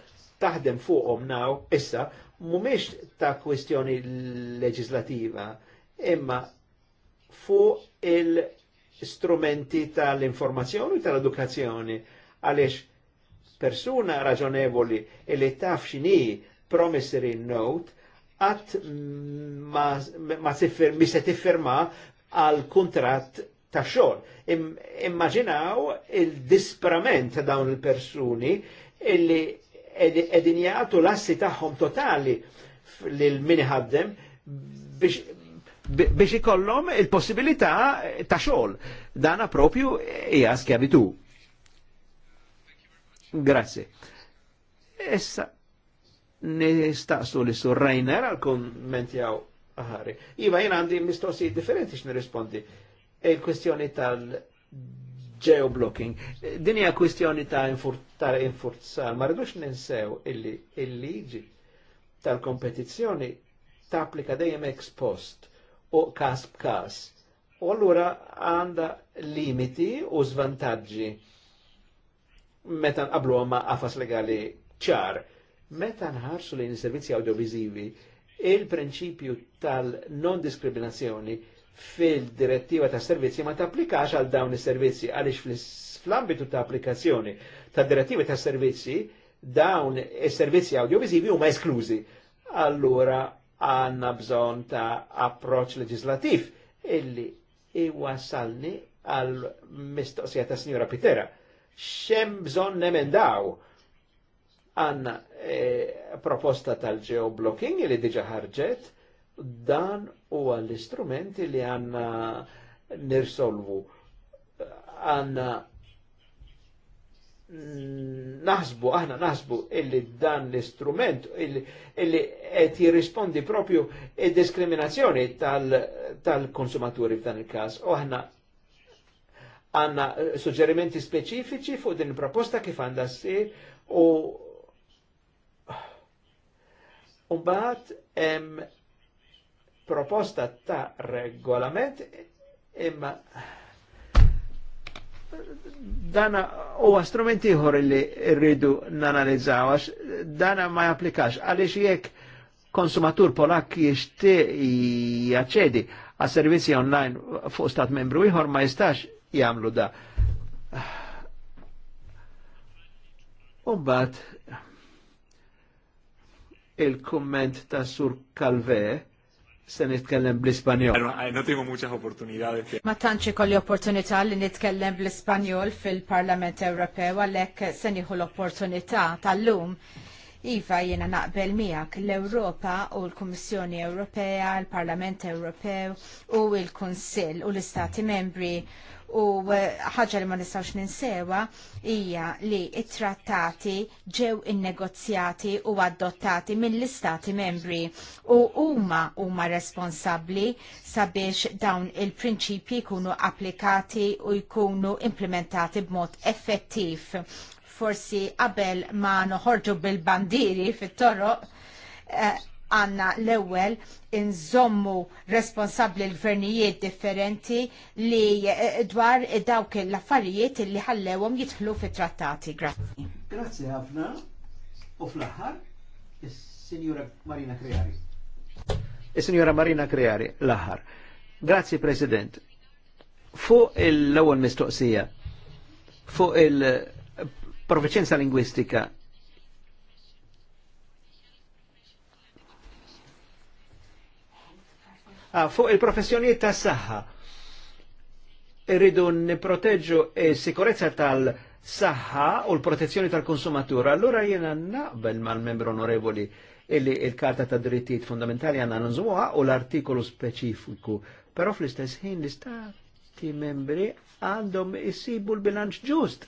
taħdem fuqhom naw issa mhumiex ta' kwestjoni leġislativa imma fuq il-strumenti tal-informazzjoni u tal-edukazzjoni għaliex persuna raġonevoli li taf xini promissory note għat ma, ma, mi se tifferma għal kontrat ta' xogħol. Im, il-disprament ta' dawn il-persuni illi edin jgħatu l-assi taħħom totali l mini ħaddem biex biex il-possibilità ta' xogħol. Dana propju hija skjavitu. Grazie. Issa nistaqsu li surrajna għal-komment jaw aħari. Iva jena għandi mistoqsi differenti x-nirrispondi. Il-kwestjoni e tal-geoblocking. Din hija kwestjoni ta' infurzar, infur ma rridux ninsew illi il-liġi tal-kompetizzjoni tapplika dejjem ex post u kas b'kas. U allura għanda limiti u zvantaġġi meta nqablu għamma għafas legali ċar, meta nħarsu lejn servizzi audiovisivi, il-prinċipju tal-non-diskriminazzjoni fil-direttiva ta' servizzi ma ta applikax għal dawn is-servizzi għaliex fl-ambitu ta' applikazzjoni ta' direttiva ta' servizzi dawn is-servizzi audiovisivi huma esklużi. Allura għanna bżon ta' approċ legislativ illi iwasalni għal mistoqsija ta' Signora Pitera xem bżon nemendaw għanna e, proposta tal-geoblocking li diġa ħarġet dan u għall-istrumenti li għanna nirsolvu għanna naħsbu, aħna naħsbu illi dan l-istrument illi qed jirrispondi propju id-diskriminazzjoni tal-konsumaturi tal f'dan il-każ u aħna għanna eh, suġġerimenti speċifiċi fuq din il-proposta kif għandha ssir u mbagħad hemm proposta ta' regolament imma dana huwa strument ieħor li rridu nanalizzaw għax dana ma japplikax għaliex jekk konsumatur polak jixtieq jaċċedi għas servizzi online fuq stat membru ieħor ma jistax Jamlu da. Umbat il-komment ta' Sur Calve se nitkellem bl-Ispanjol. Natimu muċa opportunidades.
Ma tantx ikolli opportunità li nitkellem bl-Ispanjol fil-Parlament Ewropew għalhekk se nieħu l-opportunità tal-lum Iva jiena naqbel miegħek l-Ewropa u l-Kummissjoni Ewropea, l-Parlament Ewropew u l-Kunsill u l-Istati Membri u eh, ħaġa li ma nistax ninsewa hija li it-trattati ġew innegozjati u adottati mill-istati membri u huma huma responsabbli sabiex dawn il-prinċipji jkunu applikati u jkunu implementati b'mod effettiv. Forsi qabel ma noħorġu bil-bandiri fit-toroq eh, għanna l-ewel nżommu responsabli l-gvernijiet differenti li eh, dwar eh, dawk l-affarijiet li ħallewhom jitħlu fi trattati
Grazie. Grazie ħafna. U fl-aħħar, is-Sinjura Marina Kreari. Is-Sinjura Marina Kreari, l-aħħar. Grazie President. Fuq l-ewwel mistoqsija, fuq il-profiċenza lingwistika Ah, fuq il professjoniet ta' saħħa Irridu niproteġġu s-sikurezza tal- saħħa u l-protezzjoni tal-konsumatur. Allura jiena naqbel mal-membru onorevoli illi il-Karta ta' Drittijiet Fundamentali għandna nżumuha u l-artikolu speċifiku. Però fl-istess ħin l-istati membri għandhom isibu l-bilanċ ġust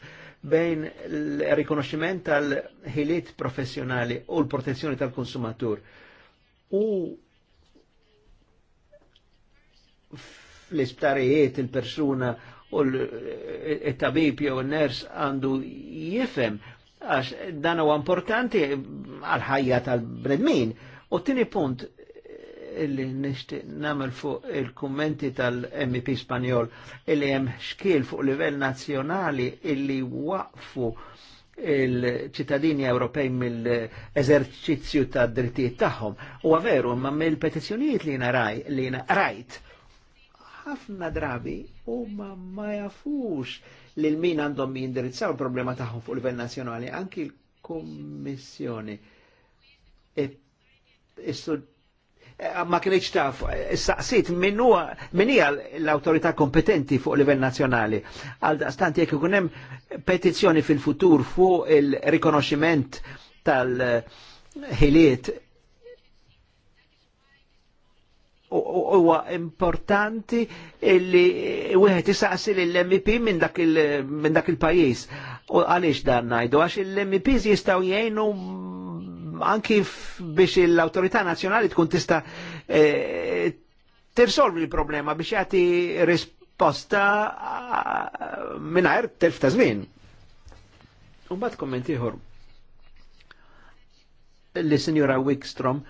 bejn l-rikonoxximent tal-ħiliet professjonali u l-protezzjoni tal-konsumatur. U fl-isptarijiet il-persuna u l-tabib jew n-ners għandu jifem għax dan huwa importanti għal-ħajja tal-bredmin. U tini punt illi nishti namel fuq il-kummenti tal-MEP Spanjol illi hemm xkil fuq livell nazzjonali illi waqfu il-ċittadini Ewropej mill-eżerċizzju ta' drittijiet tagħhom. U veru, ma mill-petizzjonijiet li rajt ħafna drabi u ma, ma jafux li l-min għandhom jindirizzaw il-problema tagħhom fuq livell nazzjonali, anki l-Kommissjoni. E, e, ma kienieċ taf, e, saqsit min hija l-autorità kompetenti fuq livell nazzjonali. Għal daqstant jekk ikun hemm petizzjoni fil-futur fuq il-rikonoxximent tal-ħiliet huwa importanti illi wieħed isaqsi lill-MEP minn dak il-pajjiż. minn dak il U għaliex dan ngħidu għax il-MEPs jistgħu jgħinu anki biex l-autorità nazzjonali tkun tista' e, tirsolvi l-problema biex jagħti risposta mingħajr telf ta' żmien. U mbagħad kommenti ħor li Sinjura Wikstrom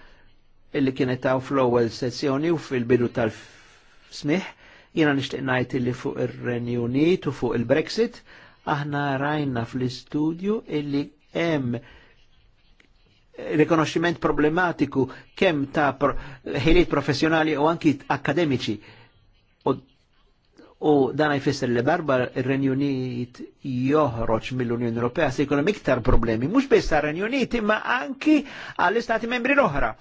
illi kienet taw fl-ewwel sezzjoni u fil-bidu tal-smiħ, jiena nixtieq ngħid illi fuq ir-Renju u fuq il-Brexit, aħna rajna fl-istudju illi hemm rikonoxximent problematiku kemm ta' ħiliet professjonali u anki akademiċi. U, dan jfisser li barba il-Renjunit joħroġ mill-Unjoni Ewropea se jkollhom iktar problemi, mhux biss tar Renjunit imma anki għall-Istati Membri l-oħra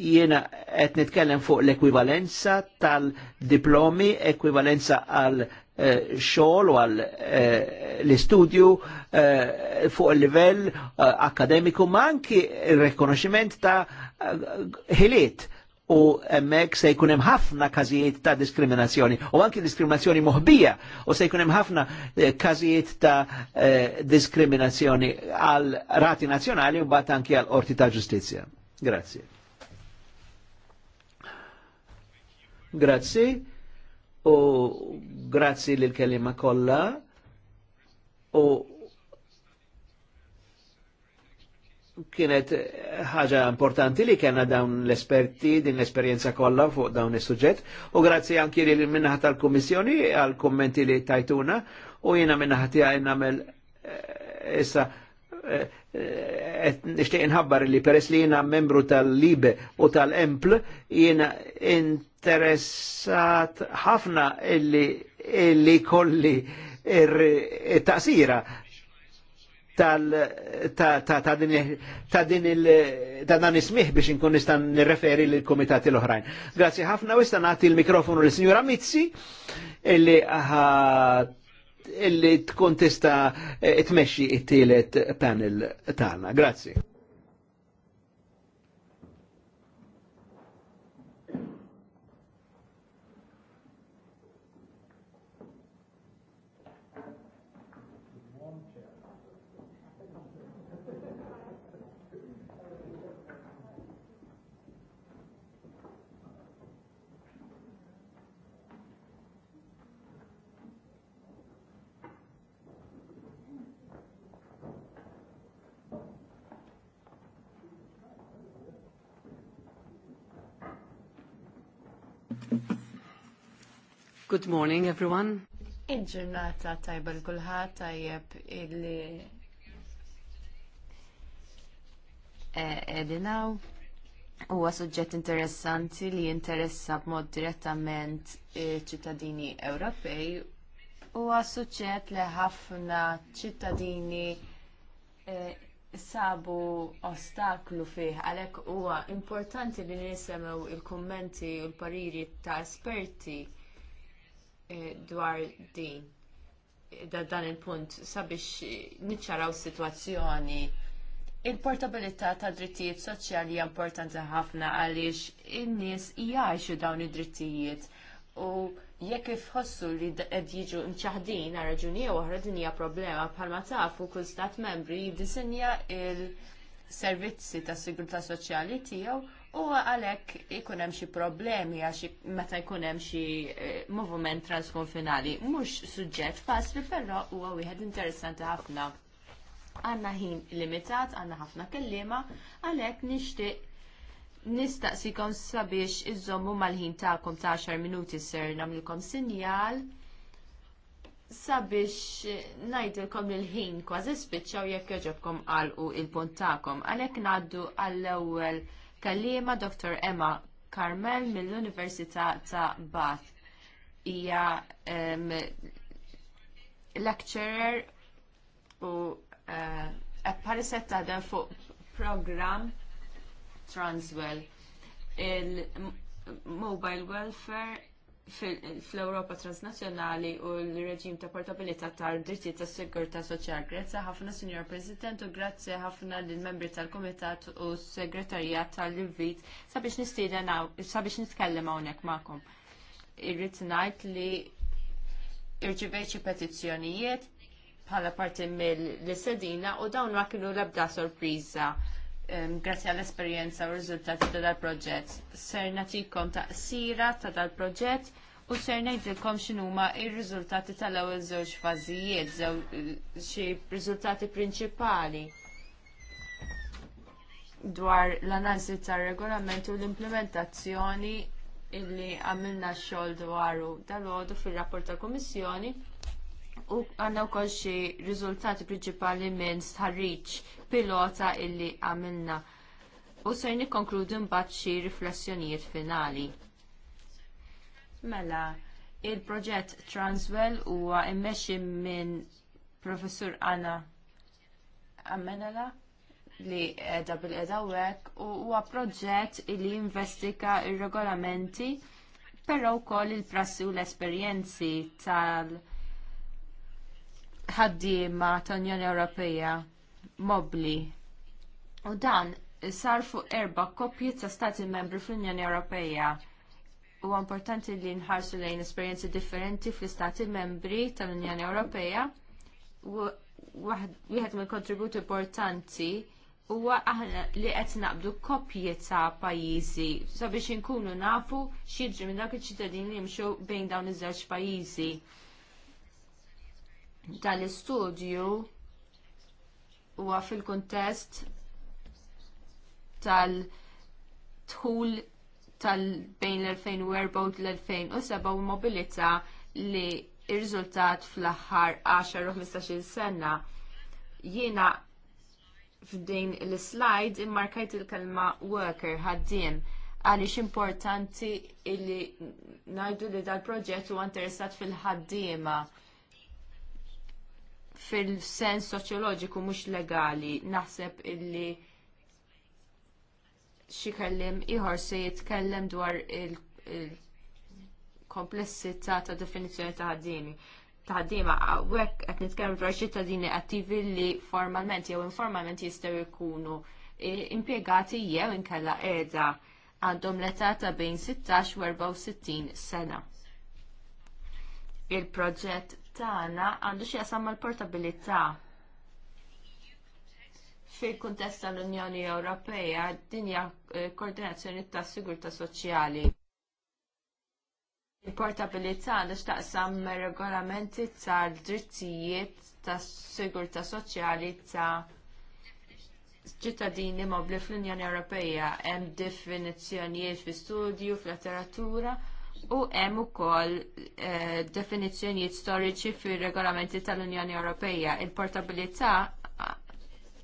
jiena qed nitkellem fuq l-ekwivalenza tal-diplomi, ekwivalenza għal eh, xogħol u għal eh, l-istudju eh, fuq il-livell akademiku, ma anki r rekonoximent ta' ħiliet u emmek se jkun hemm ħafna każijiet ta' diskriminazzjoni u anki diskriminazzjoni moħbija u se jkun hemm ħafna każijiet ta' diskriminazzjoni għal rati nazzjonali u mbagħad anki għal orti ta' ġustizzja. Grazie. Grazzi u grazzi lil kelima kollha u kienet ħaġa importanti li kena dawn l-esperti din l-esperienza kollha fuq dawn is-suġġett u grazzi anki li minnaħ tal-Kummissjoni għal kummenti li tajtuna u jiena minnaħa tiegħi namel eh, issa eh, eh, nishtiq inħabbar li peress li jina membru tal-Libe u tal-Empl jina in interessat ħafna illi illi kolli taqsira ta' din il- ta' dan ismiħ biex inkun nista' nirreferi lil komitati l-oħrajn. Grazzi ħafna u nagħti l-mikrofonu lis sinjura Mizzi illi illi tkun tista' eh, tmexxi it-tielet panel tagħna. Grazzi.
Good morning, everyone.
Il-ġurnata tajba l-kulħat tajjeb illi eh, edinaw. Huwa suġġett interessanti li jinteressa b'mod direttament ċittadini Ewropej. Huwa suġġett li ħafna ċittadini eh, sabu ostaklu fih, għalhekk huwa importanti li nisemgħu il-kummenti u l-pariri ta' esperti E, dwar din da dan il-punt sabiex niċċaraw situazzjoni il-portabilità ta' drittijiet soċjali hija importanti ħafna għaliex in-nies jgħixu dawn id-drittijiet u jekk ifħossu li qed jiġu mċaħdin għal raġuni oħra din hija problema bħalma tafu kull stat membri jiddisinja il-servizzi tas sigurtà soċjali tiegħu U għalhekk ikun hemm xi problemi għax meta jkun hemm xi eh, moviment transkonfinali mhux suġġett faċli però huwa wieħed interessanti ħafna. Għandna ħin limitat, għandna ħafna kelliema, għalhekk nixtieq nistaqsikom sabiex iżommu mal-ħin tagħkom ta' 10 minuti ser nagħmlilkom sinjal sabiex eh, ngħidilkom il-ħin kważi spiċċaw jekk jogħġobkom qalqu il-punt tagħkom. Għalhekk ngħaddu għall-ewwel Kallima Dr. Emma Carmel mill-Università ta' Bath. Hija um, lecturer u appariset eh, e ta' dan fuq program Transwell il-Mobile Welfare fl-Europa transnazjonali u l-reġim ta' portabilità ta' drittijiet ta' sigurta soċjal. Grazzi ħafna, Signor President, u grazzi ħafna l-membri tal-Komitat u s-Segretarjat tal-Invit sabiex nistieden sabiex nitkellem hawnhekk magħkom. Irrid ngħid li xi petizzjonijiet bħala parti mill-sedina u dawn ma kienu l-ebda sorpriża grazzi għall-esperjenza u r-riżultati ta' dal-proġett. Ser natikom ta' sira ta' dal-proġett u ser ngħidilkom x'inhuma r-riżultati tal-ewwel żewġ fażijiet, eh, xi riżultati prinċipali dwar l-analiżi tar-regolament u l-implementazzjoni illi għamilna x-xogħol dwaru dal-għodu fir-rapport tal-Kummissjoni u għanna u koll xi riżultati prinċipali minn stħarriċ pilota illi għamilna. U ser nikonkludu mbagħad xi riflessjonijiet finali. Mela, il-proġett Transwell huwa immexxi minn Professur Anna Amenala li edha bil-edha wek u huwa proġett li jinvestiga ir-regolamenti però wkoll il-prassi u l-esperjenzi tal- ħaddiema ta' unjoni Ewropea mobbli. U dan sar fuq erba' koppji ta' stati membri fl-Unjoni Ewropea. Huwa importanti li nħarsu lejn esperjenzi differenti fl-istati membri tal-Unjoni Ewropea. Wieħed mill-kontribut importanti huwa aħna li qed naqbdu koppji ta' pajjiżi sabiex inkunu nafu x'jiġri minn dak iċ-ċittadini li jimxu bejn dawn iż-żewġ pajjiżi tal-istudju huwa fil-kuntest tal-tħul tal-bejn l-2004 u l-2007 u mobilita li ir-riżultat fl-aħħar 10 u 15 sena. Jiena f'din l-slide immarkajt il-kelma worker ħaddiem għaliex importanti li ngħidu li dal-proġett huwa interessat fil-ħaddiema fil-sens soċjoloġiku mhux legali naħseb illi xi kellim ieħor se jitkellem dwar il-komplessità ta' definizzjoni ta' ħaddiemi taħdima hekk qed nitkellem dwar ċittadini attivi li formalment jew informalment jistgħu jkunu eh, impjegati jew inkella qiegħda għandhom l-età ta' bejn 16 u 64 sena. Il-proġett tagħna għandu xi jasam mal-portabilità fil-kuntest tal-Unjoni Ewropea dinja eh, koordinazzjoni ta' sigurtà soċjali. Il-portabilità għandu x'taqsam regolamenti ta' drittijiet tas sigurtà soċjali ta' ċittadini mobbli fl-Unjoni Ewropea hemm definizzjonijiet fi studju, fl-letteratura, fl letteratura letteratura u hemm ukoll eh, definizzjonijiet storiċi fir-regolamenti tal-Unjoni Ewropea. Il-portabilità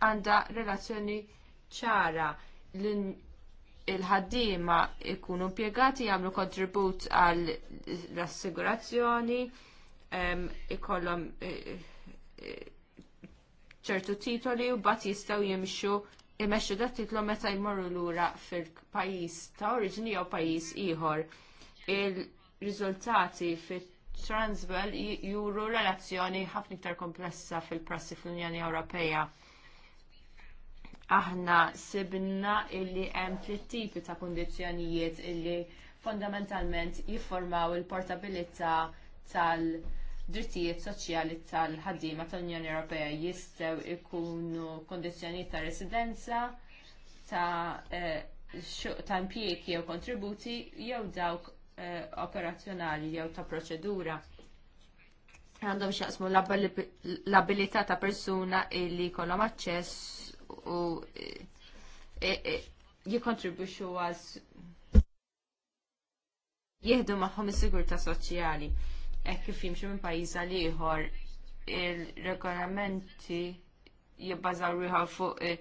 għandha relazzjoni ċara il-ħaddiema jkunu impjegati jagħmlu kontribut għal l-assigurazzjoni, ikollhom eh, eh, ċertu titoli u bat jistgħu jimxu imexxu dat titlu meta jmorru lura fil-pajjiż ta' oriġini jew pajjiż ieħor il-riżultati fit Transwell juru relazzjoni ħafna iktar komplessa fil-prassi fl-Unjoni Ewropea. Aħna sibna illi hemm tliet tipi ta' kundizzjonijiet illi fondamentalment jiffurmaw il-portabilità tal- drittijiet soċjali tal-ħaddiema tal-Unjoni Ewropea jistgħu jkunu kundizzjonijiet ta' residenza, ta' eh, ta' impjiegi jew kontributi jew dawk Eh, operazzjonali jew ta' proċedura għandhom xaqsmu l-abilità ta' persuna illi kollhom aċċess u eh, eh, jikontribuxu għal jieħdu magħhom is-sigurtà soċjali hekk kif jimxu minn pajjiż għal ieħor il-regolamenti jibbażaw ruħa fuq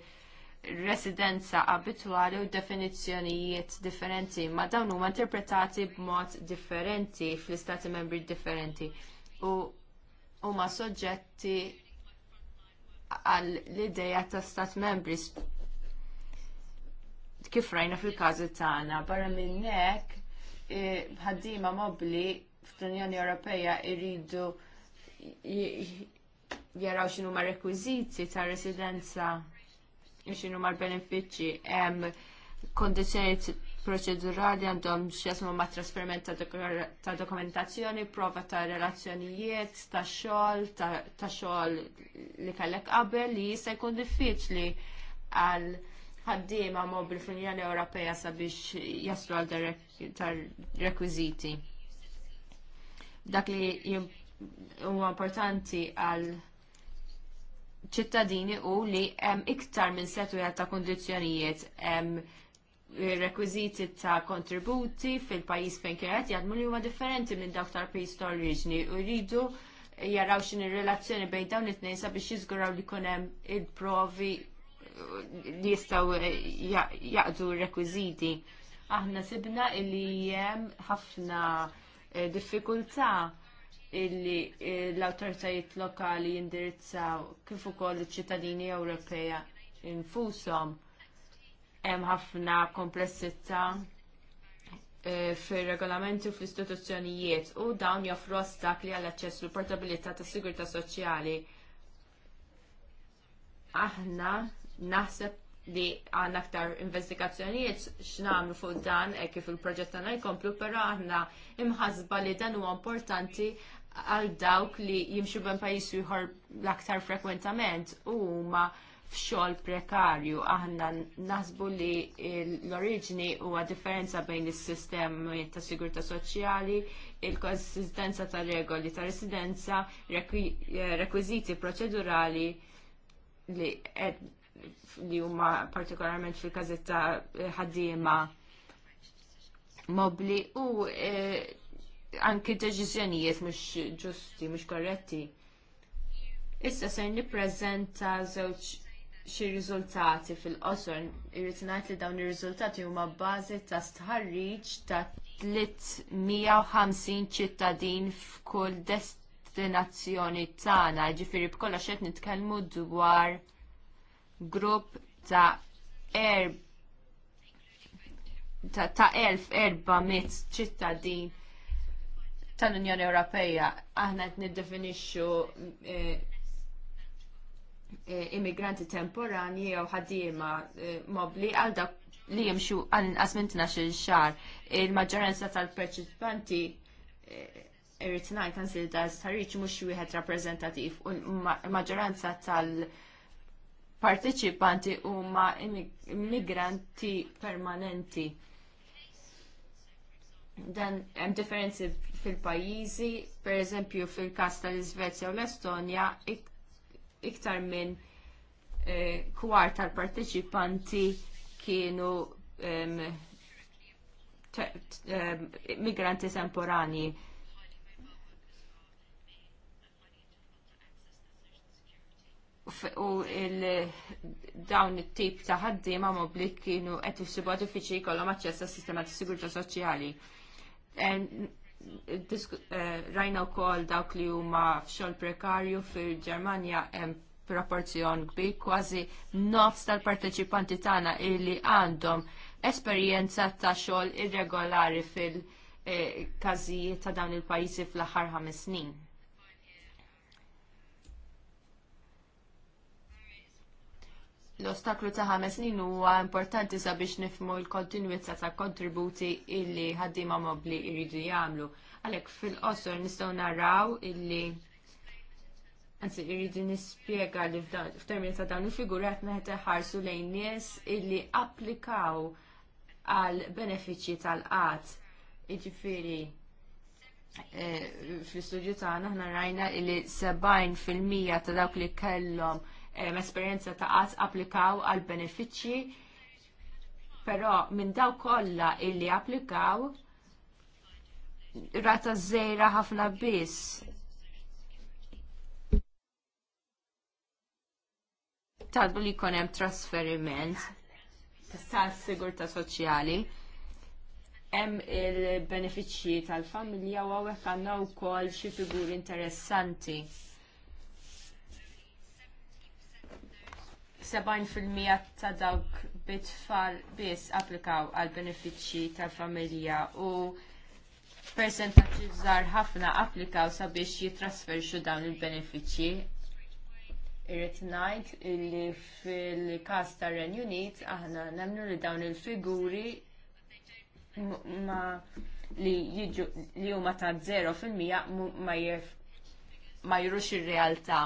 residenza abitwali u definizzjonijiet differenti, ma dawn huma interpretati b'mod differenti fl-istati membri differenti u huma soġġetti għal l-ideja ta' stat membri kif rajna fil-każi tagħna barra minn hekk e, ħaddiema mobbli fl-Unjoni Ewropea jridu jaraw x'inhuma ma' rekwiżiti ta' residenza xinu mar benefiċċji hemm kondizjonijiet proċedurali għandhom x'jasmu ma' trasferiment ta' dokumentazzjoni, prova ta' relazzjonijiet, ta' xogħol, ta' xogħol li kellek qabel li jista' jkun diffiċli għal ħaddiema mobil fl-Unjoni Ewropea sabiex jaslu għal ta' rekwiżiti. Dak li huwa importanti għal ċittadini u li hemm iktar minn setu ta' kundizzjonijiet hemm rekwiżiti ta' kontributi fil-pajjiż fejn kien qed jaħdmu li huma differenti minn dawk tal-pajjiż ta' oriġni u jridu jaraw xin ir relazzjoni bejn dawn it-tnejn sabiex jiżguraw li jkun hemm il-provi li jistgħu jaqdu r-rekwiżiti. Aħna sibna li hemm ħafna eh, diffikultà illi eh, l-autoritajiet lokali jindirizzaw kif ukoll iċ-ċittadini Ewropea infushom hemm ħafna komplessità eh, fir-regolamenti u fl-istituzzjonijiet u dawn joffru ostakli għall aċċess u portabilità tas sigurtà soċjali. Aħna naħseb li għandna aktar investigazzjonijiet x'namlu fuq dan e kif il-proġett tagħna jkomplu, però aħna imħasba li dan huwa importanti għal dawk li jimxu ben pajis ieħor l-aktar frekwentament huma f'xogħol prekarju. Aħna naħsbu li l-oriġini huwa differenza bejn is-sistemi ta' sigurtà soċjali, il-konsistenza ta' regoli ta' residenza, rekwiżiti proċedurali li li huma partikolarment fil kazetta ħaddiema mobbli u eh, anki deċiżjonijiet mhux ġusti, mhux korretti. Issa se nippreżenta żewġ xi riżultati fil-qosor, irrid ngħid li dawn ir-riżultati huma bbażi ta' stħarriġ ta' 350 ċittadin f'kull destinazzjoni tagħna, ġifieri b'kollox qed nitkellmu dwar grupp ta' erb ta' 1400 ċittadin tal-Unjoni Ewropeja. Aħna qed niddefinixxu eh, eh, immigranti temporani jew ħaddiema eh, mobli għal dak li jimxu għal inqas minn 12 xahar. Il-maġġoranza tal-parċipanti irrid ngħid kansil da sħarriċ mhux wieħed rappreżentattiv u l-maġġoranza tal- partiċipanti huma immigranti permanenti. Dan hemm differenzi fil-pajjiżi, pereżempju fil-każ tal-Iżvezja u l-Estonja, iktar minn eh, kwar tal-parteċipanti kienu eh, migranti temporani. u dawn it-tip ta' ħaddiema mobli kienu qed isibu diffiċli jkollhom aċċess għas-sistema tas-sigurtà soċjali. Eh, rajna wkoll dawk li huma f'xogħol prekarju fil-Ġermanja hemm proporzjon kbir kważi nofs tal-parteċipanti tagħna illi għandhom esperjenza ta' xogħol irregolari fil-każijiet eh, ta' dawn il-pajjiżi fl-aħħar ħames snin. l-ostaklu ta' ħames snin huwa importanti sabiex nifmu l-kontinwizza ta' kontributi illi ħaddiema mobbli jridu jagħmlu. Għalhekk fil-qosor nistgħu naraw illi Anzi, irridu nispjega li f'termini ta' dawn il-figurat meħet ħarsu lejn nies illi applikaw għal benefiċċji tal-qat. Jiġifieri eh, fl-istudju tagħna aħna rajna illi 70% ta' dawk li kellhom esperjenza ta' qatt applikaw għal benefiċċji però minn daw kollha illi applikaw rata żejra ħafna biss Tadbu li jkun hemm trasferiment tas-sigurtà soċjali hemm il-benefiċċji tal-familja u hawnhekk għandna wkoll xi figuri interessanti. 70% ta' dawk bit-tfal biss applikaw għal benefiċċji tal-familja u persentaġġi żgħar ħafna applikaw sabiex jitrasferxu dawn il-benefiċċji. Irrid ngħid illi fil-każ tar-Renju Unit aħna nemmnu li dawn il-figuri ma li jiġu li huma ta' 0% ma jirux ir-realtà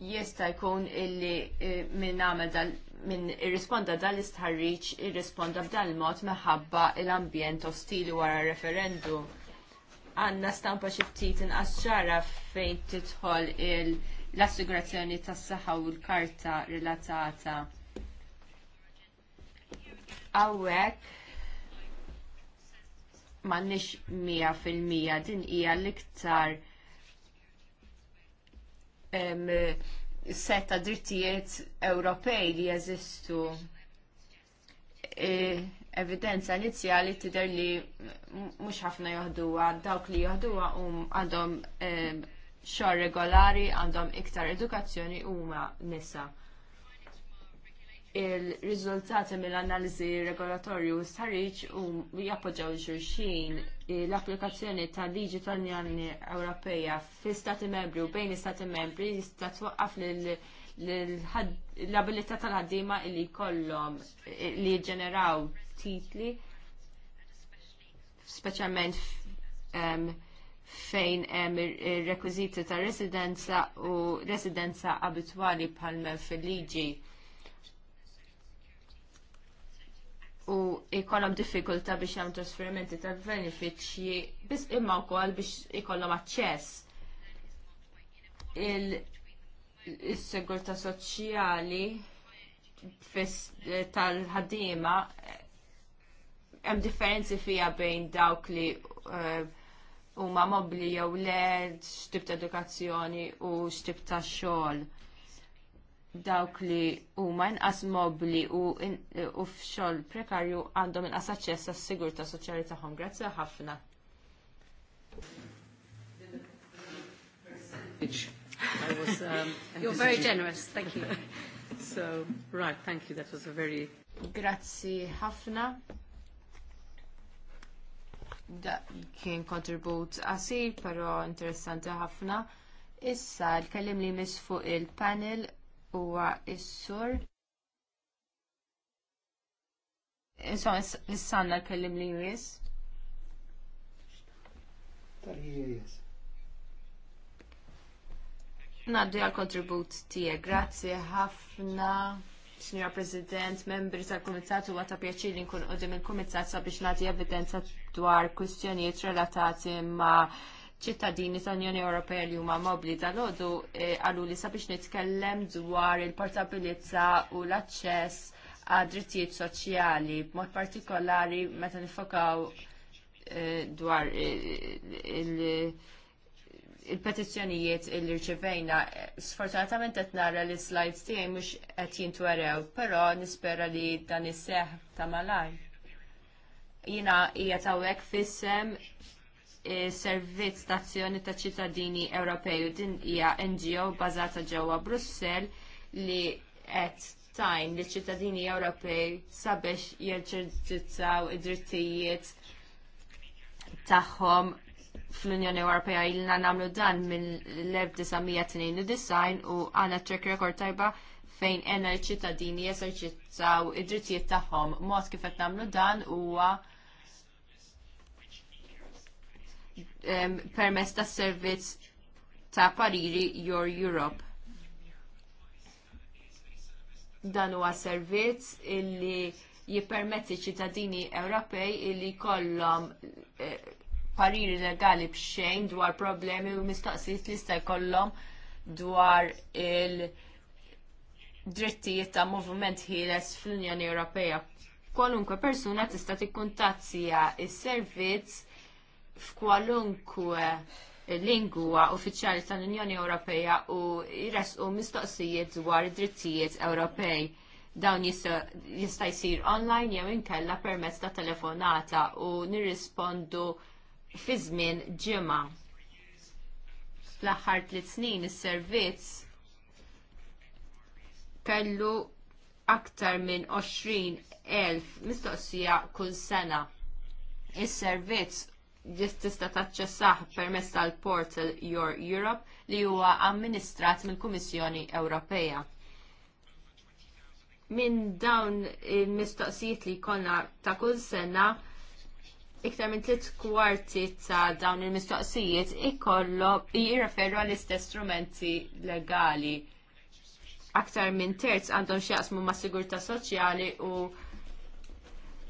jista' jkun illi eh, minn għamel dal minn irrisponda dal-istħarriċ irrisponda b'dan il-mod meħabba l-ambjent ostili wara referendum. Għanna stampa xi ftit inqas ċara fejn tidħol l-assigurazzjoni tas-saħħa u l-karta relatata. Għawek, m'għandniex mija fil-mija din hija l-iktar set ta' drittijiet Ewropej li jeżistu e, evidenza inizjali tidher li mhux ħafna joħduha dawk li joħduha għandhom xogħol regolari, għandhom iktar edukazzjoni huma nisa il-riżultati mill-analiżi regolatorju sħarriċ u jappoġġaw xulxin eh, l-applikazzjoni tal liġi tal-Unjoni Ewropea fl Stati Membri u bejn l-istati Membri jista' twaqqaf l-abilità tal-ħaddiema li jkollhom eh, li jiġġeneraw titli speċjalment fejn hemm ir-rekwiżiti ta' residenza u residenza abitwali bħal fil-liġi u ikollhom diffikultà biex jagħmlu trasferimenti ta' benefiċċji biss imma wkoll biex ikollhom aċċess il-sigurtà soċjali tal-ħaddiema hemm differenzi fiha bejn dawk li eh, huma mobbli jew le x'tib ta' edukazzjoni u x'tib ta' xogħol dawk li huma inqas mobli u u f'xogħol prekarju għandhom inqas aċċess għas-sigurtà soċjali tagħhom. Grazzi ħafna.
Was, um, You're very generous, thank you. so, right, thank you, that was a
very... Grazzi ħafna. Da kien kontribut qasir, però interessanti ħafna. Issa, l-kellim li mis fuq il-panel huwa is-sur. Insomma, nissanna l-kellim li jwis.
Tarjis.
Naddu għal kontribut tijek. Grazie ħafna, Signora President, membri tal-Komitat u għata pjaċir nkun għodim il-Komitat sabiex nati evidenza dwar kwistjonijiet relatati ma' ċittadini tal-Unjoni Ewropea li huma mobli tal-ħodu eh, għalu li sabiex nitkellem dwar il-portabilizza u l-aċċess għad drittijiet soċjali, b'mod partikolari meta nifokaw eh, dwar eh, il-petizzjonijiet il rċevejna sfortunatament qed nara li slides tiegħi mhux qed jintwerew, però nispera li dan is-seħ ta' malaj. Jina hija tawek fissem servizz tazzjoni ta' ċittadini Ewropej u din hija NGO bbażata ġewwa Brussell li qed tajn li ċittadini Ewropej sabiex jeġġeġġizzaw id-drittijiet tagħhom fl-Unjoni Ewropea ilna nagħmlu dan mill-1992 u għandna track record tajba fejn għena l-ċittadini jeserċizzaw id-drittijiet tagħhom. Mod kif qed nagħmlu dan huwa permess tas servizz ta' pariri Your Europe. Dan huwa servizz illi jippermetti ċittadini Ewropej illi kollhom eh, pariri legali b'xejn dwar problemi u mistoqsijiet li jista' jkollhom dwar il- drittijiet ta' movument ħieles fl-Unjoni Ewropea. Kwalunkwe persuna tista' tikkuntazzja s servizz f'kwalunkwe lingwa uffiċjali tal-Unjoni Ewropea u jresqu mistoqsijiet dwar id-drittijiet Ewropej. Dawn jista' jsir online jew inkella permezz ta' telefonata u nirrispondu fi żmien ġimgħa. Fl-aħħar tliet snin is-servizz kellu aktar minn 20 elf mistoqsija kull sena. Is-servizz tista' taċċessah permezz tal-portal Your Europe li huwa amministrat mill-Kummissjoni Ewropea. Minn dawn il-mistoqsijiet li jkollna ta' kull sena, iktar minn tliet kwarti ta' dawn il-mistoqsijiet ikollu jirreferu għall-istess strumenti legali. Aktar minn terz għandhom xjaqsmu ma' sigurtà soċjali u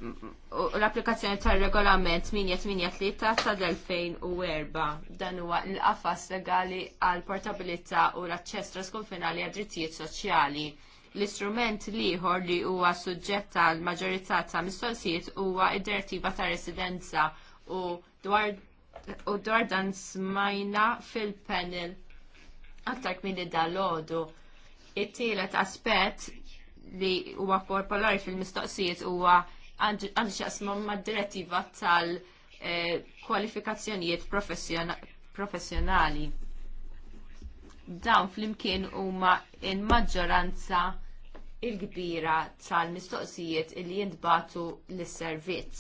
l-applikazzjoni tal-regolament 883 tal-2004 dan huwa l-qafas legali għal portabilità u l-aċċess trasconfinali għad drittijiet soċjali. L-istrument liħor li huwa suġġett għal maġġorità ta' mistoqsijiet huwa id-direttiva ta' residenza u dwar u dwar dan smajna fil-panel aktar kmini dal-ħodu. It-tielet aspett li huwa popolari fil-mistoqsijiet huwa għandu xaqsmu ma' direttiva tal-kwalifikazzjonijiet eh, professjonali. Dawn fl-imkien huma in maġġoranza il-kbira tal-mistoqsijiet li jindbatu l-servizz.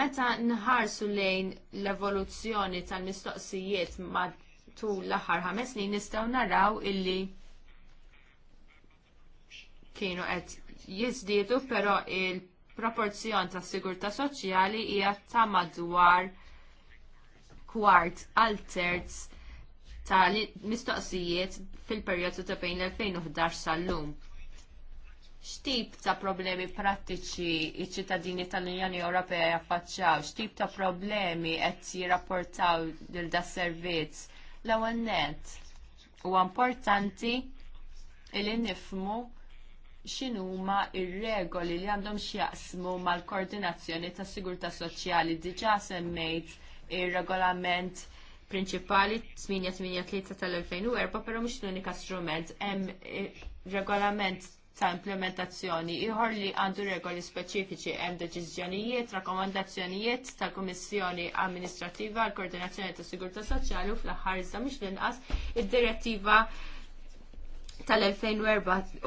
Meta nħarsu lejn l-evoluzzjoni tal-mistoqsijiet matul l-aħħar ħames snin nistgħu naraw illi kienu qed jiżdiedu, però il-proporzjon ta' sigurtà soċjali hija ta' madwar kwart għal terz ta' mistoqsijiet fil-perjodu ta' bejn l-2011 sal-lum. X'tip ta' problemi prattiċi iċ-ċittadini tal-Unjoni Ewropea jaffaċċaw, x'tip ta' problemi qed jirrapportaw lil da' servizz l-ewwel net huwa importanti li nifmu x'inhuma ir-regoli li għandhom x'jaqsmu mal-koordinazzjoni tas sigurtà soċjali diġà semmejt ir-regolament prinċipali 883 tal-2004, però mhux l-unika strument hemm eh, regolament ta' implementazzjoni ieħor li għandu regoli speċifiċi hemm deċiżjonijiet, rakkomandazzjonijiet tal-Kummissjoni Amministrattiva għall koordinazzjoni tas Sigurtà Soċjali u fl-aħħar iżda mhux l-inqas id-direttiva tal
38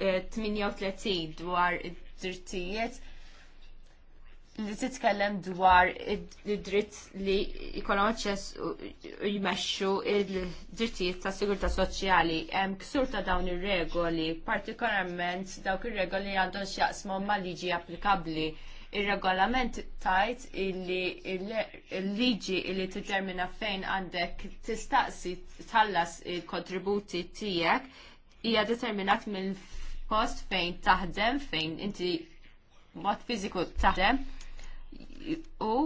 eh, dwar id-drittijiet li titkellem dwar id-dritt li jkollhom aċċess u jmexxu id-drittijiet ta' sigurtà soċjali hemm ksur ta' dawn ir-regoli, partikolarment dawk ir-regoli għandhom x'jaqsmu ma' liġi applikabbli Ir-regolament tajt illi il-liġi illi tiddermina fejn għandek tistaqsi tħallas il-kontributi tiegħek hija determinat mill-post fejn taħdem fejn inti mod fiżiku taħdem u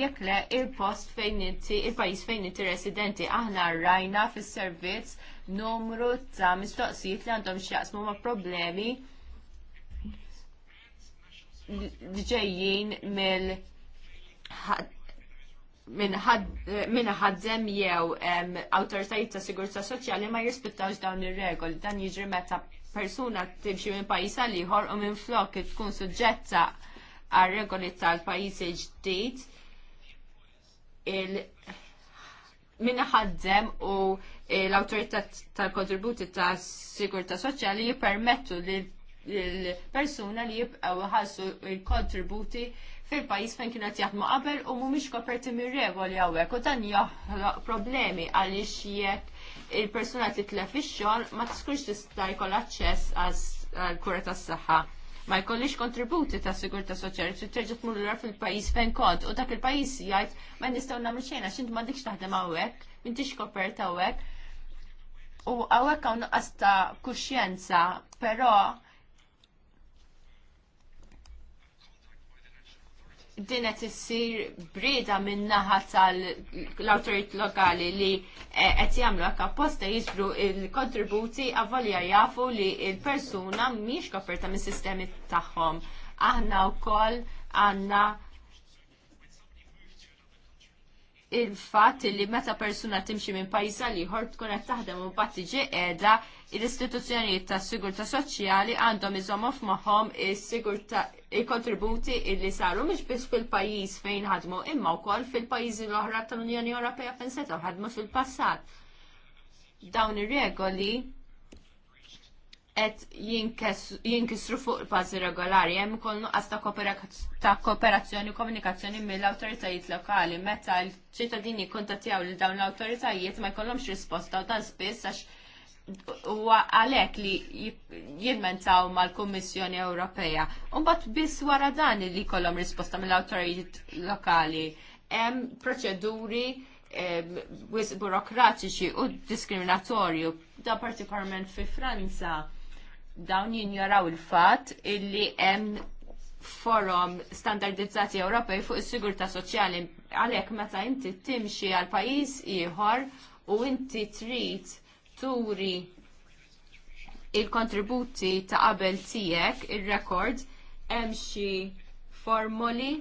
jekk le il-post fejn inti il-pajjiż fejn inti residenti aħna rajna fis-servizz numru ta' mistoqsijiet li għandhom x'jaqsmu ma' problemi ġejjin mill minn ħadżem jew awtoritajiet ta' sigurtà soċjali ma jirrispettawx dawn ir-regoli. Dan jiġri meta persuna timxi minn pajjiż għal ieħor u minn flok tkun suġġetta għal regoli tal-pajjiż ġdid il minn ħaddem u l-autorità tal-kontributi ta' sigurtà soċjali jippermettu li l-persuna li jibqaw ħassu il-kontributi fil-pajis fejn qed jaħdmu qabel u mhumiex koperti mir-regoli hawnhekk u dan jaħloq problemi għaliex jekk il-persuna titlef ix-xogħol ma tiskurx tista' jkoll aċċess għall-kura tas-saħħa ma jkollix kontributi ta' sigurta soċjali trid terġa' tmur fil-pajjiż fejn kont u dak il-pajjiż jgħid ma nistgħu nagħmlu xejn għax inti m'għandekx taħdem hawnhekk, m'intix koperta hawnhekk. U hawnhekk hawn nuqqas ta' kuxjenza, però din qed issir brieda min-naħa tal-awtorit lokali li eh, qed jagħmlu hekk apposta jiġbru il-kontributi avvalja jafu li l-persuna mhix koperta mis-sistemi tagħhom. Aħna wkoll għandna il-fatt li meta persuna timxi minn pajsa li ħor tkun qed taħdem u mbagħad tiġi qiegħda l-istituzzjonijiet tas-sigurtà soċjali għandhom iżommu f'moħħhom is-sigurtà il-kontributi illi saru mhux biss fil-pajjiż fejn ħadmu imma wkoll fil-pajjiżi l-oħra tal-Unjoni Ewropea fejn setgħu ħadmu fil-passat. Dawn ir-regoli qed jinkisru fuq il regolari, hemm ukoll nuqqas ta' kooperazzjoni u komunikazzjoni mill-awtoritajiet lokali meta l-ċittadini kontatijaw lil dawn l-awtoritajiet ma jkollhomx risposta u dan spiss għax huwa għalhekk li jilmentaw mal-Kummissjoni Ewropea. Un bat biss wara dan li jkollhom risposta mill autoritajiet lokali. Hemm proċeduri wis burokratiċi u diskriminatorju, da partikolarment fi Franza dawn jinjoraw il-fat illi hemm forum standardizzati Ewropej fuq is-sigurtà soċjali għalhekk meta inti timxi għal pajjiż ieħor u inti trid turi il-kontributi ta' qabel tiegħek ir-rekord hemm xi formoli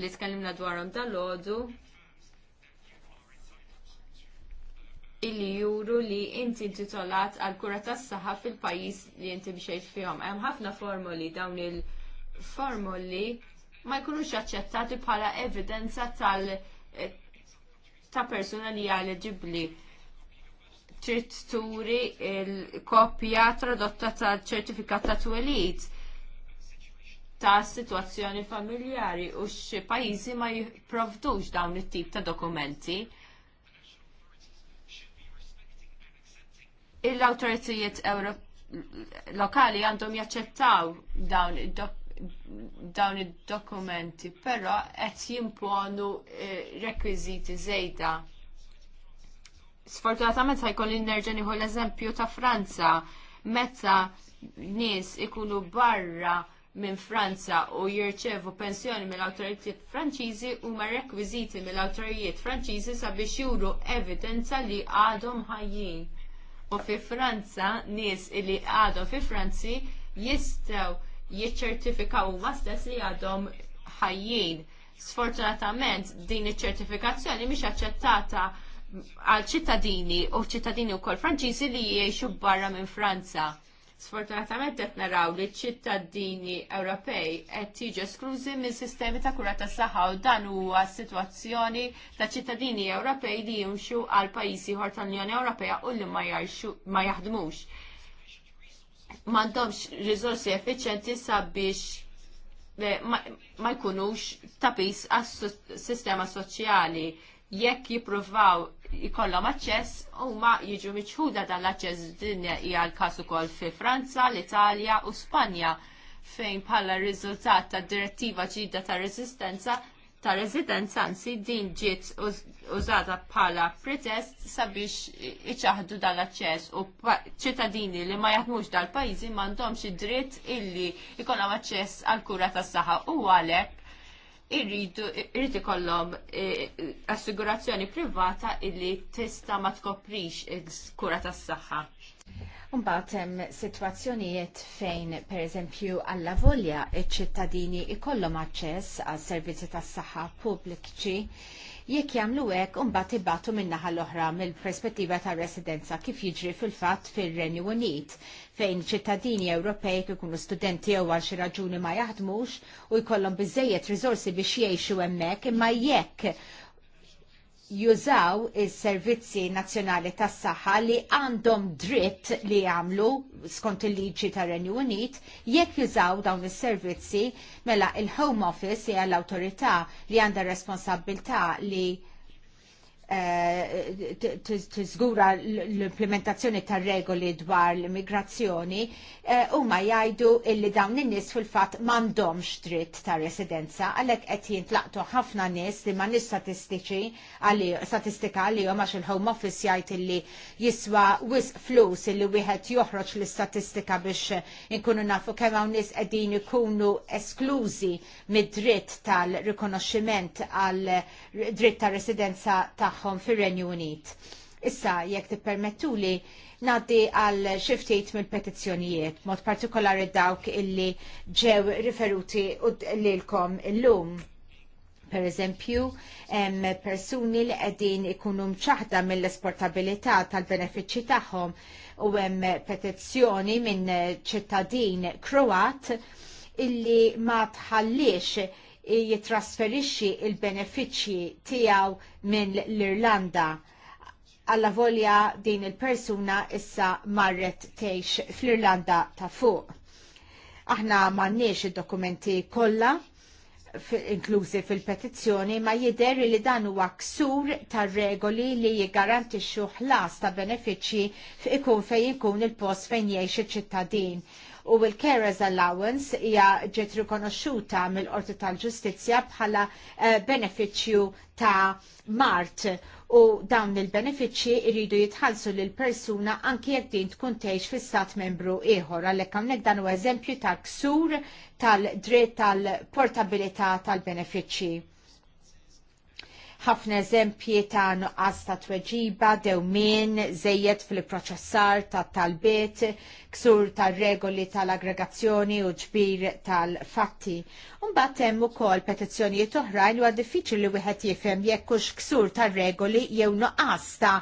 li tkellimna dwarhom dal-għodu illi juru li inti intitolat għal kura tas saħħa fil-pajjiż li inti bixejt fihom. Hemm ħafna formuli dawn il-formuli ma jkunux aċċettati bħala evidenza tal eh, ta' persuna li għaleġibli. Trid turi il-kopja tradotta ta' ċertifikat ta' twelid ta' situazzjoni familjari u xi pajjiżi ma jipprovdux dawn it-tip ta' dokumenti l-autoritajiet lokali għandhom jaċċettaw dawn dawn id-dokumenti, però qed jimponu eh, rekwiżiti żejda. Sfortunatament ħajkolli nerġa' nieħu l-eżempju ta' Franza meta nies ikunu barra minn Franza u jirċevu pensjoni mill-awtoritajiet Franċiżi huma rekwiżiti mill-awtoritajiet Franċiżi sabiex juru evidenza li għadhom ħajjin u fi Franza nies illi għadhom fi Franzi jistgħu jiċċertifikaw huma stess li għadhom ħajjin. Sfortunatament din iċ-ċertifikazzjoni mhix aċċettata għal ċittadini u ċittadini wkoll Franċiżi li jgħixu barra minn Franza. Sfortunatament qed naraw li ċ-ċittadini Ewropej qed jiġu esklużi minn sistemi ta' kura tas saħħa u dan huwa sitwazzjoni ta' ċittadini Ewropej li jimxu għal pajjiżi ieħor tal-Unjoni Ewropea u li ma jaħdmux. M'għandhomx riżorsi effiċjenti sabiex eh, ma jkunux tapis għas-sistema soċjali jekk jippruvaw jkollhom aċċess huma jiġu miċħuda dan l-aċċess din hija l-każ ukoll fi Franza, l-Italja u Spanja fejn bħala riżultat tad direttiva ġdida ta' resistenza ta' residenza anzi din ġiet użata bħala pretest sabiex iċaħdu dal-aċċess u ċittadini li ma jaħdmux dal-pajjiżi m'għandhomx id-dritt illi jkollhom aċċess għall kura tas-saħħa u għalhekk irridu irrid ikollhom e, e, assigurazzjoni privata illi tista' ma tkoprix il-kura tas-saħħa.
Mbagħad hemm sitwazzjonijiet fejn pereżempju alla volja iċ-ċittadini ikollhom aċċess għal servizzi tas-saħħa pubbliċi jekk jagħmlu hekk imbagħad ibatu min-naħa l-oħra mill-perspettiva ta' residenza kif jiġri fil-fatt fir-Renju Unit fejn ċittadini Ewropej ikunu studenti jew għal xi raġuni ma jaħdmux u jkollhom biżejjed riżorsi biex jgħixu hemmhekk imma jekk jużaw is-servizzi nazzjonali tas-saħħa li għandhom dritt li jagħmlu skont il-liġi tar-Renju Unit jekk jużaw dawn is-servizzi mela il-Home Office hija l-awtorità li għandha responsabilità li Eh, tiżgura l-implementazzjoni tar regoli dwar l-immigrazzjoni eh, huma jgħidu illi dawn in-nies fil-fatt m'għandhomx dritt ta' residenza għalhekk qed jintlaqtu ħafna nies li ma statistiċi statistika għalihom għax il-Home Office jgħid illi jiswa wisq flus illi wieħed joħroġ l-istatistika biex inkunu nafu kemm hawn nies qegħdin ikunu esklużi mid-dritt tal-rikonoxximent għal dritt ta' residenza tagħhom tagħhom fir-Renju Unit. Issa, jekk tippermettu li naddi għal xiftit mill-petizzjonijiet, mod partikolari dawk illi ġew riferuti lilkom illum. Per eżempju, hemm persuni li qegħdin ikunu mċaħda mill-esportabilità tal-benefiċċji tagħhom u hemm petizzjoni minn ċittadin Kroat illi ma tħallix jitrasferixxi il-benefiċċji tiegħu minn l-Irlanda għal volja din il-persuna issa marret tgħix fl-Irlanda ta' fuq. Aħna m'għandniex id-dokumenti kollha inklużi fil-petizzjoni ma jider li dan huwa ksur tar regoli li jiggarantixxu ħlas ta' benefiċċji ikun fejn ikun il-post fejn jgħix iċ-ċittadin u l-Carers Allowance hija ġiet rikonoxxuta mill-Qorti tal-Ġustizzja bħala eh, benefiċċju ta' Mart u dawn il-benefiċċji jridu jitħallsu lil persuna anke jekk din tkun tgħix fis-stat membru ieħor għalhekk hawnhekk dan huwa eżempju tal-ksur tal-dritt tal-portabilità tal-benefiċċji ħafna eżempji ta' nuqqas ta' tweġiba, dewmien, żejjed fil-proċessar ta' talbiet, ksur tal regoli tal-aggregazzjoni u ġbir tal-fatti. Unbat hemm ukoll petizzjonijiet oħrajn huwa diffiċli li wieħed jifhem jekk hux ksur tar regoli jew nuqqas ta'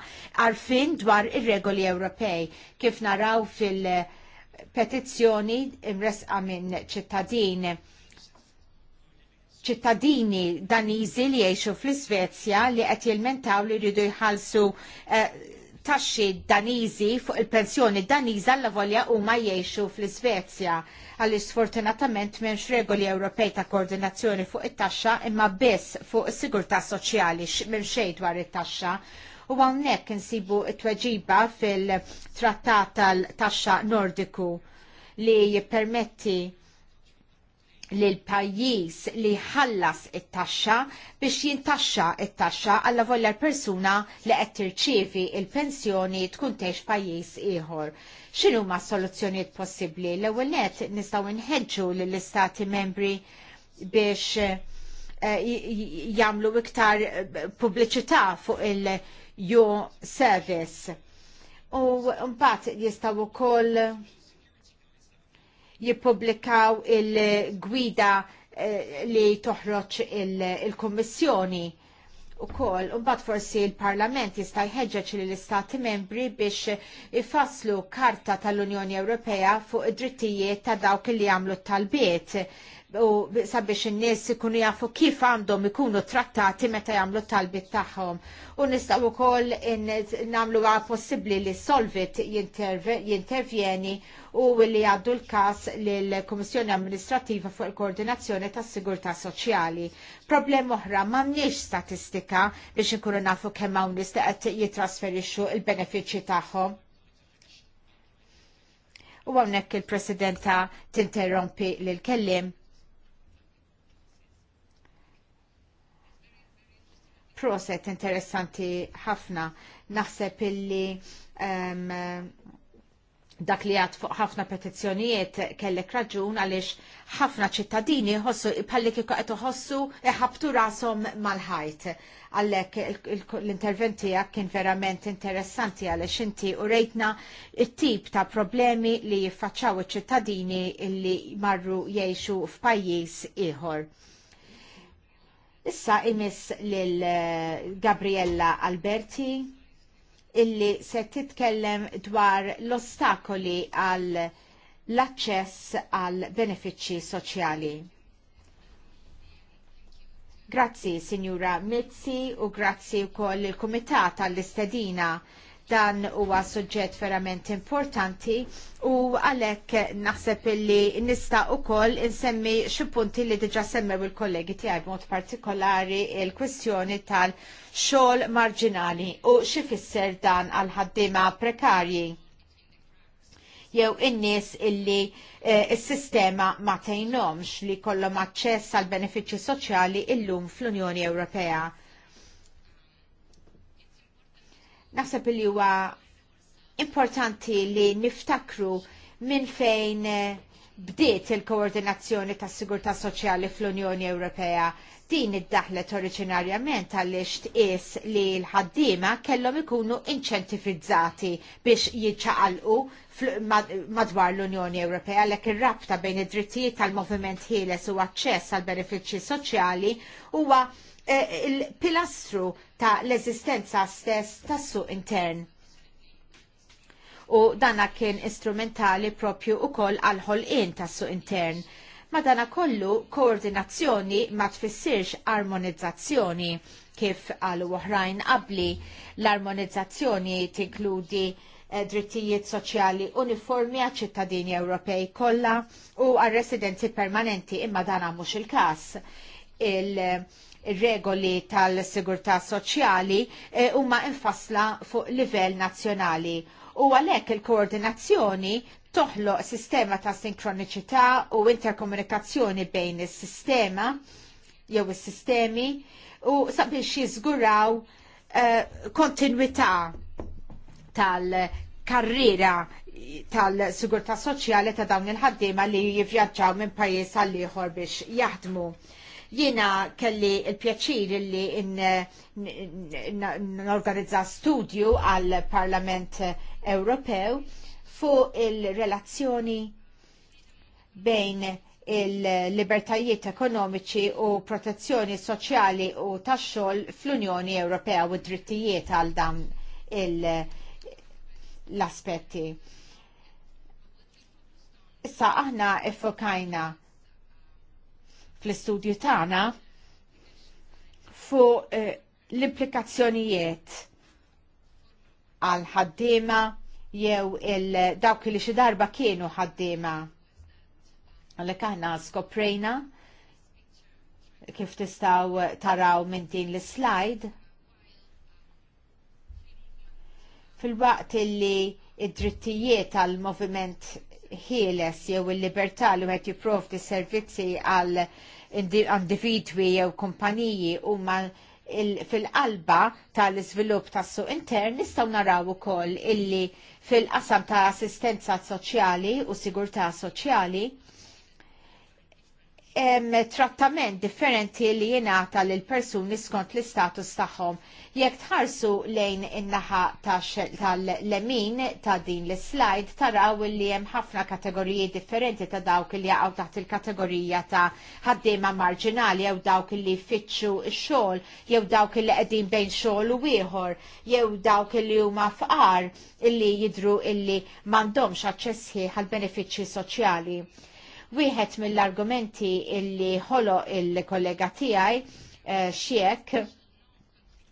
arfin dwar ir-regoli Ewropej. Kif naraw fil- petizzjoni imresqa minn ċittadin ċittadini daniżi li jgħixu fl-Svezja li qed jilmentaw li jridu jħallsu eh, taxxi daniżi fuq il-pensjoni daniża la volja huma jgħixu fl-Svezja għaliex sfortunatament m'hemmx regoli Ewropej ta' koordinazzjoni fuq it-taxxa imma biss fuq is-sigurtà soċjali minn xejn dwar it-taxxa. U hawnhekk insibu t-tweġiba fil-trattat tal-taxxa Nordiku li jippermetti l pajjiż li ħallas it-taxxa biex jintaxxa it-taxxa għalla volja l-persuna li qed tirċievi il-pensjoni tkun tex pajjiż ieħor. X'inhu ma soluzzjonijiet possibbli? L-ewwel net nistgħu nħeġġu lill-istati membri biex eh, jagħmlu iktar eh, pubbliċità fuq il-jo service. U mbagħad jistgħu wkoll jippubblikaw il-gwida eh, li toħroġ il-Kommissjoni u kol, bat forsi il-Parlament jista' jħeġġeġ li l-Istati membri biex ifasslu karta tal-Unjoni Ewropea fuq id-drittijiet ta' dawk li jagħmlu t-talbiet u sabiex in-nies ikunu jafu kif għandhom ikunu trattati meta jagħmlu talbit tagħhom. U nistgħu wkoll nagħmlu possibbli li solvit jintervjeni u li għaddu l-każ lill-Kummissjoni Amministrativa fuq il-Koordinazzjoni tas-Sigurtà Soċjali. Problem oħra m'għandniex statistika biex inkunu nafu kemm hawn nistaqgħet jitrasferixxu il-benefiċċji tagħhom. U għonek il-presidenta tinterrompi l-kellim proset interessanti ħafna. Naħseb illi um, dak li għad fuq ħafna petizzjonijiet kellek raġun għaliex ħafna ċittadini ħossu palli kiko għetu ħossu ħabtu rasom mal-ħajt. Għallek l-interventi kien verament interessanti għaliex inti u rejtna il-tip ta' problemi li jiffaċċaw iċ-ċittadini illi marru jiexu f'pajjiż ieħor. Issa imis lil eh, Gabriella Alberti illi se titkellem dwar l-ostakoli għal l-aċċess għal benefiċċji soċjali. Grazzi, Signora Mizzi, u grazzi u koll il-Komitat għall-istedina Dan huwa suġġett verament importanti u għalhekk naħseb illi nista' ukoll insemmi xi punti li diġà semmew il-kollegi tiegħi b'mod partikolari il-kwistjoni tal-xogħol marġinali u xi fisser dan għal ħaddiema prekarji jew in-nies illi eh, is-sistema ma tgħinhomx li jkollhom aċċess għal benefiċċji soċjali illum fl-Unjoni Ewropea. Naħseb li huwa importanti li niftakru minn fejn eh, bdiet il-koordinazzjoni tas sigurtà soċjali fl-Unjoni Ewropea. Din iddaħlet oriġinarjament għaliex tqis li l-ħaddiema kellhom ikunu inċentifizzati biex jiċċaqalqu madwar l-Unjoni Ewropea l ir-rabta bejn id-drittijiet tal-moviment ħieles u aċċess għal benefiċċji soċjali huwa eh, il-pilastru ta' l-eżistenza stess tas-suq intern u dana kien istrumentali propju u koll għal in tassu intern. Madana kollu koordinazzjoni ma tfissirx armonizzazzjoni kif għal oħrajn qabli l-armonizzazzjoni tinkludi eh, drittijiet soċjali uniformi għal ċittadini Ewropej kollha u għal residenti permanenti imma dan mhux il-każ. Il-regoli eh, tal-sigurtà soċjali eh, huma infasla fuq livell nazzjonali U għalhekk il-koordinazzjoni toħloq sistema ta' sinkronicità u interkomunikazzjoni bejn is-sistema jew is-sistemi u sabiex jiżguraw uh, kontinwità tal-karriera tal-sigurtà soċjali ta' dawn il-ħaddiema li jivvjaġġaw minn pajjiż għal ieħor biex jaħdmu. Jiena kelli il-pjaċir li n-organizza studju għal Parlament Ewropew fuq il-relazzjoni bejn il-libertajiet ekonomiċi u protezzjoni soċjali u tax-xogħol fl-Unjoni Ewropea u d-drittijiet għal dan l-aspetti. Issa aħna effokajna fl-istudju tagħna fuq eh, l-implikazzjonijiet għal ħaddiema jew il-dawk li xi darba kienu ħaddiema. Għalhekk aħna skoprejna kif tistgħu taraw minn din l-slide. Fil-waqt illi id-drittijiet għal moviment ħieles jew il-libertà li wieħed jipprovdi servizzi għal individwi jew kumpaniji huma fil-qalba tal-iżvilupp tas-suq intern nistgħu naraw ukoll illi fil-qasam ta' assistenza soċjali u sigurtà soċjali trattament differenti li jenata lil persuni skont l-istatus tagħhom. Jekk tħarsu lejn in-naħa tal-lemin ta' din l-slide taraw li hemm ħafna kategoriji differenti ta' dawk li jaqgħu taħt il-kategorija ta' ħaddiema marġinali jew dawk li jfittxu x-xogħol jew dawk li qegħdin bejn xogħol u ieħor jew dawk li huma fqar illi jidru illi m'għandhomx aċċess ħieħ għall benefiċċji soċjali Wieħed mill-argumenti illi ħolo il-kollega tiegħi eh, xiek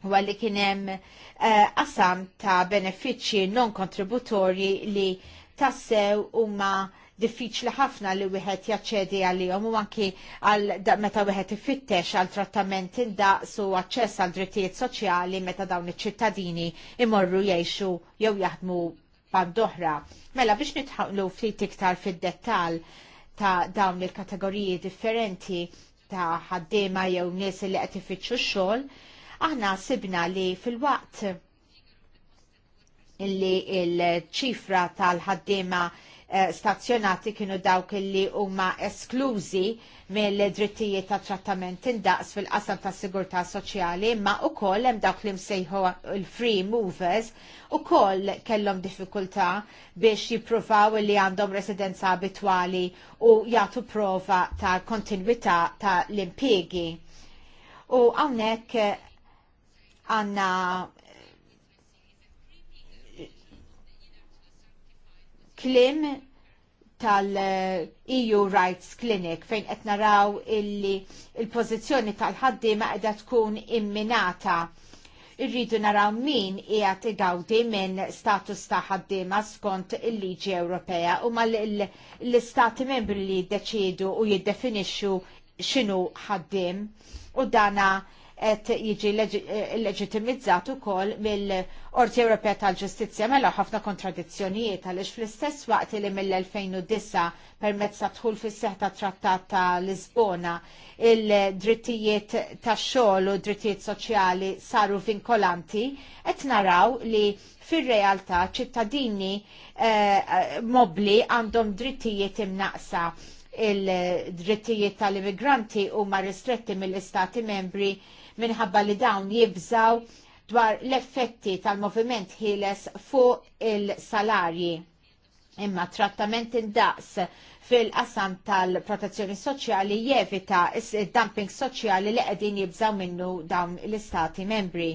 huwa li kien hemm eh, qasam ta' benefiċċji non kontributorji li tassew huma diffiċli ħafna li wieħed jaċċedi għalihom u anki għal meta wieħed ifittex għal trattament indaqs u aċċess għal drittijiet soċjali meta dawn iċ-ċittadini imorru jgħixu jew jaħdmu bandoħra. oħra. Mela biex nitħaqlu ftit iktar fid-dettall ta' dawn il-kategoriji differenti ta' ħaddiema jew nies li qed ifittxu x-xogħol, aħna sibna li fil-waqt illi il-ċifra tal-ħaddiema Eh, stazzjonati kienu dawk li huma esklużi mill-drittijiet ta' trattament indaqs fil-qasam ta' sigurtà soċjali, ma koll hemm dawk li msejħu l free movers ukoll kellhom diffikultà biex jippruvaw li għandhom residenza abitwali u jagħtu prova ta' kontinwità ta' l-impjegi. U hawnhekk għanna klim tal-EU Rights Clinic fejn qed naraw illi il-pożizzjoni tal-ħaddiema qiegħda tkun imminata. Irridu naraw min hija igawdi minn status ta' ħaddiema skont il-liġi Ewropea u mal l-istati membri li jiddeċiedu u jiddefinixxu x'inhu ħaddiem u dana qed jiġi eh, leġitimizzat ukoll mill-Qorti Ewropea tal-Ġustizzja mela ħafna kontradizzjonijiet għaliex fl-istess waqt li mill-2009 permezz ta' tħul fis-seħ ta' Trattat ta' Lisbona il-drittijiet tax xogħol u drittijiet soċjali saru vinkolanti qed naraw li fir-realtà ċittadini eh, mobli għandhom drittijiet imnaqsa il-drittijiet tal-immigranti huma ristretti mill-istati membri minħabba li dawn jibżaw dwar l-effetti tal-moviment ħieles fuq il-salarji imma trattament indaqs fil-qasam tal-protezzjoni soċjali jevita dumping soċjali li qegħdin jibżaw minnu dawn l-istati membri.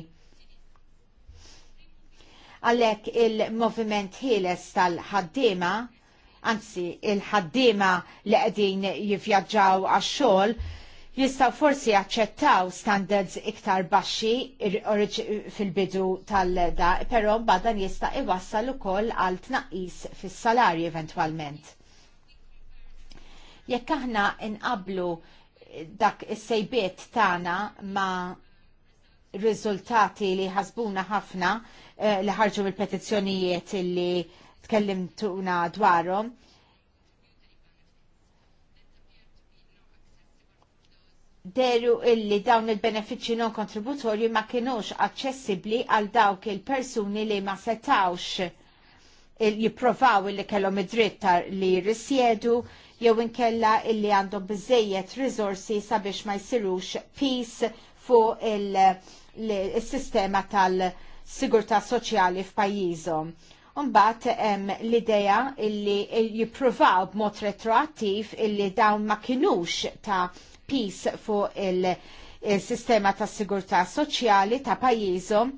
Għalhekk il-moviment ħieles tal-ħaddiema, anzi il-ħaddiema li qegħdin jivvjaġġaw għax-xogħol jistaw forsi jaċċettaw standards iktar baxxi fil-bidu tal-leda, però badan jista' iwassal ukoll għal tnaqqis fis-salarji eventwalment. Jekk aħna inqablu dak is-sejbiet tagħna ma' riżultati li ħasbuna ħafna eh, li ħarġu mill-petizzjonijiet li tkellimtuna dwarhom, deru illi dawn il-benefiċċji non kontributorji ma kienux aċċessibbli għal dawk il-persuni li ma setawx il jipprovaw illi kellhom id-dritt li jirrisjedu jew inkella illi għandhom biżejjed risorsi sabiex ma jsirux pis fuq il-sistema tal-sigurtà soċjali f'pajjiżhom. Umbat hemm l idea illi jippruvaw b'mod retroattiv illi dawn ma kinux ta' pis fuq il-sistema ta' sigurtà soċjali ta' pajjiżhom u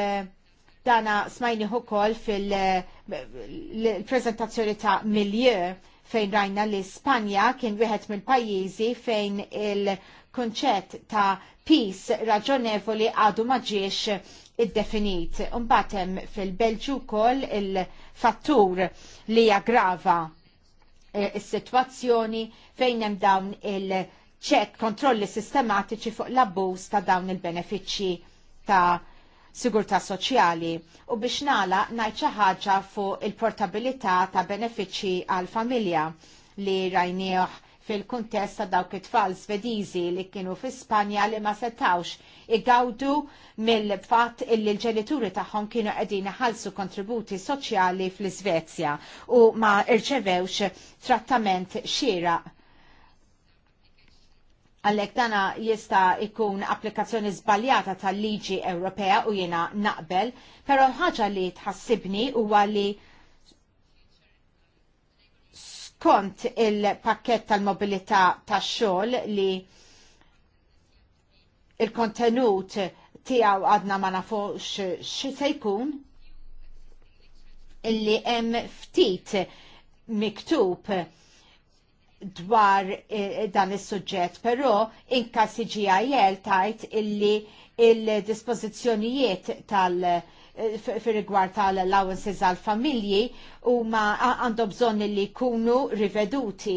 eh, dana smajni ukoll fil-prezentazzjoni ta' Milieu fejn rajna li Spanja kien wieħed mill-pajjiżi fejn il kunċett ta' peace raġonevoli għadu ma ġiex id-definit. Umbatem fil-Belġu kol il-fattur li jagrava Eh, is-sitwazzjoni fejn hemm dawn il-ċek kontrolli sistematiċi fuq l-abbuż ta' dawn il-benefiċċji ta' sigurtà soċjali u biex nala ngħid xi ħaġa fuq il-portabilità ta' benefiċċji għall familja li rajnieħ fil-kuntest ta' dawk it-tfal svedizi li kienu fi Spanja li ma setawx igawdu mill-fatt illi l-ġenituri tagħhom kienu qegħdin ħalsu kontributi soċjali fl iżvezja u ma rċevewx trattament xieraq. għallek dana jista ikun applikazzjoni zbaljata tal-liġi Ewropea u jena naqbel, pero ħaġa li tħassibni u għalli Kont il-pakket tal-mobilità tax-xogħol li il-kontenut tiegħu għadna ma nafux xi se jkun illi hemm ftit miktub dwar eh, dan is-suġġett, però inka CGIL tajt illi il-dispożizzjonijiet tal- Eh, fil-rigward tal-allowances għal-familji u ma għandhom bżon li jkunu riveduti.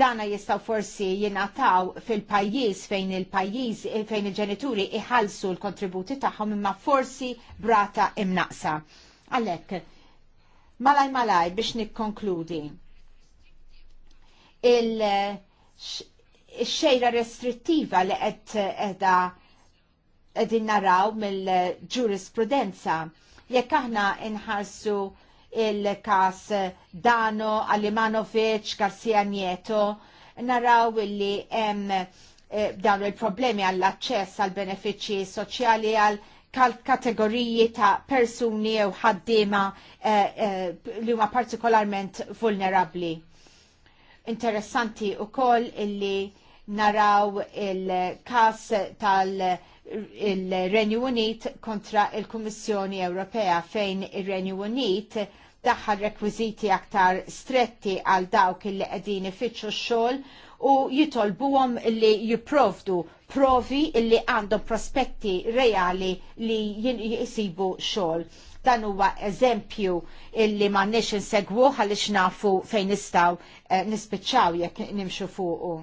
Dana jistaw forsi jinataw fil-pajjiż fejn il-pajjiż eh, fejn il-ġenituri iħalsu l-kontributi tagħhom imma forsi brata imnaqsa. Għalhekk, malaj malaj biex nikkonkludi. Il-xejra eh, restrittiva li qed edha Din naraw mill-ġurisprudenza. Jekk aħna nħarsu il-kas Dano, Alimanovic, Garcia Nieto, naraw illi hemm eh, dawn il-problemi għall-aċċess għal benefiċċji soċjali għal kategoriji ta' persuni jew ħaddiema eh, eh, li huma partikolarment vulnerabbli. Interessanti u koll illi naraw il-kas tal- il-Renju Unit kontra il-Kummissjoni Ewropea fejn il-Renju Unit daħħal rekwiziti aktar stretti għal dawk il qegħdin ifittxu x-xogħol u jitolbuhom li jipprovdu provi li għandhom prospetti reali li jisibu xogħol. Dan huwa eżempju illi m'għandniex insegwu għaliex nafu fejn nistgħu eh, nispiċċaw jekk nimxu fuqu.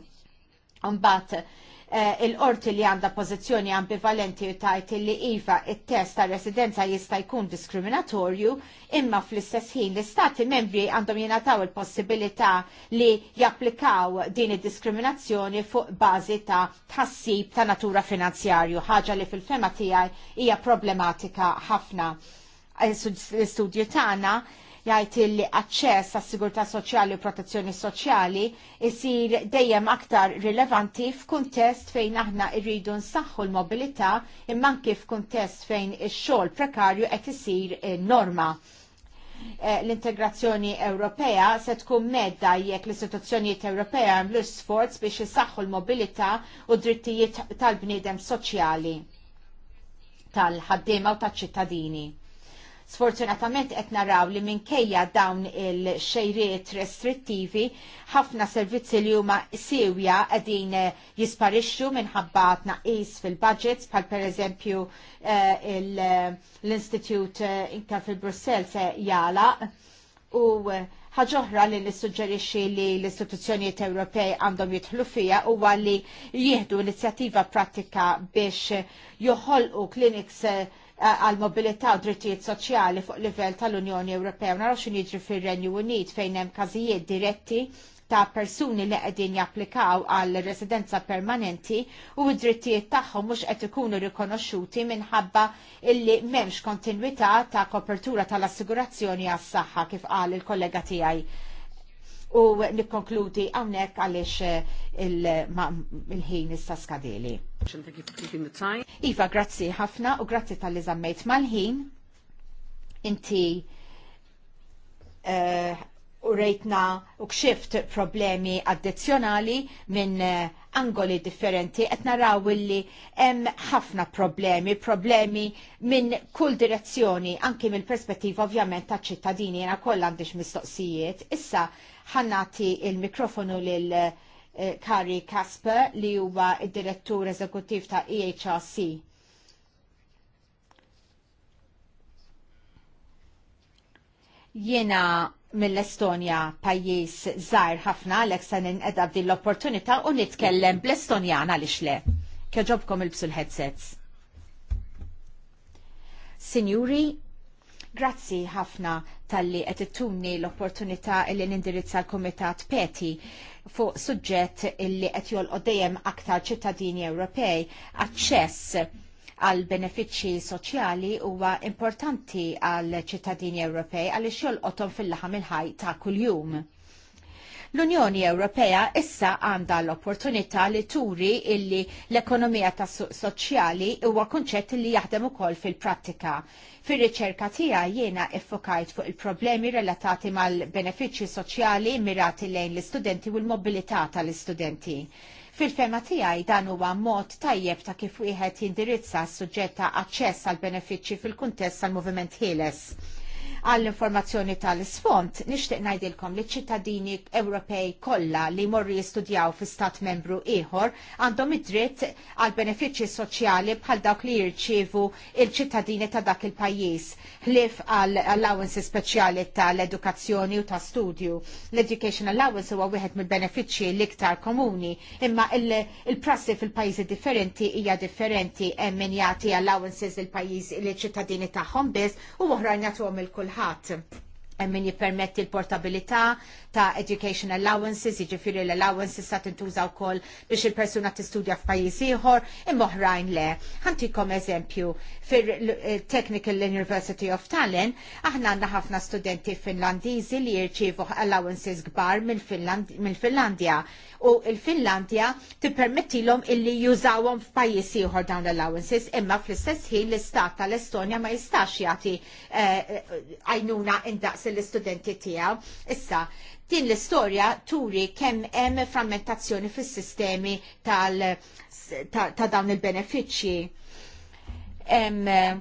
Mbagħad Eh, il-qorti li għanda pozizjoni ambivalenti u tajt li iva il-test ta' residenza jista' jkun diskriminatorju imma fl-istess ħin l-istati membri għandhom jenataw il-possibilità li japplikaw din id-diskriminazzjoni fuq bażi ta' tħassib ta' natura finanzjarju, ħaġa li fil-fema tiegħi hija problematika ħafna l-studju eh, tagħna jgħid li aċċess għas sigurtà soċjali u protezzjoni soċjali jisir dejjem aktar rilevanti f'kuntest fejn aħna rridu nsaħħu l-mobilità imma anke f'kuntest fejn ix-xogħol prekarju qed isir norma eh, l-integrazzjoni Ewropea se tkun medda jekk l-istituzzjonijiet Ewropea jagħmlu sforz biex isaħħu l-mobilità u drittijiet tal-bniedem soċjali tal-ħaddiema u taċ-ċittadini. Sfortunatament qed naraw li minkejja dawn il-xejriet restrittivi ħafna servizzi li huma sewja qegħdin eh, jisparixxu minħabba tnaqqis fil-budgets bħal pereżempju eh, l-Institut eh, inka fil-Brussell se jalaq u ħaġoħra li nissuġġerixxi li l-istituzzjonijiet Ewropej għandhom jidħlu fija huwa li jieħdu inizjattiva pratika biex joħolqu kliniks għal-mobilità u drittijiet soċjali fuq livell tal-Unjoni Ewropea. Naraw x'in jiġri fir-Renju Unit fejn hemm każijiet diretti ta' persuni li qegħdin japplikaw għal residenza permanenti u d-drittijiet tagħhom mhux qed ikunu rikonoxxuti minħabba illi m'hemmx kontinwità ta' kopertura tal-assigurazzjoni għas-saħħa kif qal il-kollega tiegħi u nikkonkludi hawnhekk għaliex eh, il-ħin issa skadeli. Iva, grazzi ħafna u grazzi tal-li zammejt mal-ħin. Inti eh, u rejtna u kxift problemi addizzjonali minn eh, angoli differenti, qed naraw illi hemm ħafna problemi, problemi minn kull direzzjoni, anki mill perspettiva ovvjament ta' ċittadini, jena koll għandix mistoqsijiet. Issa ħannati il-mikrofonu lil eh, Kari Kasper li huwa id-direttur eżekuttiv ta' EHRC. Jena mill-Estonja pajjiż żgħar ħafna għalhekk se ninqeda din l-opportunità u nitkellem bl estonjana għaliex le. Kjoġobkom il-bsu l-headsets. Sinjuri, Grazzi ħafna tal-li qed ittumni l-opportunità li nindirizza l-Kumitat Peti fuq suġġett illi qed jolqod dejjem aktar ċittadini Ewropej aċċess għal benefiċċji soċjali huwa importanti għal ċittadini Ewropej għaliex jolqothom fil-laħam il-ħaj ta' kuljum. L-Unjoni Ewropea issa għandha l-opportunità li turi illi l-ekonomija ta' soċjali huwa kunċett li jaħdem ukoll fil-prattika. Fir-riċerka tiegħi jiena effokajt fuq il-problemi relatati mal-benefiċċji soċjali mirati lejn l-istudenti u l-mobilità tal-istudenti Fil-fema tiegħi dan huwa mod tajjeb ta' kif wieħed jindirizza s-suġġett ta' aċċess għal benefiċċji fil-kuntest tal-moviment ħieles għall-informazzjoni tal-sfond, nixtieq ngħidilkom li ċittadini Ewropej kollha li jmorru jistudjaw fi stat membru ieħor għandhom id-dritt għal benefiċċji soċjali bħal dawk li jirċievu il-ċittadini ta' dak il-pajjiż, ħlief għall allowances speċjali tal-edukazzjoni u ta' studju. L-education allowance huwa wieħed mill-benefiċċji l-iktar komuni, imma il-prassi fil-pajjiżi differenti hija differenti hemm min jagħti allowances il-pajjiż li ċittadini tagħhom biss u oħrajn jagħtuhom il-kulħadd kulħadd min jippermetti l-portabilità ta' education allowances, jġifiri l-allowances ta' tintuża wkoll biex il-persuna tistudja f'pajjiż ieħor, imma oħrajn le. Ħantikom eżempju fir-Technical eh, University of Tallinn, aħna għandna ħafna studenti Finlandiżi li jirċievu allowances kbar mill-Finlandja u l-Finlandja tippermettilhom illi jużawhom f'pajjiż ieħor dawn l-allowances, imma fl-istess ħin l-istat tal-Estonja ma jistax jagħti eh, eh, għajnuna indaqs l-istudenti tiegħu. Issa, din l-istorja turi kemm hemm frammentazzjoni fis-sistemi tal ta', dawn il-benefiċċji. Eh,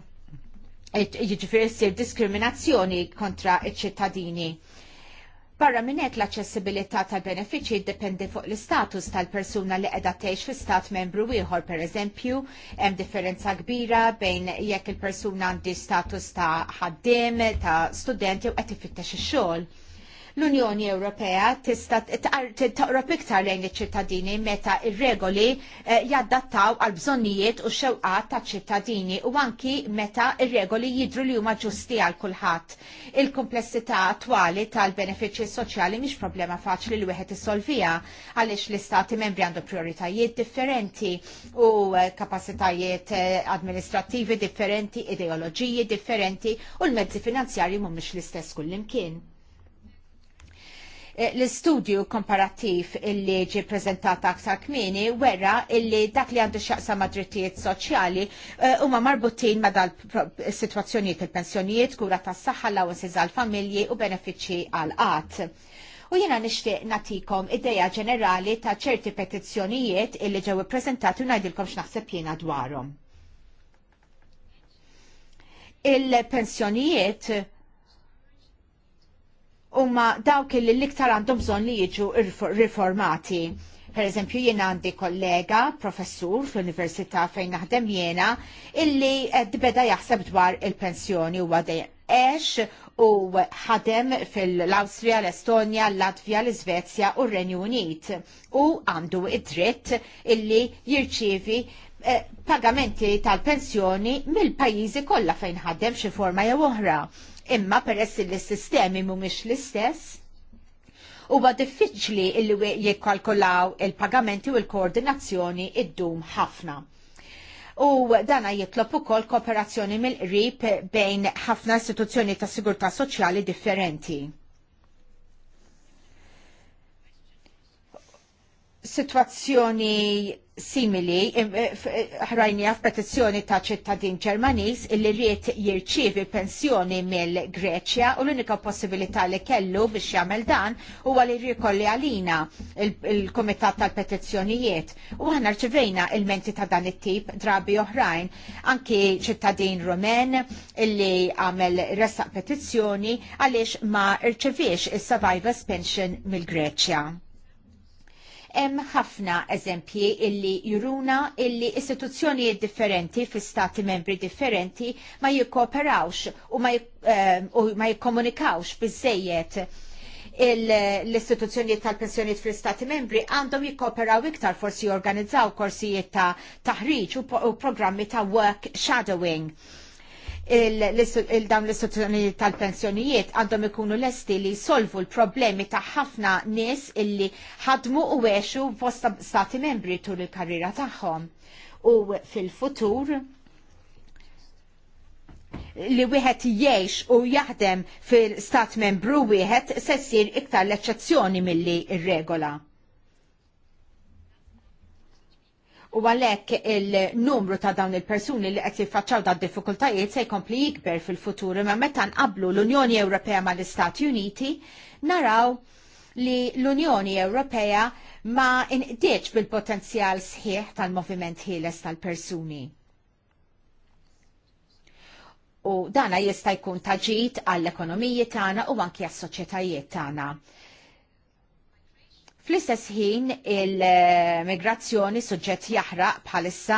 jiġifieri ssir diskriminazzjoni kontra ċ-ċittadini Barra minn hekk l-aċċessibilità tal-benefiċċji ddependi fuq l-istatus tal-persuna li qiegħda tgħix fi stat membru ieħor pereżempju, hemm differenza kbira bejn jekk il-persuna għandi status ta' ħaddiem, ta' student jew qed tifittex ix-xogħol. L-Unjoni Ewropea tista' taqrob iktar lejn iċ-ċittadini meta ir-regoli eh, jaddattaw għal bżonnijiet u xewqat ta' ċittadini u anki meta ir-regoli jidru li huma ġusti għal kulħadd. Il-komplessità attwali tal-benefiċċji soċjali mhix problema faċli li wieħed isolvija għaliex l-istati membri għandu prioritajiet differenti u eh, kapacitajiet eh, amministrativi differenti, ideoloġiji differenti u l-mezzi finanzjari mhumiex l-istess kullimkien. Eh, l-istudju komparattiv illi ġi prezentata aktar kmini wera illi dak li għandu xaqsa ma' drittijiet soċjali eh, huma marbutin ma' dal situazzjonijiet il-pensjonijiet, kura tas saħħa l-awensiz għal-familji u benefiċċji għal-qat. U jena nishtiq natikom ideja ġenerali ta' ċerti petizzjonijiet illi ġew prezentati u najdilkom x'naħseb jiena dwarom. il-pensjonijiet umma dawk li l-iktar għandhom bżonn li jiġu riformati. Per eżempju, jien għandi kollega, professur fl-Università fejn naħdem jiena, illi beda jaħseb dwar il-pensjoni u għadej eċ u ħadem fil-Austria, l-Estonja, l-Latvja, l-Svezja u r-Renju Unit. U għandu id-dritt illi jirċievi eh, pagamenti tal-pensjoni mill-pajjiżi kollha fejn ħaddem xi forma jew oħra imma peress li s-sistemi mhumiex l-istess, huwa diffiċli illi jikkalkulaw il-pagamenti u l-koordinazzjoni id-dum ħafna. U dana jitlob ukoll kooperazzjoni mill-qrib bejn ħafna istituzzjoni ta' sigurtà soċjali differenti. situazzjoni simili eh, eh, ħrajni għaf petizzjoni ta' ċittadin Ġermaniż illi riet jirċievi pensjoni mill-Greċja u l-unika possibilità li kellu biex jagħmel dan huwa li rikolli għalina il-Kumitat tal-Petizzjonijiet. U aħna rċivejna il-menti ta' dan it-tip drabi oħrajn anki ċittadin Rumen illi għamel ressaq petizzjoni għaliex ma rċivix is-survivors pension mill-Greċja. Hemm ħafna eżempji illi juruna illi istituzzjonijiet differenti fi stati membri differenti ma jikkooperawx u ma, uh, jikkomunikawx biżejjed l-istituzzjonijiet tal-pensjoniet fl-istati membri għandhom jikkooperaw iktar forsi jorganizzaw korsijiet ta' taħriġ u, u programmi ta' work shadowing il-dawn l-istituzzjonijiet tal-pensjonijiet għandhom ikunu lesti li solvu l-problemi ta' ħafna nies illi ħadmu u għexu fosta stati membri tul il-karriera tagħhom. U fil-futur li wieħed jgħix u jaħdem fil-stat membru wieħed se ssir iktar l-eċċezzjoni milli r-regola. U għalhekk il-numru ta' dawn il-persuni li qed jiffaċċaw da' diffikultajiet se jkompli jikber fil-futur imma meta nqablu l-Unjoni Ewropea mal-Istati Uniti naraw li l-Unjoni Ewropea ma inqdiċ bil-potenzjal sħiħ tal-moviment ħieles tal-persuni. U dana jista' jkun taġit għall-ekonomiji tagħna u anki għas-soċjetajiet tagħna. Fl-istess ħin il-migrazzjoni suġġett jaħraq bħalissa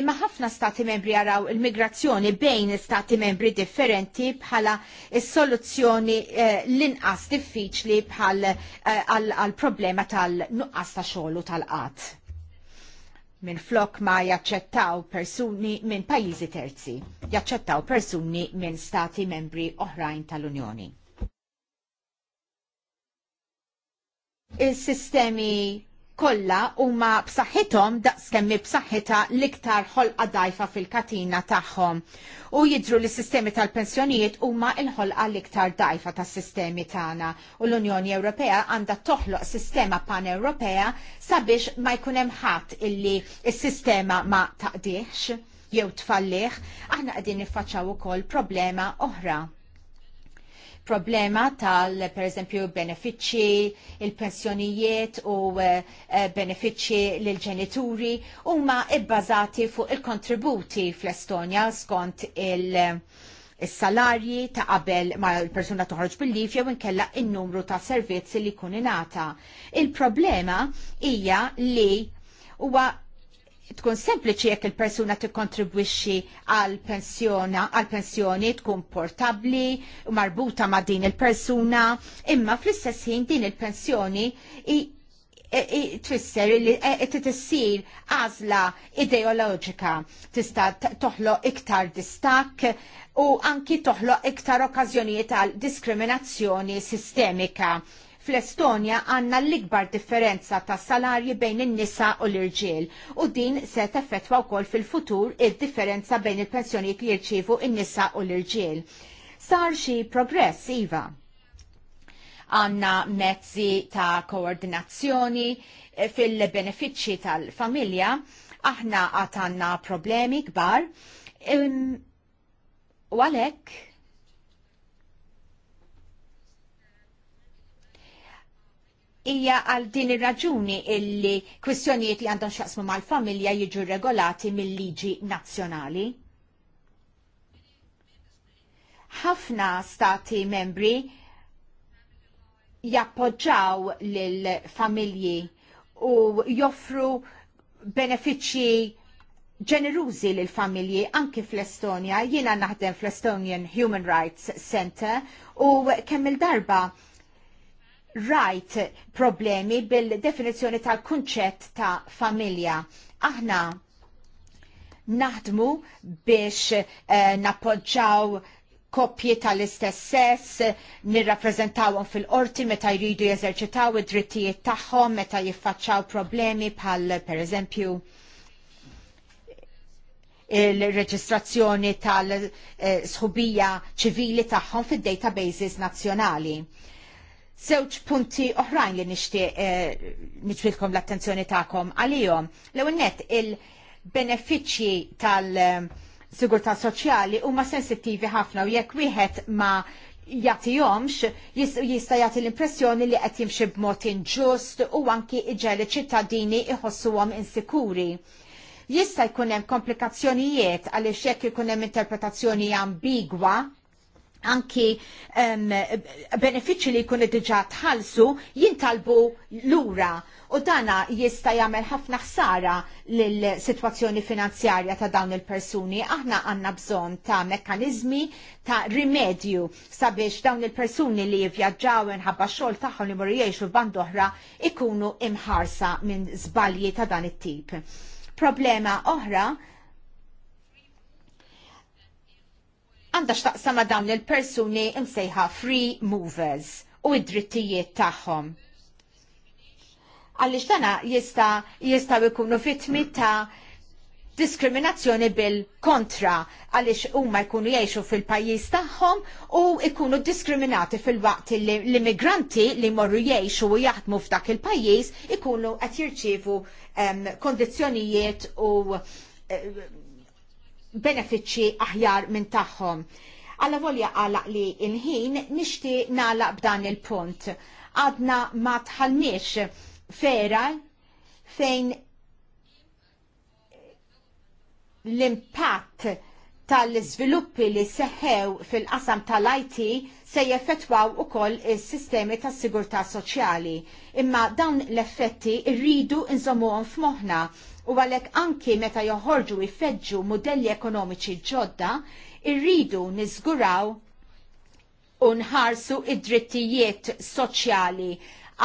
imma ħafna stati membri jaraw il-migrazzjoni bejn stati membri differenti bħala il soluzzjoni eh, l-inqas diffiċli bħal eh, għal-problema tal-nuqqas ta' xogħol tal qat minn flok ma jaċċettaw persuni minn pajjiżi terzi, jaċċettaw persuni minn stati membri oħrajn tal-Unjoni. il-sistemi kollha huma b'saħħithom daqskemm b'saħħitha l-iktar ħolqa dajfa fil-katina tagħhom. U jidru li sistemi tal-pensjonijiet huma l-ħolqa l-iktar dajfa tas-sistemi tagħna. U l-Unjoni Ewropea għandha toħloq sistema pan-Ewropea sabiex ma jkun hemm ħadd illi s-sistema ma taqdiex jew tfallih, aħna qegħdin niffaċċaw ukoll problema oħra problema tal per eżempju benefiċċji, il-pensjonijiet u eh, eh, benefiċċji lil ġenituri huma bbażati fuq il-kontributi fl-Estonja skont il- is-salarji eh, ta' qabel ma l-persuna toħroġ bil lifja jew inkella in-numru ta' servizzi li jkun ingħata. Il-problema hija li huwa tkun sempliċi jekk il-persuna tikkontribwixxi għal pensjona għal pensjoni tkun portabbli marbuta ma' din il-persuna, imma fl-istess ħin din il-pensjoni tfisser li e, e, titissir għażla ideoloġika tista' toħloq iktar distak u anki toħloq iktar okkażjonijiet għal diskriminazzjoni sistemika Fl-Estonja għanna l-ikbar differenza ta' salarji bejn in-nisa u l-irġiel u din se teffettwa wkoll fil-futur id-differenza bejn il-pensjonijiet li jirċievu in-nisa u l-irġiel. Sar xi progress iva. Għanna mezzi ta' koordinazzjoni eh, fil-benefiċċji tal-familja, aħna għatanna problemi kbar. U għalek, hija għal din ir-raġuni illi kwistjonijiet li għandhom xaqsmu mal-familja jiġu regolati mill-liġi nazzjonali. Ħafna stati membri jappoġġaw lil familji u joffru benefiċċji ġenerużi lil familji anki fl-Estonja, jiena naħdem fl-Estonian Human Rights Center u kemm il-darba rajt problemi bil-definizjoni tal-kunċett ta' familja. Aħna naħdmu biex eh, nappoġġaw koppji tal-istess sess, nirrappreżentawhom fil-qorti meta jridu jeżerċitaw id-drittijiet tagħhom meta jiffaċċaw problemi bħal pereżempju il-reġistrazzjoni tal-sħubija eh, ċivili tagħhom fid-databases nazzjonali. Żewġ punti oħrajn li nixtieq eh, nitwilkom l-attenzjoni tagħkom għalihom. L-ewwel nett il-benefiċċji tal- sigurtà soċjali huma sensittivi ħafna u jekk wieħed ma jagħtihomx jista' jagħti l-impressjoni li qed jimxi b'mod inġust u anki iġeli ċittadini iħossuhom insikuri. Jista' jkun hemm komplikazzjonijiet għaliex jekk ikun hemm interpretazzjoni ambigwa anki um, benefiċi li jkunu diġà tħallsu jintalbu lura u dana jista jagħmel ħafna ħsara l sitwazzjoni finanzjarja ta' dawn il-persuni. Aħna għandna bżonn ta' mekkaniżmi ta' rimedju sabiex dawn il-persuni li jivvjaġġaw inħabba xogħol tagħhom li mur jgħixu f'band oħra ikunu imħarsa minn żbalji ta' dan it-tip. Problema oħra għandha x'taqsam ma' dawn il-persuni msejħa free movers u id-drittijiet tagħhom Għalli xtana jista jistaw ikunu vitmi ta' diskriminazzjoni bil-kontra għalli huma jkunu jiexu fil-pajjiż tagħhom u jkunu diskriminati fil-waqt li l-immigranti li morru jiexu u jaħdmu f'dak il-pajjiż ikunu qed jirċievu kondizjonijiet u eh, benefiċċji aħjar minn tagħhom. Alla volja għalaq li il-ħin nixti nagħlaq b'dan il-punt. Għadna ma tħalmiex fera fejn l-impatt tal-izviluppi li seħew fil-qasam tal-IT se u ukoll is-sistemi tas-sigurtà soċjali. Imma dawn l-effetti rridu nżommuhom f'moħħna U għalhekk anki meta joħorġu ifeġġu modelli ekonomiċi ġodda, irridu niżguraw u nħarsu id-drittijiet soċjali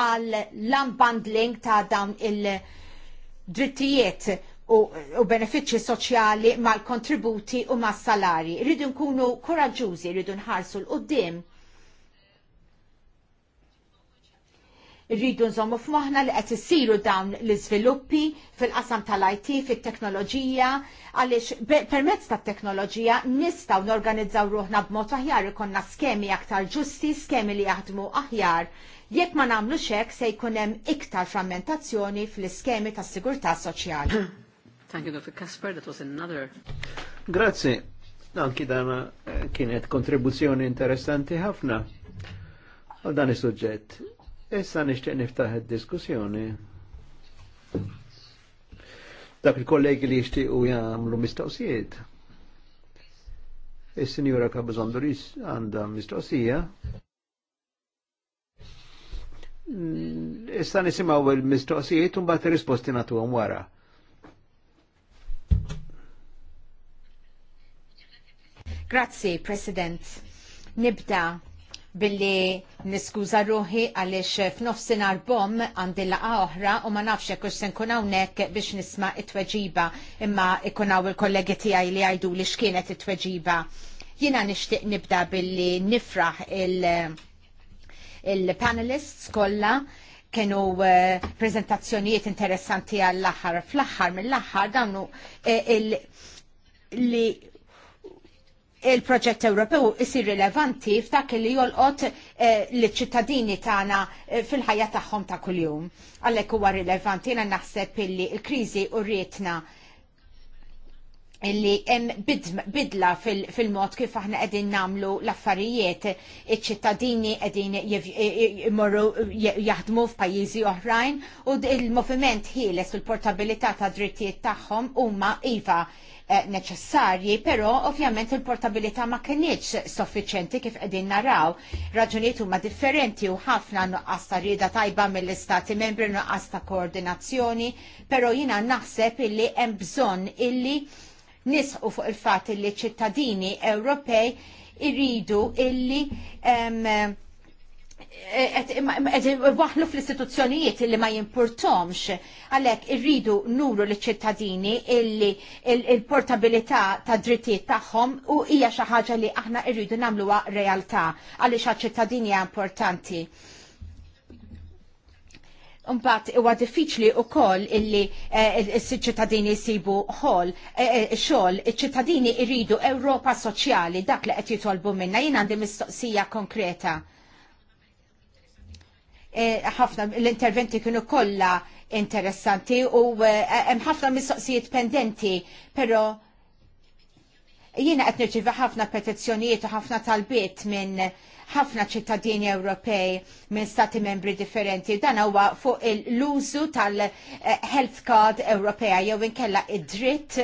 għal l-unbundling ta' dawn il-drittijiet u, u benefiċċji soċjali mal-kontributi u mas-salari. Rridu nkunu koraġġużi, rridu nħarsu l-qoddim Irridu nżommu f'moħħna li qed issiru dawn l-iżviluppi fil-qasam tal-IT, fit-teknoloġija, għaliex permezz tat-teknoloġija nistgħu norganizzaw ruħna b'mod aħjar ikonna skemi aktar ġusti, skemi li jaħdmu aħjar. Jekk ma nagħmlux hekk se jkun hemm iktar frammentazzjoni fl-iskemi tas-sigurtà soċjali.
Thank you,
Dr. Kasper. That was another.
Grazie. Anki dana kienet eh, kontribuzzjoni interessanti ħafna għal dan is-suġġett. Issa nishtiq niftaħ id-diskussjoni. Dak il-kollegi li jishtiq u jgħamlu mistoqsijiet. Is-Sinjura Kabżonduris għanda mistoqsija. Issa nisimaw il-mistoqsijiet un bat risposti natu għom wara.
Grazie, President. Nibda billi niskuza ruħi għaliex għal bom għandi laqa oħra u ma nafx jekk se nkun hawnhekk biex nisma' it-tweġiba imma ikunaw il-kollegi tiegħi li għajdu li x'kienet it-tweġiba. Jiena nixtieq nibda billi nifraħ il-panelists il kollha kienu uh, prezentazzjonijiet interessanti għall-aħħar. Fl-aħħar mill-aħħar dawnu eh, il li il-proġett Ewropew isir rilevanti f'dak li jolqot eh, l-ċittadini tagħna eh, fil-ħajja tagħhom ta' kuljum. Għalhekk huwa rilevanti jiena naħseb illi l-kriżi u rietna illi hemm bidla fil-mod kif aħna qegħdin nagħmlu l-affarijiet, iċ-ċittadini qegħdin jmorru jaħdmu f'pajjiżi oħrajn u il-moviment ħieles u l-portabilità ta' drittijiet tagħhom huma iva Eh, neċessarji, però ovvjament il-portabilità ma kienieċ soffiċenti kif qegħdin naraw. Raġunijiet huma differenti u ħafna nuqqas ta' rieda tajba mill-istati membri nuqqas ta' koordinazzjoni, però jiena naħseb illi hemm bżonn illi nisħu fuq il-fatt illi ċittadini Ewropej irridu illi um, waħlu fl-istituzzjonijiet li ma jimpurtomx, għalek irridu nuru li ċittadini illi il-portabilità ta' drittijiet tagħhom u hija xi ħaġa li aħna rridu nagħmluha realtà għaliex ċittadini hija importanti. Mbagħad huwa diffiċli wkoll illi eh, s-ċittadini jsibu ħol eh, eh, xogħol, iċ-ċittadini rridu Ewropa soċjali dak li qed jitolbu minna jien għandi mistoqsija konkreta Eh, ħafna l-interventi kienu kollha interessanti u eh, hemm ħafna mistoqsijiet pendenti, però jiena qed nirċivi ħafna petizzjonijiet u ħafna talbiet minn ħafna ċittadini Ewropej minn stati membri differenti. Dan huwa fuq l-użu tal-Health Card Ewropea jew inkella id-dritt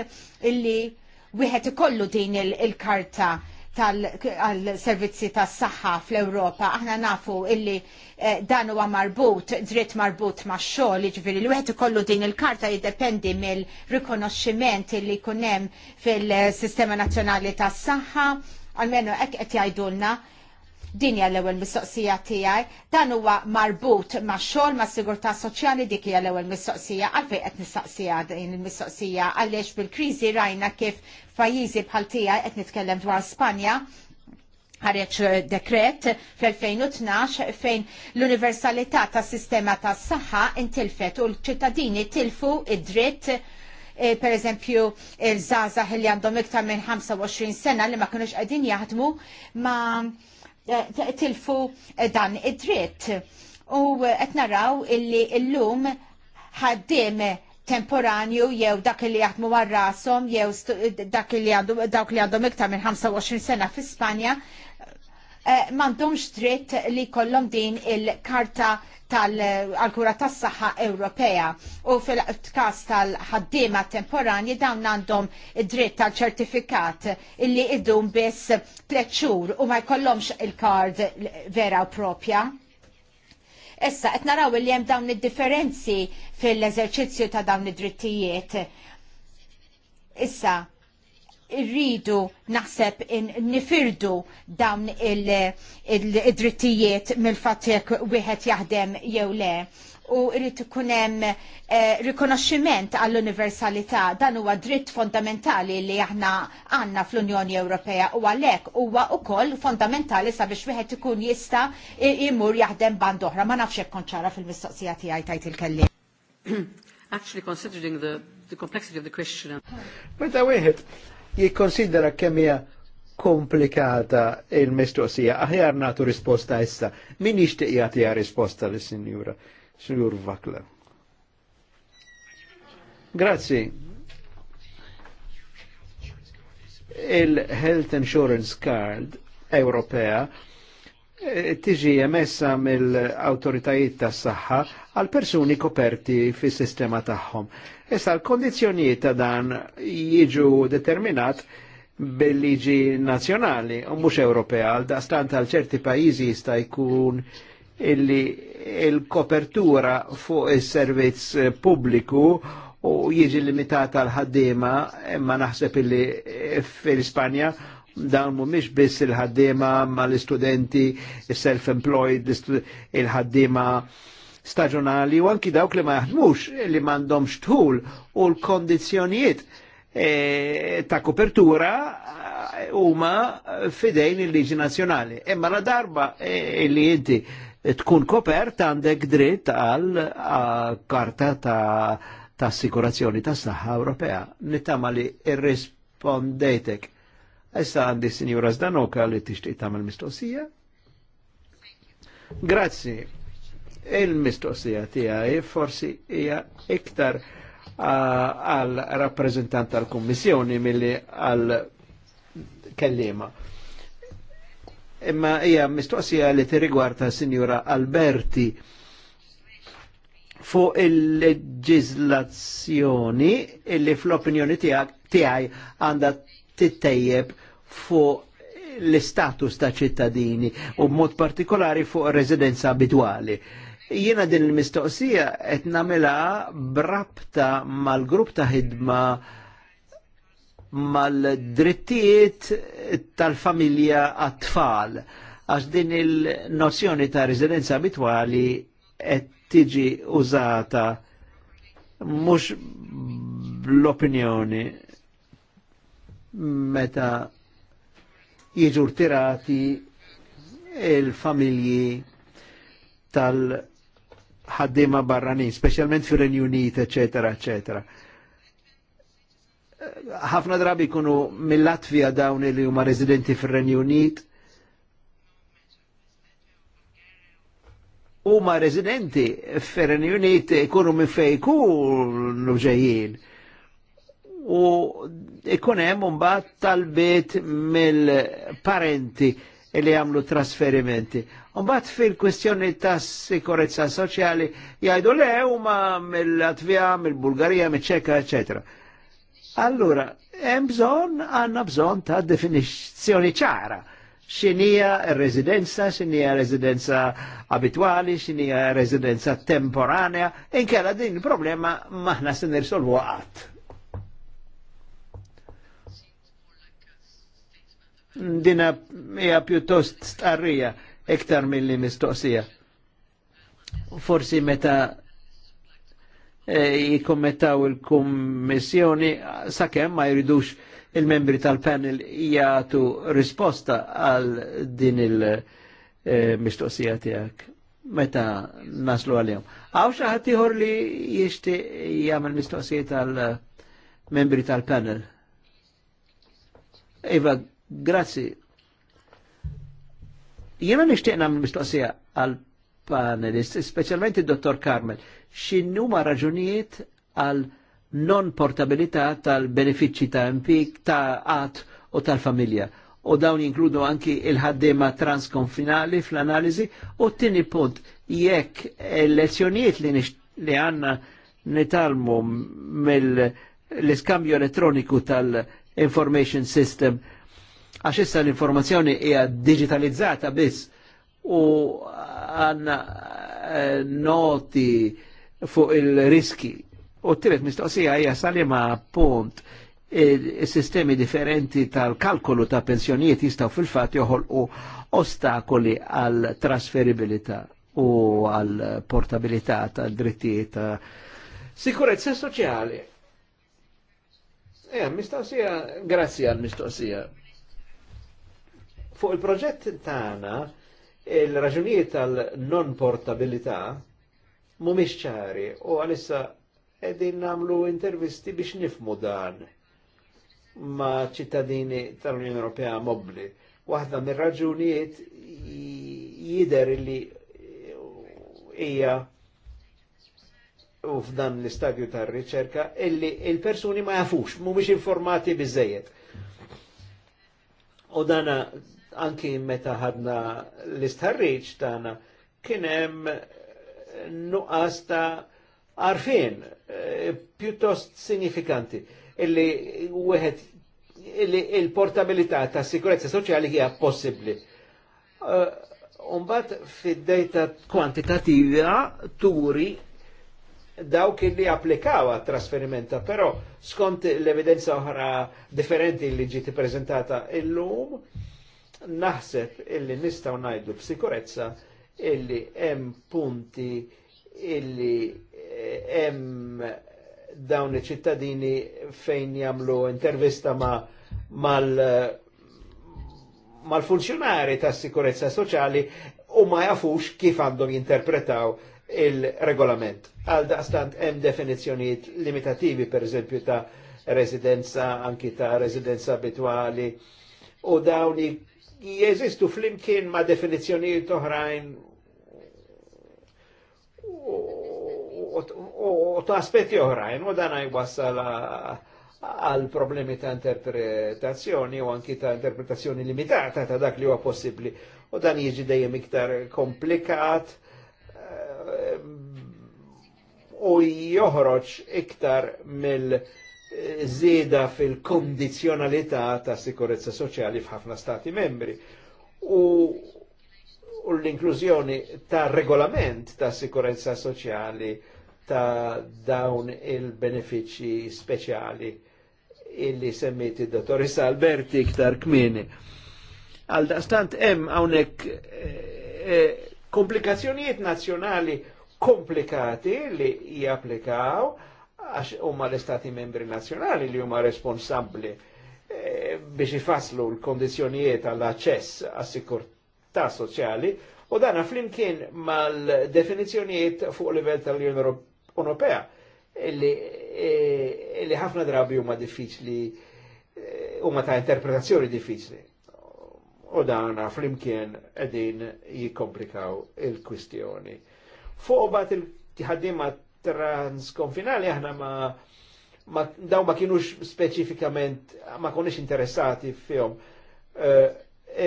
illi wieħed ikollu din il-karta. il karta tal-servizzi tas saħħa fl-Europa. Aħna nafu illi eh, dan huwa marbut, dritt marbut ma' xogħol, jiġifieri l wieħed ikollu din il-karta jiddependi mill-rikonoxximent illi jkun hemm fil-Sistema Nazzjonali tas saħħa almenu hekk qed jgħidulna Din hija l-ewwel mistoqsija tiegħi, dan huwa marbut ma' xogħol ma' sigurtà soċjali dik hija l-ewwel mistoqsija għalfejn qed nistaqsija din il-mistoqsija għaliex bil-kriżi rajna kif pajjiżi bħal tiegħi qed nitkellem dwar Spanja ħareċ dekret fl-2012 fejn l-universalità tas sistema tas saħħa intilfet u l-ċittadini tilfu id-dritt eh, per eżempju il-żazah li għandhom iktar minn 25 sena li ma kienux qegħdin jaħdmu ma Eh, tilfu eh, dan id-dritt. U eh, qed naraw illi llum ħaddiem temporanju jew dak li jaħdmu għar rasom jew dak li għandhom li għandhom iktar minn 25 sena fi Spanja Eh, m'għandhomx dritt li kollom din il-karta tal-kura tas-saħħa Ewropea u fil-każ tal-ħaddiema temporanji dawn għandhom id-dritt tal-ċertifikat illi idum biss tliet xhur u ma jkollhomx il-kard vera u propja. Issa, qed naraw li hemm dawn id-differenzi fil-eżerċizzju ta' dawn id-drittijiet. Issa, irridu naħseb nifirdu dawn il-drittijiet il mill-fattek wieħed jaħdem jew le u irrid ikun hemm eh, rikonoxximent għall-universalità dan huwa dritt fondamentali li aħna għandna fl-Unjoni Ewropea u għalhekk huwa wkoll fondamentali sabiex wieħed ikun jista' imur jaħdem band oħra ma nafx hekk ċara fil-mistoqsija tiegħi tajt il-kellim. Actually considering the, the complexity of the question.
Meta wieħed jikkonsidera kemm hija komplikata il-mistoqsija. Aħjar natu risposta issa. Min jixtieq jagħtiha risposta lis sinjura Sinjur Vakla. Grazzi. Il-Health Insurance Card Ewropea eh, tiġi emessa mill-autoritajiet tas saħħa għal persuni koperti fis sistema tagħhom. Issa l-kondizjonijiet ta' dan jiġu determinat bil-liġi nazjonali u mhux Ewropea għal daqstant għal ċerti pajjiżi jista' jkun illi il-kopertura fuq is-servizz pubbliku u jiġi limitata l ħaddiema imma naħseb illi fil-Ispanja dawn mhumiex biss il-ħaddiema mal istudenti il-self-employed, il-ħaddiema il ħaddiema mal istudenti il self employed il ħaddima il ħaddiema staġjonali u anki dawk li ma jaħdmux li m'għandhomx tħul u l-kondizzjonijiet e, ta' kopertura eh, huma fidejn il-liġi nazzjonali. Imma la darba e, li inti tkun kopert għandek dritt għal karta ta' ta' assikurazzjoni ta' saħħa Ewropea. Nittama li irrispondetek. Issa għandi Sinjura Zdanoka li tixtieq tagħmel mistoqsija. Grazzi, Il-mistoqsija tiegħi forsi hija iktar għal rappresentant tal-Kummissjoni milli għal kellima. Imma hija mistoqsija li tirrigwarda Sinjura Alberti fuq il-leġizlazzjoni illi fl-opinjoni tiegħi għandha tittejjeb fuq l-istatus ta' ċittadini u mod partikolari fuq residenza abitwali. Jiena din il-mistoqsija qed nagħmilha brabta mal-grupp ta' ħidma mal-drittijiet tal-familja għat-tfal għax din il-nozzjoni ta' residenza abitwali qed tiġi użata mhux l-opinjoni meta jiġu tirati il-familji tal- ħaddima barranin, specialment fir Unit, etc., etc. Ħafna drabi kunu mill-Latvija dawn li huma residenti fir Unit. Huma residenti fir Unit ikunu minn fejn ikunu ġejjin. U ikun hemm mbagħad talbiet mill-parenti li jagħmlu trasferimenti. Unbat fil-kwestjoni ta' sikurezza soċjali jgħidu le huma mill-Latvija, mill-Bulgarija, mill-Ċeka, eccetera. Allura, hemm bżonn għandna bżonn ta' definizzjoni ċara. X'inhija residenza, x'inhija residenza abitwali, x'inhija residenza temporanea, inkella din il-problema maħna se nirsolvu għat. dina hija pjuttost starrija iktar mill-li mistoqsija. Forsi meta e, jikommentaw il-kommissjoni sakemm ma jridux il-membri tal-panel jgħatu risposta għal din il-mistoqsija e, tiegħek meta naslu għal-jom. Għaw xaħatiħor li jishti jgħamil mistoqsija tal-membri e, tal-panel. Iva, Grazzi. Jena nishtiqna namlu mistoqsija għal panelist, specialment il-dottor Carmel, xinnuma raġunijiet għal non portabilità tal benefici ta' impik ta' għat u tal-familja. U dawn jinkludu anki il-ħaddima transkonfinali fl-analizi u t-tini punt jekk lezzjonijiet li, li għanna nitalmu mill-iskambju elettroniku tal-information system għax issa l-informazzjoni hija digitalizzata biss u għanna eh, noti fuq il-riski. U t tibet mistoqsija hija salima punt sistemi differenti tal-kalkolu ta' pensjonijiet jistaw fil-fat joħolqu ostakoli għal trasferibilità u għal portabilità ta' drittijiet ta' sikurezza soċjali. Eh, mistoqsija, grazzi għal mistoqsija. Fuq il-proġett tagħna il-raġunijiet tal-non portabilità mhumiex ċari u għalissa qegħdin nagħmlu intervisti biex nifmu dan ma' ċittadini tal-Unjoni Ewropea mobbli. Waħda mir-raġunijiet jider li hija u f'dan l-istadju tar riċerka illi il-persuni ma jafux, mhumiex informati biżejjed. U dana anki meta ħadna l-istħarriċ tagħna kien hemm nuqqas ta' arfin eh, pjuttost sinifikanti illi wieħed illi il-portabilità ta' sikurezza soċjali hija possibbli. Eh, Umbat fid-data kwantitativa turi dawk li applikaw għat trasferimenta, però skont l-evidenza oħra differenti li ġiti prezentata illum, naħseb illi nistaw najdu b'sikurezza illi hemm punti illi eh, hemm dawn iċ-ċittadini fejn jagħmlu intervista ma mal mal-funzjonari ta' sikurezza soċjali u ma jafux kif għandhom jinterpretaw il-regolament. Għal daqstant hemm definizzjonijiet limitativi per eżempju ta' residenza, anki ta' residenza abituali, u dawni jeżistu flimkien ma' definizjoni oħrajn u ta' aspetti oħrajn u dan jwassal għal problemi ta' interpretazzjoni u anki ta' interpretazzjoni limitata ta' dak li huwa possibbli u dan jiġi dejjem iktar komplikat eh, u joħroġ iktar mill- żieda fil-kondizjonalità ta' sikurezza soċjali f'ħafna stati membri. U, u l-inklużjoni ta' regolament ta' sikurezza soċjali ta' dawn il-benefiċi speċjali illi semmiti dottoris Alberti iktar kmini. Għal daqstant hemm hawnhekk eh, eh, komplikazzjonijiet nazzjonali komplikati li japplikaw għax huma l-Istati membri nazzjonali li huma responsabbli eh, biex ifaslu l-kondizjonijiet għall-aċċess għas-sikurtà soċjali u dan flimkien mal-definizjonijiet fuq livell tal-Unjoni Ewropea li eh, ħafna drabi huma diffiċli eh, huma ta' interpretazzjoni diffiċli. U dan flimkien qegħdin jikkomplikaw il-kwistjoni. Fuq bat il-ħaddima transkonfinali aħna ma, ma daw ma kienux speċifikament ma konniex interessati fihom. Eh,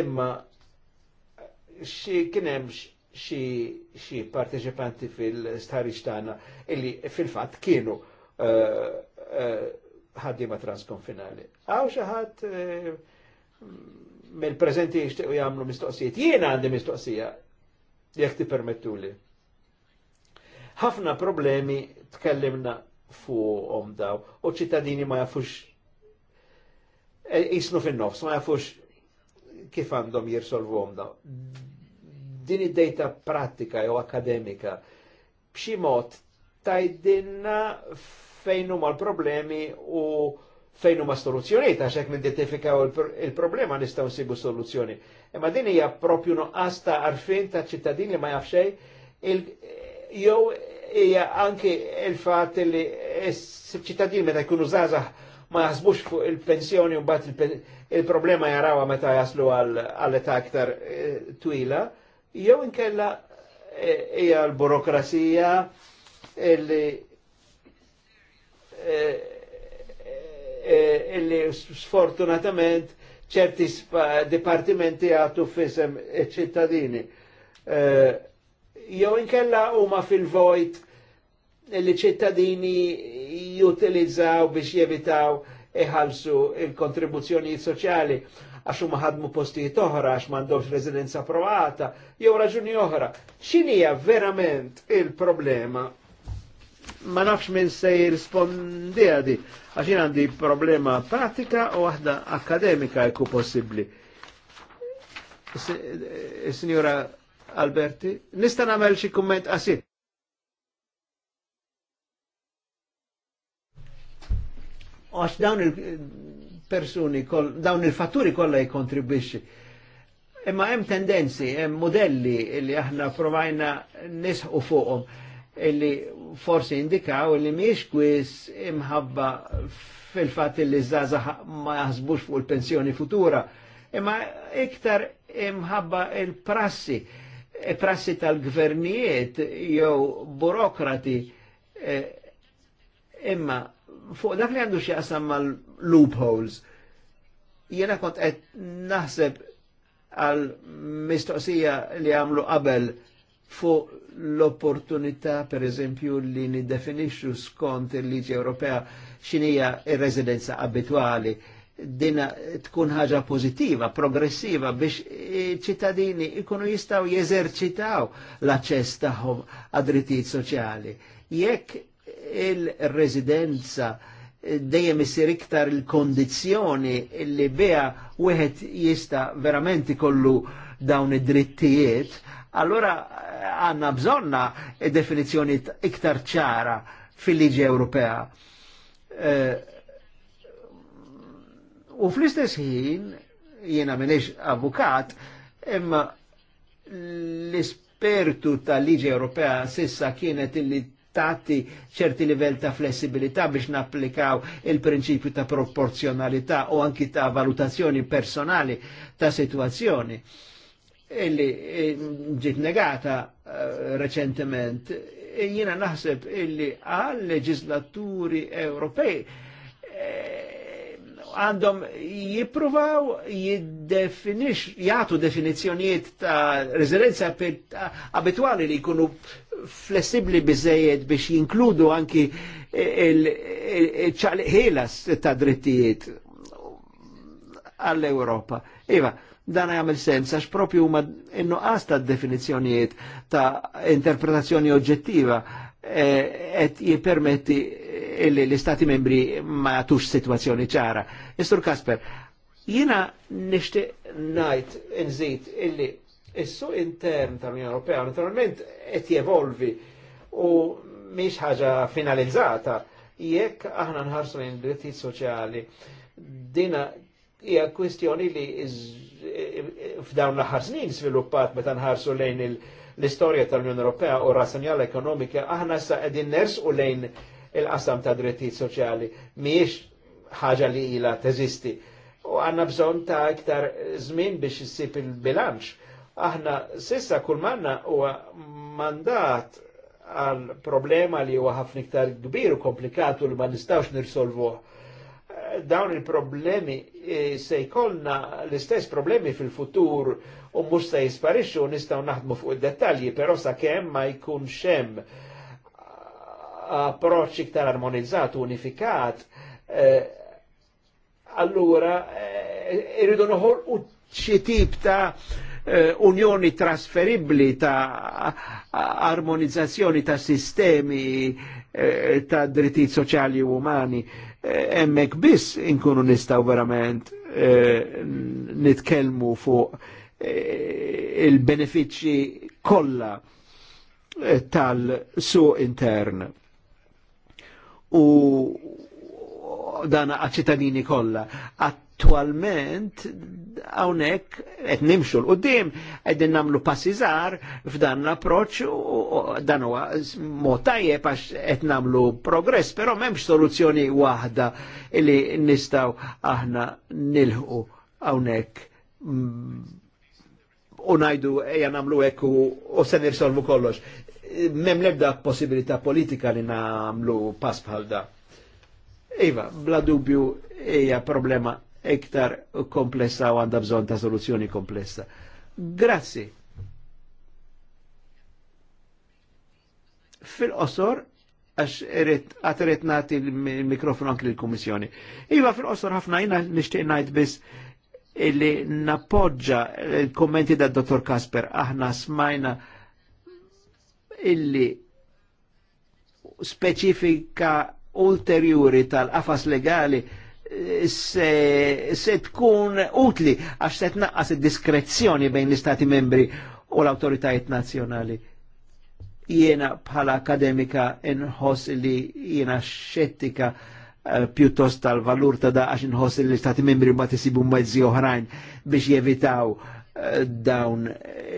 imma xi kien hemm xi parteċipanti fil-stariċ tagħna illi fil-fatt kienu eh, eh, ħaddiema uh, uh, transkonfinali. Għaw xi ħadd uh, mill-preżenti jixtiequ jagħmlu mistoqsijiet. Jiena għandi mistoqsija jekk ti permettuli ħafna problemi tkellimna fuqhom daw u ċittadini ma jafux e, jisnu fin-nofs, ma jafux kif għandhom jirsolvuhom daw. Din id-dejta pratika jew akademika b'xi mod tajdinna fejn huma l-problemi u fejn huma soluzzjonijiet għax hekk nidentifikaw il-problema nistgħu nsibu soluzzjoni. Imma din hija propju nuqqas ta' għarfien ta' ċittadini ma jafx jew hija anki il fat li s-ċittadin meta jkunu zazax ma jasbux fuq il-pensjoni u bat il-problema jarawa meta jaslu għall-età aktar eh, twila, jew inkella eh, hija l-burokrasija illi eh, illi sfortunatament ċerti dipartimenti għatu fisem ċittadini jew inkella huma fil-vojt li ċittadini jutilizzaw biex jevitaw iħalsu il kontribuzzjoni soċjali għax huma ħadmu postijiet oħra għax m'għandhomx residenza provata jew raġuni oħra. X'inhi verament il-problema? Ma nafx minn se jirrispondiha di għax jien għandi problema pratika u waħda akademika jkun possibbli. Eh, signora Alberti. Nista' namel xie kumment qasir. Għax dawn il personi dawn il-fatturi kolla jkontribwixxi. Imma hemm tendenzi, hemm modelli li aħna provajna nisħu fuqhom illi forsi indikaw illi miex kwis imħabba fil-fat illi zazax ma jazbux fuq il-pensjoni futura imma iktar imħabba il-prassi E prassi tal-gvernijiet jew burokrati e, imma fuq dak li għandu xieqsam mal loopholes jena kont qed naħseb għal mistoqsija li għamlu qabel fuq l-opportunità per eżempju li nidefinixxu skont il-liġi Ewropea xinija ir-residenza abitwali. Il dina tkun ħaġa pozittiva, progressiva biex ċittadini ikunu jistaw jeżerċitaw l-aċċess tagħhom għad-drittijiet soċjali. Jekk il-residenza dejjem isir iktar il-kondizzjoni li beha wieħed jista' verament ikollu dawn id-drittijiet, allora għandna bżonna definizzjoni iktar ċara fil-liġi Ewropea. Eh, U fl-istess ħin, jiena minix avukat, imma l-espertu tal-liġi Ewropea sissa kienet illi tatti ċerti livell ta' flessibilità biex napplikaw il-prinċipju ta' proporzjonalità u anki ta' valutazzjoni personali ta' situazzjoni. Illi e, ġit negata eh, reċentement, e, jiena naħseb illi għal leġislaturi Ewropej eh, għandhom jipruvaw jiddefinix, jgħatu definizjoniet ta' rezidenza abituali li jkunu flessibli bizzejed biex jinkludu anki il-ċalħilas ta' drittijiet għall-Europa. Iva, dan għamil sens, għax propju huma innu ta' definizjonijiet ta' interpretazzjoni oġġettiva eh, et jipermetti l-Istati membri ma jatux situazzjoni ċara. Istur Kasper, jina nishti najt nżid illi issu intern tal-Unjoni Ewropea naturalment qed jevolvi u miex ħaġa finalizzata jekk aħna nħarsu lejn drittijiet soċjali dina hija kwistjoni li f'dawn l-aħħar snin sviluppat meta nħarsu lejn l-istorja tal-Unjoni Ewropea u r ekonomika aħna sa qegħdin ners u lejn il-qasam ta' drittijiet soċjali miex ħaġa li ila teżisti. U għanna bżon ta' iktar żmien biex issib il-bilanċ. Aħna sissa kull manna huwa mandat għal problema li huwa ħafna iktar kbir u komplikatu li ma nistgħux nirsolvuh. Dawn il-problemi e, se jkollna l-istess problemi fil-futur u mhux se jisparixxu nistgħu naħdmu fuq id-dettalji, però sakemm ma jkunx hemm approċċ iktar armonizzat, unifikat, eh, allura eh, irridu noħol u xi tip ta' eh, unjoni trasferibli ta' armonizzazzjoni ta' sistemi ta' drittijiet soċjali u umani. Emmek biss inkunu nistaw verament nitkelmu nitkellmu fuq il benefici kollha tal su intern u dana ċittadini kolla. Attualment, għawnek, et nimxu l-qoddim, għedin namlu passizar f'dan l-approċ, dan u mod tajjeb għax et namlu progress, pero memx soluzzjoni wahda li nistaw aħna nilħu għawnek mm, unajdu eja namlu ekku u se nirsolvu kollox mem lebda possibilità politika li namlu pass bħal da. Iva, bla dubju eja problema iktar komplessa u għandha bżonn ta' soluzzjoni komplessa. Grazzi. Fil-qosor, għax għatret nati l mikrofon anki l-Komissjoni. Iva fil-qosor ħafna jina nishtiq najt biss li nappoġġa il-kommenti da' dottor Kasper. Aħna smajna illi speċifika ulterjuri tal-qafas legali eh, se, se tkun utli għax se tnaqqas id-diskrezzjoni bejn l-istati membri u l-autoritajiet nazzjonali. Jiena bħala akademika inħoss li jiena xettika eh, pjuttost tal-valur ta' da għax inħoss li l-istati membri ma tisibu mezzi oħrajn biex jevitaw uh, dawn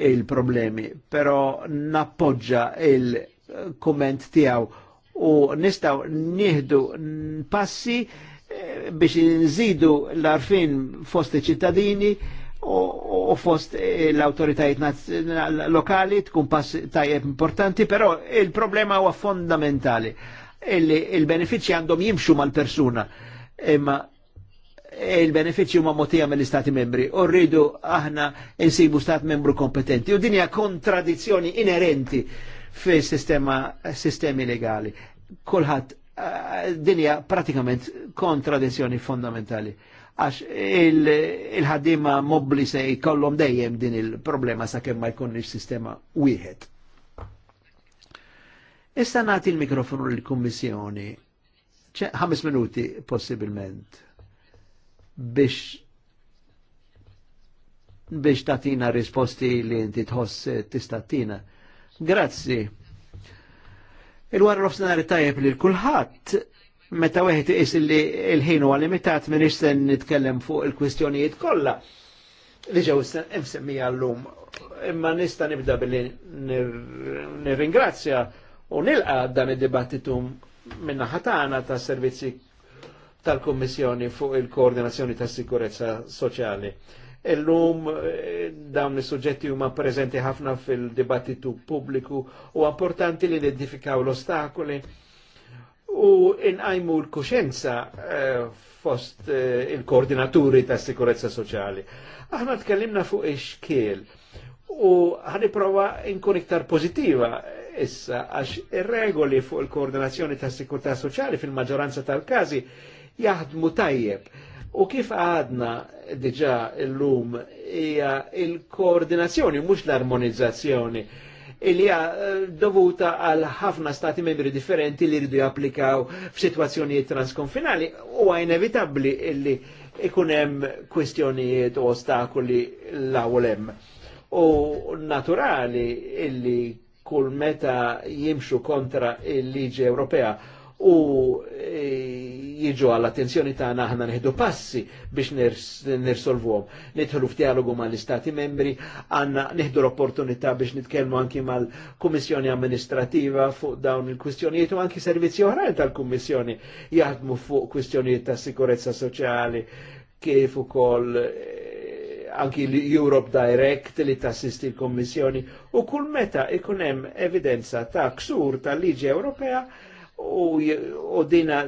il-problemi, pero nappoġġa il-komment tijaw u nistaw nieħdu passi eh, biex nżidu l-arfin fost ċittadini u fost eh, l-autoritajiet lokali tkun pass tajjeb importanti, pero il-problema huwa fondamentali il-benefiċi għandhom jimxu mal-persuna imma il-beneficju ma' motija mill-istati membri. U rridu aħna insibu stat membru kompetenti. U dinja kontradizzjoni inerenti fi sistema sistemi legali. Kulħadd eh, dinja pratikament kontradizzjoni fondamentali. Għax il-ħaddima il mobli se jkollhom dejjem din il-problema sakemm ma jkunniex sistema wieħed. Issa nagħti il-mikrofonu lill-Kummissjoni. ħames minuti possibilment biex biex tatina risposti li inti tħoss eh, tistatina. Grazzi. Il-war rofsenari tajjeb li l-kulħat, meta weħet is li il-ħin huwa limitat minn sen nitkellem fuq il-kwistjonijiet kollha li ġew msemmija llum. Imma nista' nibda billi nirringrazzja u nilqa dan id-dibattitu minna ħatana ta' servizzi tal-Kommissjoni fuq il-koordinazzjoni tas sikurezza soċjali. Illum eh, dawn is-suġġetti huma preżenti ħafna fil-dibattitu pubbliku u importanti li identifikaw l-ostakoli u inqajmu l-kuxenza eh, fost eh, il-koordinaturi tas sikurezza soċjali. Aħna tkellimna fuq ix-xkiel u prova inkun iktar pozittiva issa għax ir-regoli fuq il-koordinazzjoni tas sikurtà soċjali fil-maġġoranza tal-każi jaħdmu tajjeb. U kif għadna diġa l-lum hija il-koordinazzjoni, mhux l-armonizzazzjoni, il hija eh, dovuta għal ħafna stati membri differenti li rridu japplikaw f'sitwazzjonijiet transkonfinali u inevitabbli illi ikun hemm kwistjonijiet u ostakoli l-ewwel hemm. U naturali illi kull meta jimxu kontra il-liġi Ewropea u e, jiġu għall-attenzjoni ta' aħna neħdu passi biex nirsolvuhom. Nidħlu f'dialogu mal-Istati membri, għanna neħdu l-opportunità biex nitkellmu anki mal-Kummissjoni Amministrativa fuq dawn il-kwistjonijiet u anki servizzi oħrajn tal-Kummissjoni jaħdmu fuq kwistjonijiet ta' sikurezza soċjali kif ukoll e, anki l-Europe Direct li tassisti l-Kommissjoni u kull meta ikun hemm evidenza ta' ksur tal-liġi Ewropea u dina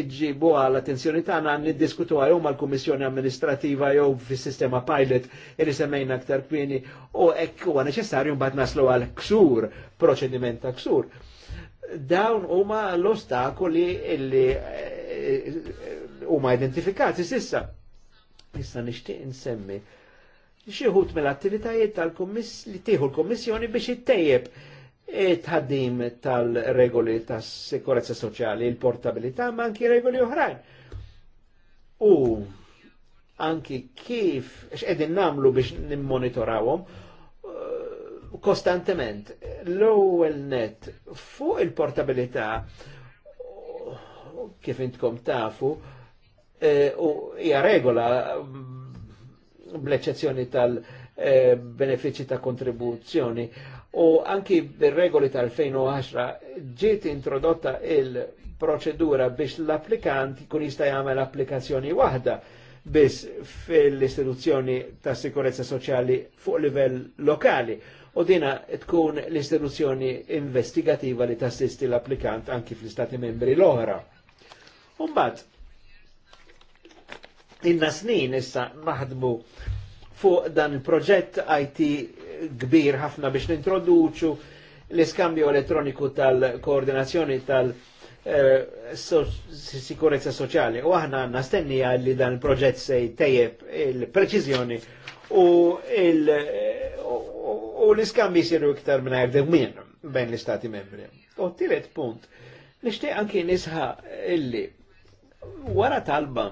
iġġibu għal attenzjoni tagħna niddiskutu għaj huma l-Kummissjoni Amministrativa jew fis-sistema pilot li semmejna aktar kwieni u hekk huwa neċessarju mbagħad naslu għal ksur, proċediment ta' ksur. Dawn huma l-ostakoli li eh, huma identifikati sissa. Issa nixtieq insemmi xi ħut mill-attivitajiet tal-kummiss li tieħu l-Kummissjoni biex jittejjeb tħaddim tal-regoli tas sikurezza soċjali, il-portabilità, ma anki regoli oħrajn. U anki kif, x'edin namlu biex nimmonitorawhom uh, kostantement. L-ewwel net fuq il-portabilità kif intkom tafu, eh, u hija regola mm, bl eċċezzjoni tal eh, benefiċċji ta' kontribuzzjoni u anki bil regoli tal-2010 ġiet introdotta il-proċedura biex l-applikant kun jista' jagħmel applikazzjoni waħda biss fil-istituzzjoni ta' sikurezza soċjali fuq livell lokali u dina tkun l-istituzzjoni investigativa li tassisti l-applikant anki fl-istati membri l-oħra. Umbat, inna snin issa naħdmu fuq dan il-proġett IT kbir ħafna biex nintroduċu l-iskambju elettroniku tal-koordinazzjoni tal-sikurezza eh, so soċjali. U aħna għanna stennija li dan il-proġett se tejjeb il-preċizjoni u, il u l-iskambi jisiru iktar minn għardewmin bejn l-istati membri. U t-tiret punt, nishtiq anki nisħa illi wara talba,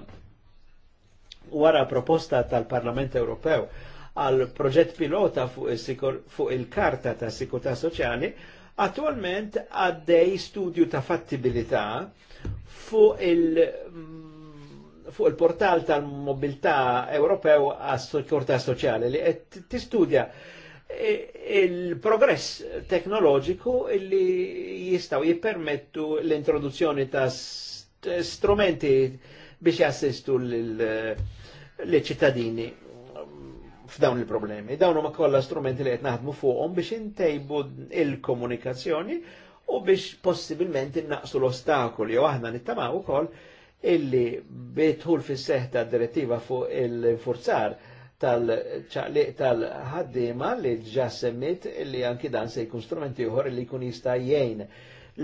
wara proposta tal-Parlament Ewropew, għal proġett pilota fuq il-karta ta' sikurtà soċjali, attualment għaddej studju ta' fattibilità fuq il- fuq il-portal tal-mobilità Ewropew għas sikurtà soċjali li qed tistudja il-progress teknoloġiku li jistaw jippermettu l-introduzzjoni ta' strumenti biex jassistu l-ċittadini f'dawn il-problemi. Dawn huma kollha strumenti li qed naħdmu fuqhom biex intejbu il-komunikazzjoni u biex possibilment innaqsu l-ostakoli u aħna nittamaw ukoll illi bitħul fis seħta direttiva fuq il-forzar tal-ċaqliq tal-ħaddima li ġa semmit illi anki dan se jkun strumenti uħor li jkun jista' jgħin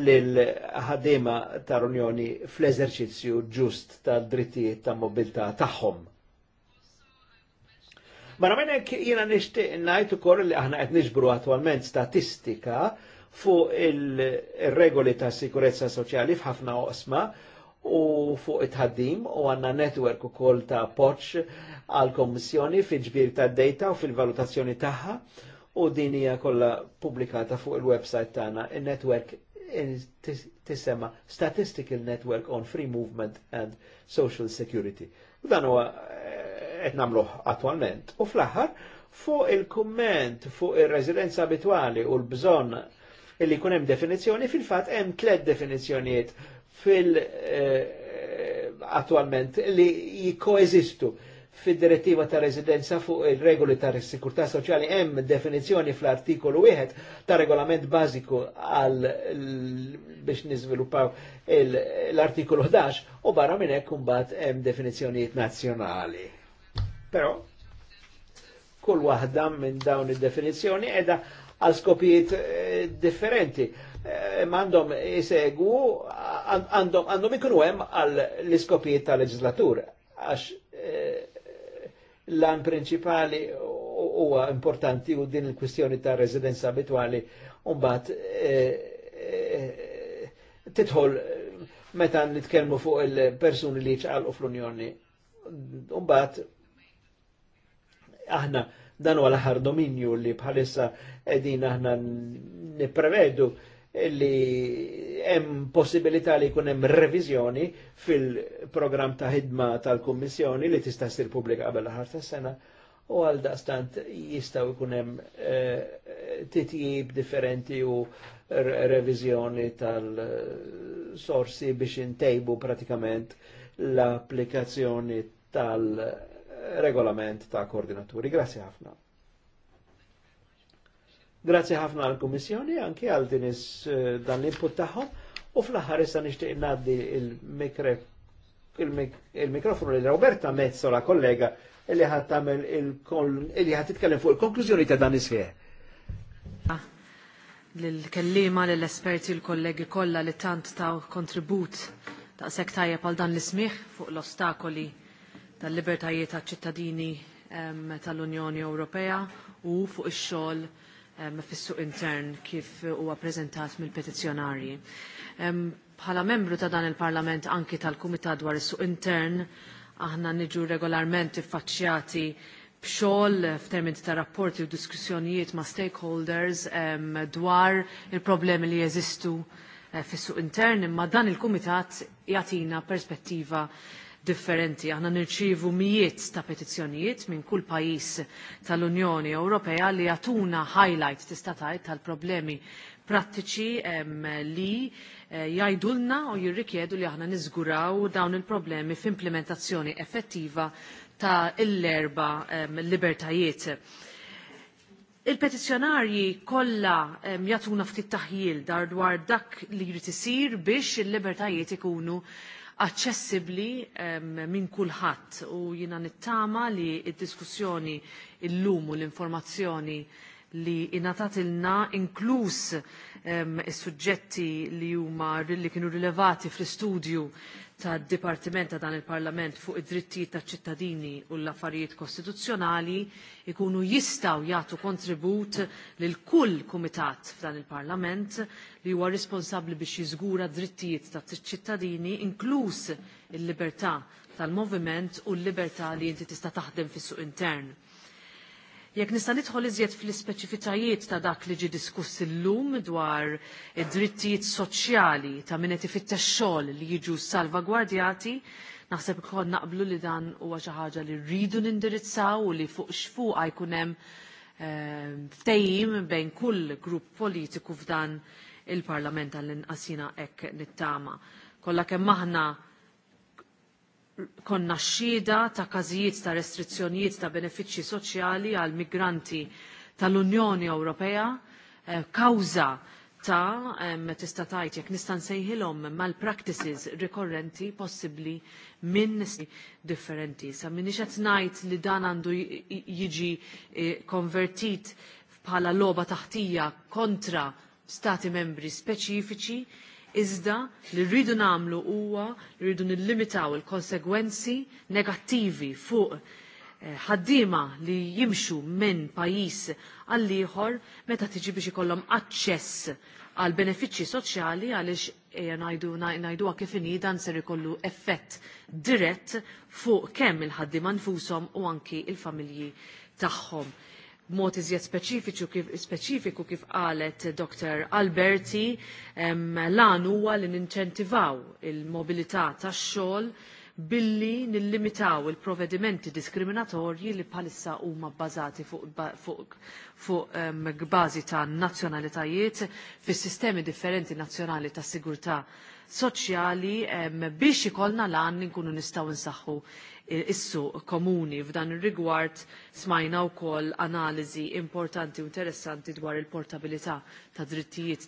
lil-ħaddima tal-Unjoni fl-eżerċizzju ġust tad drittijiet ta' Mobilta tagħhom. Mara minn hekk jiena nixtieq ngħid ukoll li aħna qed niġbru attwalment statistika fuq il-regoli ta' sikurezza soċjali f'ħafna osma u fuq it-ħaddim u għanna netwerk u koll ta' poċ għal-Kommissjoni fil-ġbir ta' data u fil-valutazzjoni tagħha u din hija kollha pubblikata fuq il-website tagħna. Il-netwerk tisema Statistical Network on Free Movement and Social Security. U dan huwa eh, qed nagħmluh attwalment. U fl-aħħar fuq il-kumment fuq ir-residenza abitwali u l-bżonn illi jkun hemm definizzjoni, fil-fatt hemm tliet definizzjonijiet fil- eh, attualment li jikoeżistu fid-direttiva ta' residenza fuq il-regoli ta' sikurtà soċjali hemm definizzjoni fl-artikolu 1 ta' regolament bażiku għal biex niżviluppaw l-artikolu 11 u barra minn hekk imbagħad hemm definizzjonijiet nazzjonali. Però kull waħda minn dawn id-definizzjoni edha għal skopijiet eh, differenti. Eh, Mandom jisegwu, għandhom ikunu hemm għal l-iskopijiet tal-leġislatur, għax eh, l-an prinċipali huwa importanti u din il-kwistjoni ta' residenza abitwali bat titħol meta nitkellmu fuq il-persuni li ċaqalqu fl-Unjoni. bat aħna dan huwa l-aħħar dominju li bħalissa qegħdin aħna nipprevedu li hemm possibilità li jkun hemm reviżjoni fil-programm ta' ħidma tal-Kummissjoni li tista' ssir pubblika qabel aħħar tas-sena u għal daqstant jistaw jkun hemm eh, titjib differenti u reviżjoni tal-sorsi biex intejbu pratikament l-applikazzjoni tal- regolament ta' koordinaturi. Grazie ħafna. Grazie ħafna għal kummissjoni anki għal din eh, dan l-input tagħhom u fl-aħħar issa nixtieq ngħaddi il-mikrofonu lil Roberta Mezzo, la kollega li ħadd tagħmel li ħadd titkellem fuq il-konklużjoni ta' dan is-sfieħ.
Lill-kellima lill-esperti l-kollegi kollha li tant ta' kontribut ta' sektajja pal dan l-ismih fuq l-ostakoli tal-libertajiet tal-ċittadini tal-Unjoni Ewropea u fuq ix-xogħol fis-suq intern kif huwa preżentat mill-petizzjonarji. Bħala membru ta' dan il-Parlament anki tal-Kumitat dwar is-suq intern aħna niġu regolarment iffaċċjati b'xogħol f'termini ta' rapporti u diskussjonijiet ma' stakeholders dwar il-problemi li jeżistu eh, fis-suq intern imma dan il-kumitat jagħtina perspettiva differenti. Aħna nirċievu mijiet ta' petizzjonijiet minn kull pajjiż tal-Unjoni Ewropea li jagħtuna highlight tista' tgħid tal-problemi prattiċi li eh, jgħidulna u jirrikjedu li aħna niżguraw dawn il-problemi f'implementazzjoni effettiva ta' l-erba libertajiet. Il-petizjonarji kollha jagħtuna ftit taħjil dar dwar dak li jrid isir biex il-libertajiet ikunu aċċessibbli ehm, minn kulħadd u jiena nittama li d-diskussjoni illum u l-informazzjoni li inatat ilna inkluż is-suġġetti ehm, e li huma li kienu rilevati fl-istudju tad dipartiment ta' dan il-Parlament fuq id-drittijiet taċ ċittadini u l-affarijiet kostituzzjonali ikunu jistaw jagħtu kontribut lil kull kumitat f'dan il-Parlament li huwa responsabbli biex jiżgura drittijiet ta' ċittadini inkluż il-libertà tal-moviment u l-libertà li inti tista' taħdem fis-suq intern. Jekk nista' nidħol iżjed fl-ispeċifitajiet ta' dak li ġi diskuss illum dwar id-drittijiet soċjali ta' min qed ifittex xogħol li jiġu salvagwardjati, naħseb ikon naqblu li dan huwa xi ħaġa li rridu nindirizzaw u li fuq xfuqa jkun hemm ehm, ftehim bejn kull grupp politiku f'dan il-Parlament għall-inqasina hekk nittama. Kollha kemm aħna konna xhieda ta' każijiet ta' restrizzjonijiet ta' benefiċċji soċjali għal migranti tal-Unjoni Ewropea eh, kawża ta' tista' tgħid jekk nista' nsejħilhom mal-practices rikorrenti possibbli minn differenti. Sa minix qed ngħid li dan għandu jiġi eh, konvertit bħala logħba taħtija kontra stati membri speċifiċi, Iżda li rridu namlu huwa li rridu nillimitaw il-konsegwenzi negattivi fuq eh, ħaddima li jimxu minn pajis għall ieħor meta tiġi biex ikollhom aċċess għal benefiċċji soċjali għaliex eh, ngħiduha kif inhi dan ser ikollu effett dirett fuq kemm il-ħaddiema nfushom u anki il-familji tagħhom b'mod iżjed speċifiku kif, speċifiku kif qalet Dr. Alberti lan huwa li ninċentivaw il-mobilità tax-xogħol billi nillimitaw il-provedimenti diskriminatorji li bħalissa huma bbażati fuq, fuq, fuq ta' nazzjonalitajiet fis-sistemi differenti nazzjonali ta' sigurtà soċjali biex ikollna lan nkunu nistgħu nsaħħu issu komuni f'dan ir-rigward smajna wkoll analiżi importanti u interessanti dwar il-portabilità ta' drittijiet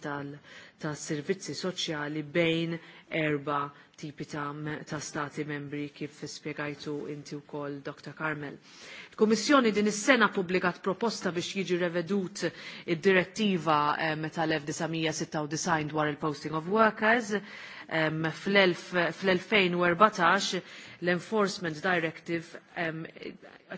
tas-servizzi soċjali bejn erba tipi ta', ta stati membri kif spiegajtu inti wkoll Dr. Carmel. Il-Kummissjoni din is-sena pubblikat proposta biex jiġi revedut id-direttiva eh, meta l-1996 dwar il-posting of workers Um, fl-2014 l-Enforcement Directive um,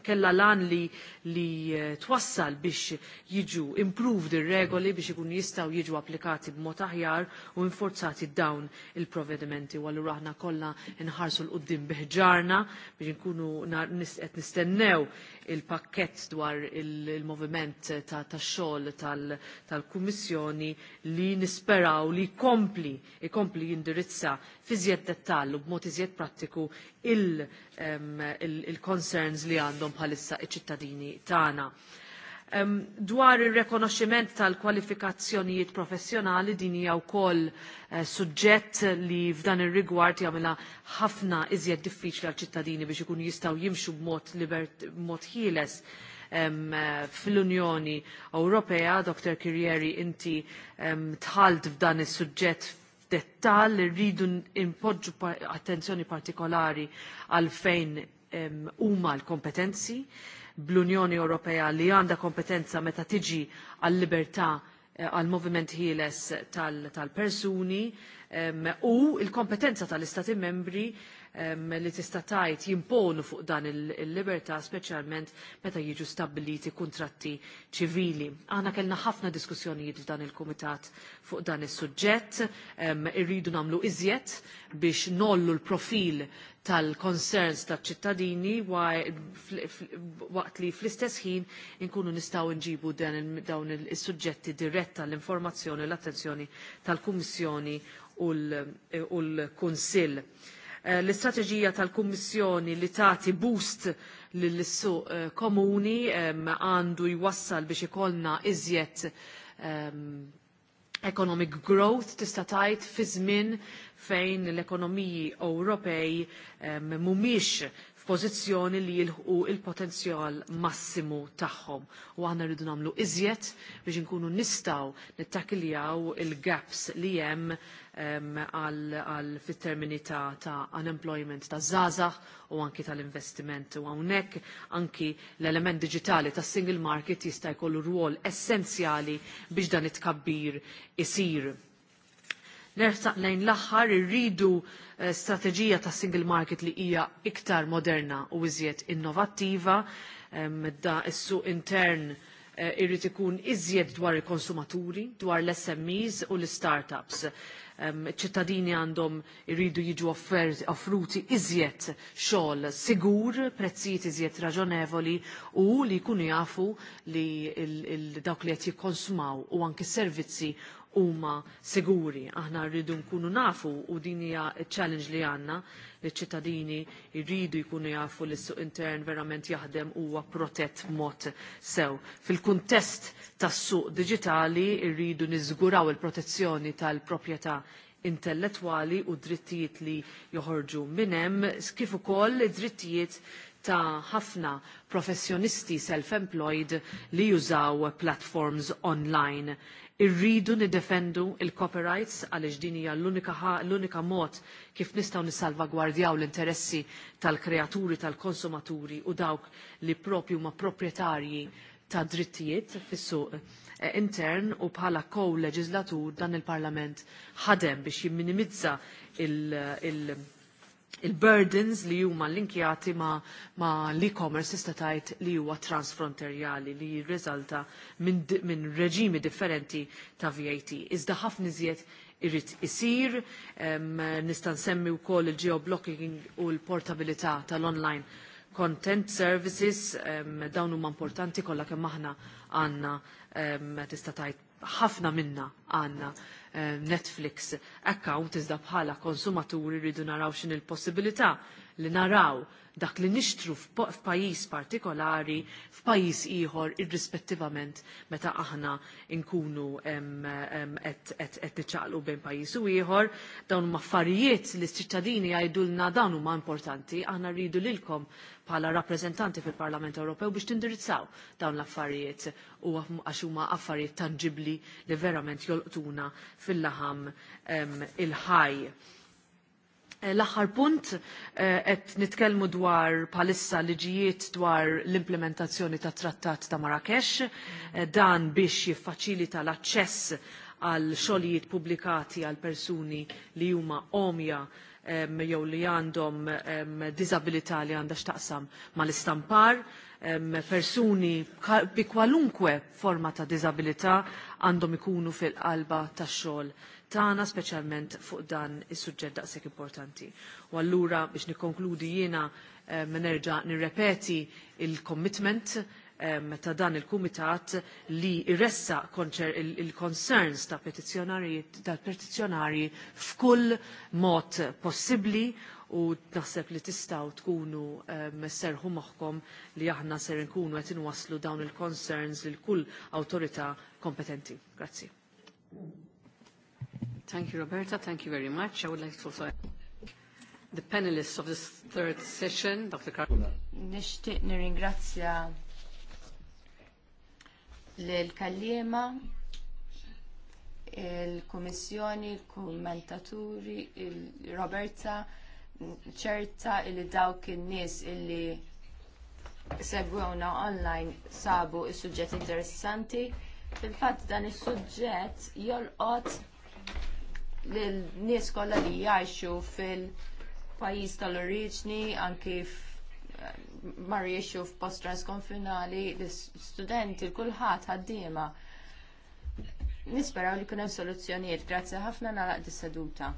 kella lan li, li eh, twassal biex jiġu improved ir-regoli biex ikun jistaw jiġu applikati b'mod aħjar u nforzati dawn il provedimenti U allura aħna kollha nħarsu l qoddim biħġarna biex nkunu qed nistennew il-pakkett dwar il-moviment tax-xogħol tal-Kummissjoni li nisperaw li kompli, kompli jindirizza tindirizza fi żjed dettallu b'mod iżjed prattiku il-concerns li għandhom bħalissa iċ-ċittadini tagħna. Dwar il-rekonoxximent tal-kwalifikazzjonijiet professjonali din hija wkoll eh, suġġett li f'dan ir-rigward jagħmilha ħafna iżjed diffiċli għal ċittadini biex ikunu jistgħu jimxu b'mod ħieles eh, fl-Unjoni Ewropea. Dr. Kirjeri, inti tħalt f'dan is-suġġett Dettall, irridu impoġġu attenzjoni partikolari għal fejn huma l-kompetenzi bl-Unjoni Ewropea li għandha kompetenza meta tiġi għal libertà eh, għal moviment ħieles tal-persuni tal u l kompetenza tal-Istati membri li tista' tgħid jimponu fuq dan il-libertà speċjalment meta jiġu stabbiliti kuntratti ċivili. Aħna kellna ħafna diskussjonijiet f'dan il-kumitat fuq dan is-suġġett, irridu nagħmlu iżjed biex nollu l-profil tal-concerns tal-ċittadini waqt li fl-istess ħin inkunu nistaw nġibu dawn il-sujġetti dirett tal-informazzjoni u l-attenzjoni tal-Kummissjoni u l-Kunsill. Eh, l-istrateġija tal-Kummissjoni li tagħti boost lill-suq eh, komuni għandu jwassal biex ikollna iżjed economic growth tista' tgħid fi żmien fejn l-ekonomiji Ewropej mhumiex f'pożizzjoni li jilħu il-potenzjal massimu tagħhom u aħna rridu nagħmlu iżjed biex inkunu nistgħu nittakiljaw il-gaps li hemm għal fit-termini ta', ta unemployment ta' zazax u anki tal-investiment u hawnhekk anki l-element diġitali tas single market jista' jkollu rwol essenzjali biex dan it kabbir isir nersaq lejn l-aħħar irridu eh, strateġija ta' single market li hija iktar moderna u iżjed innovattiva, da is-suq intern eh, irrid ikun iżjed dwar il-konsumaturi, dwar l-SMEs u l-startups. ċittadini għandhom irridu jiġu offruti iżjed xogħol sigur, prezzijiet iżjed raġonevoli u li jkunu jafu li dawk li qed jikkonsumaw u anki servizzi huma siguri. Aħna rridu nkunu nafu u din hija challenge li għandna li ċittadini jridu jkunu jafu li s-suq intern verament jaħdem huwa protett mod sew. Fil-kuntest tas-suq diġitali rridu niżguraw il-protezzjoni tal-proprjetà intellettwali u drittijiet li joħorġu minn hemm kif ukoll drittijiet ta' ħafna professjonisti self-employed li jużaw platforms online. Irridu niddefendu il-copyrights għaliex din hija l-unika mod kif nistgħu nissalvagwardjaw l-interessi tal-kreaturi, tal-konsumaturi u dawk li propju ma proprjetarji ta' drittijiet fis-suq eh, intern u bħala kow leġislatur dan il-Parlament ħadem biex jimminimizza il-, il il-burdens li huma linkjati ma, ma l-e-commerce tista' tgħid li huwa transfronterjali li jirriżalta minn min reġimi differenti ta' VAT. Iżda ħafna iżjed irrit isir, um, nista' nsemmi wkoll il-geoblocking u l-portabilità tal-online content services um, dawn huma importanti kollha kemm aħna għandna um, tista' tgħid ħafna minna għandna Eh, Netflix account iżda bħala konsumaturi rridu naraw xin il-possibilità li naraw dak li nixtru f'pajjiż partikolari, f'pajjiż ieħor irrispettivament meta aħna nkunu qed niċċaqlu bejn pajjiżu u ieħor, dawn maffarijiet li s-ċittadini jgħidulna dawn huma importanti, aħna rridu lilkom bħala rappreżentanti fil-Parlament Ewropew biex tindirizzaw dawn l-affarijiet u għax huma affarijiet tangibli li verament jolqtuna fil-laħam il-ħaj. Eh, l-aħħar punt eh, qed nitkellmu dwar palissa liġijiet dwar l-implementazzjoni ta' trattat ta' Marrakesh eh, dan biex jiffaċilita l-aċċess għal xogħlijiet pubblikati għal persuni li huma omja jew li għandhom disabilità li għandha x'taqsam mal-istampar, persuni bi kwalunkwe forma ta' disabilità għandhom ikunu fil-qalba tax-xogħol tagħna speċjalment fuq dan is-suġġett daqshekk importanti. U allura biex nikkonkludi jiena nerġa' nirrepeti il-commitment ta' dan il-Kumitat li irressa il-concerns ta' petizzjonarji f'kull mod possibbli u naħseb li tistaw tkunu serħu moħħkom li aħna ser nkunu qed inwasslu dawn il-concerns l kull autorita kompetenti. Grazzi. Thank you, Roberta. Thank you very much. I would like to also the panelists of this third session, Dr. Carter.
Nishtiq nirringrazzja l-kallima, il-Kummissjoni, il-Kummentaturi, il-Roberta, ċerta li dawk in-nies illi segwewna online sabu s suġġett interessanti. Fil-fatt dan is-suġġett jolqot lil nies kollha li jajxu fil-pajjiż tal-oriġni anki f f'post transkonfinali l student l-kulħadd għaddima.
Nisperaw li kunem soluzzjonijiet. Grazzi ħafna nalaq dis-seduta.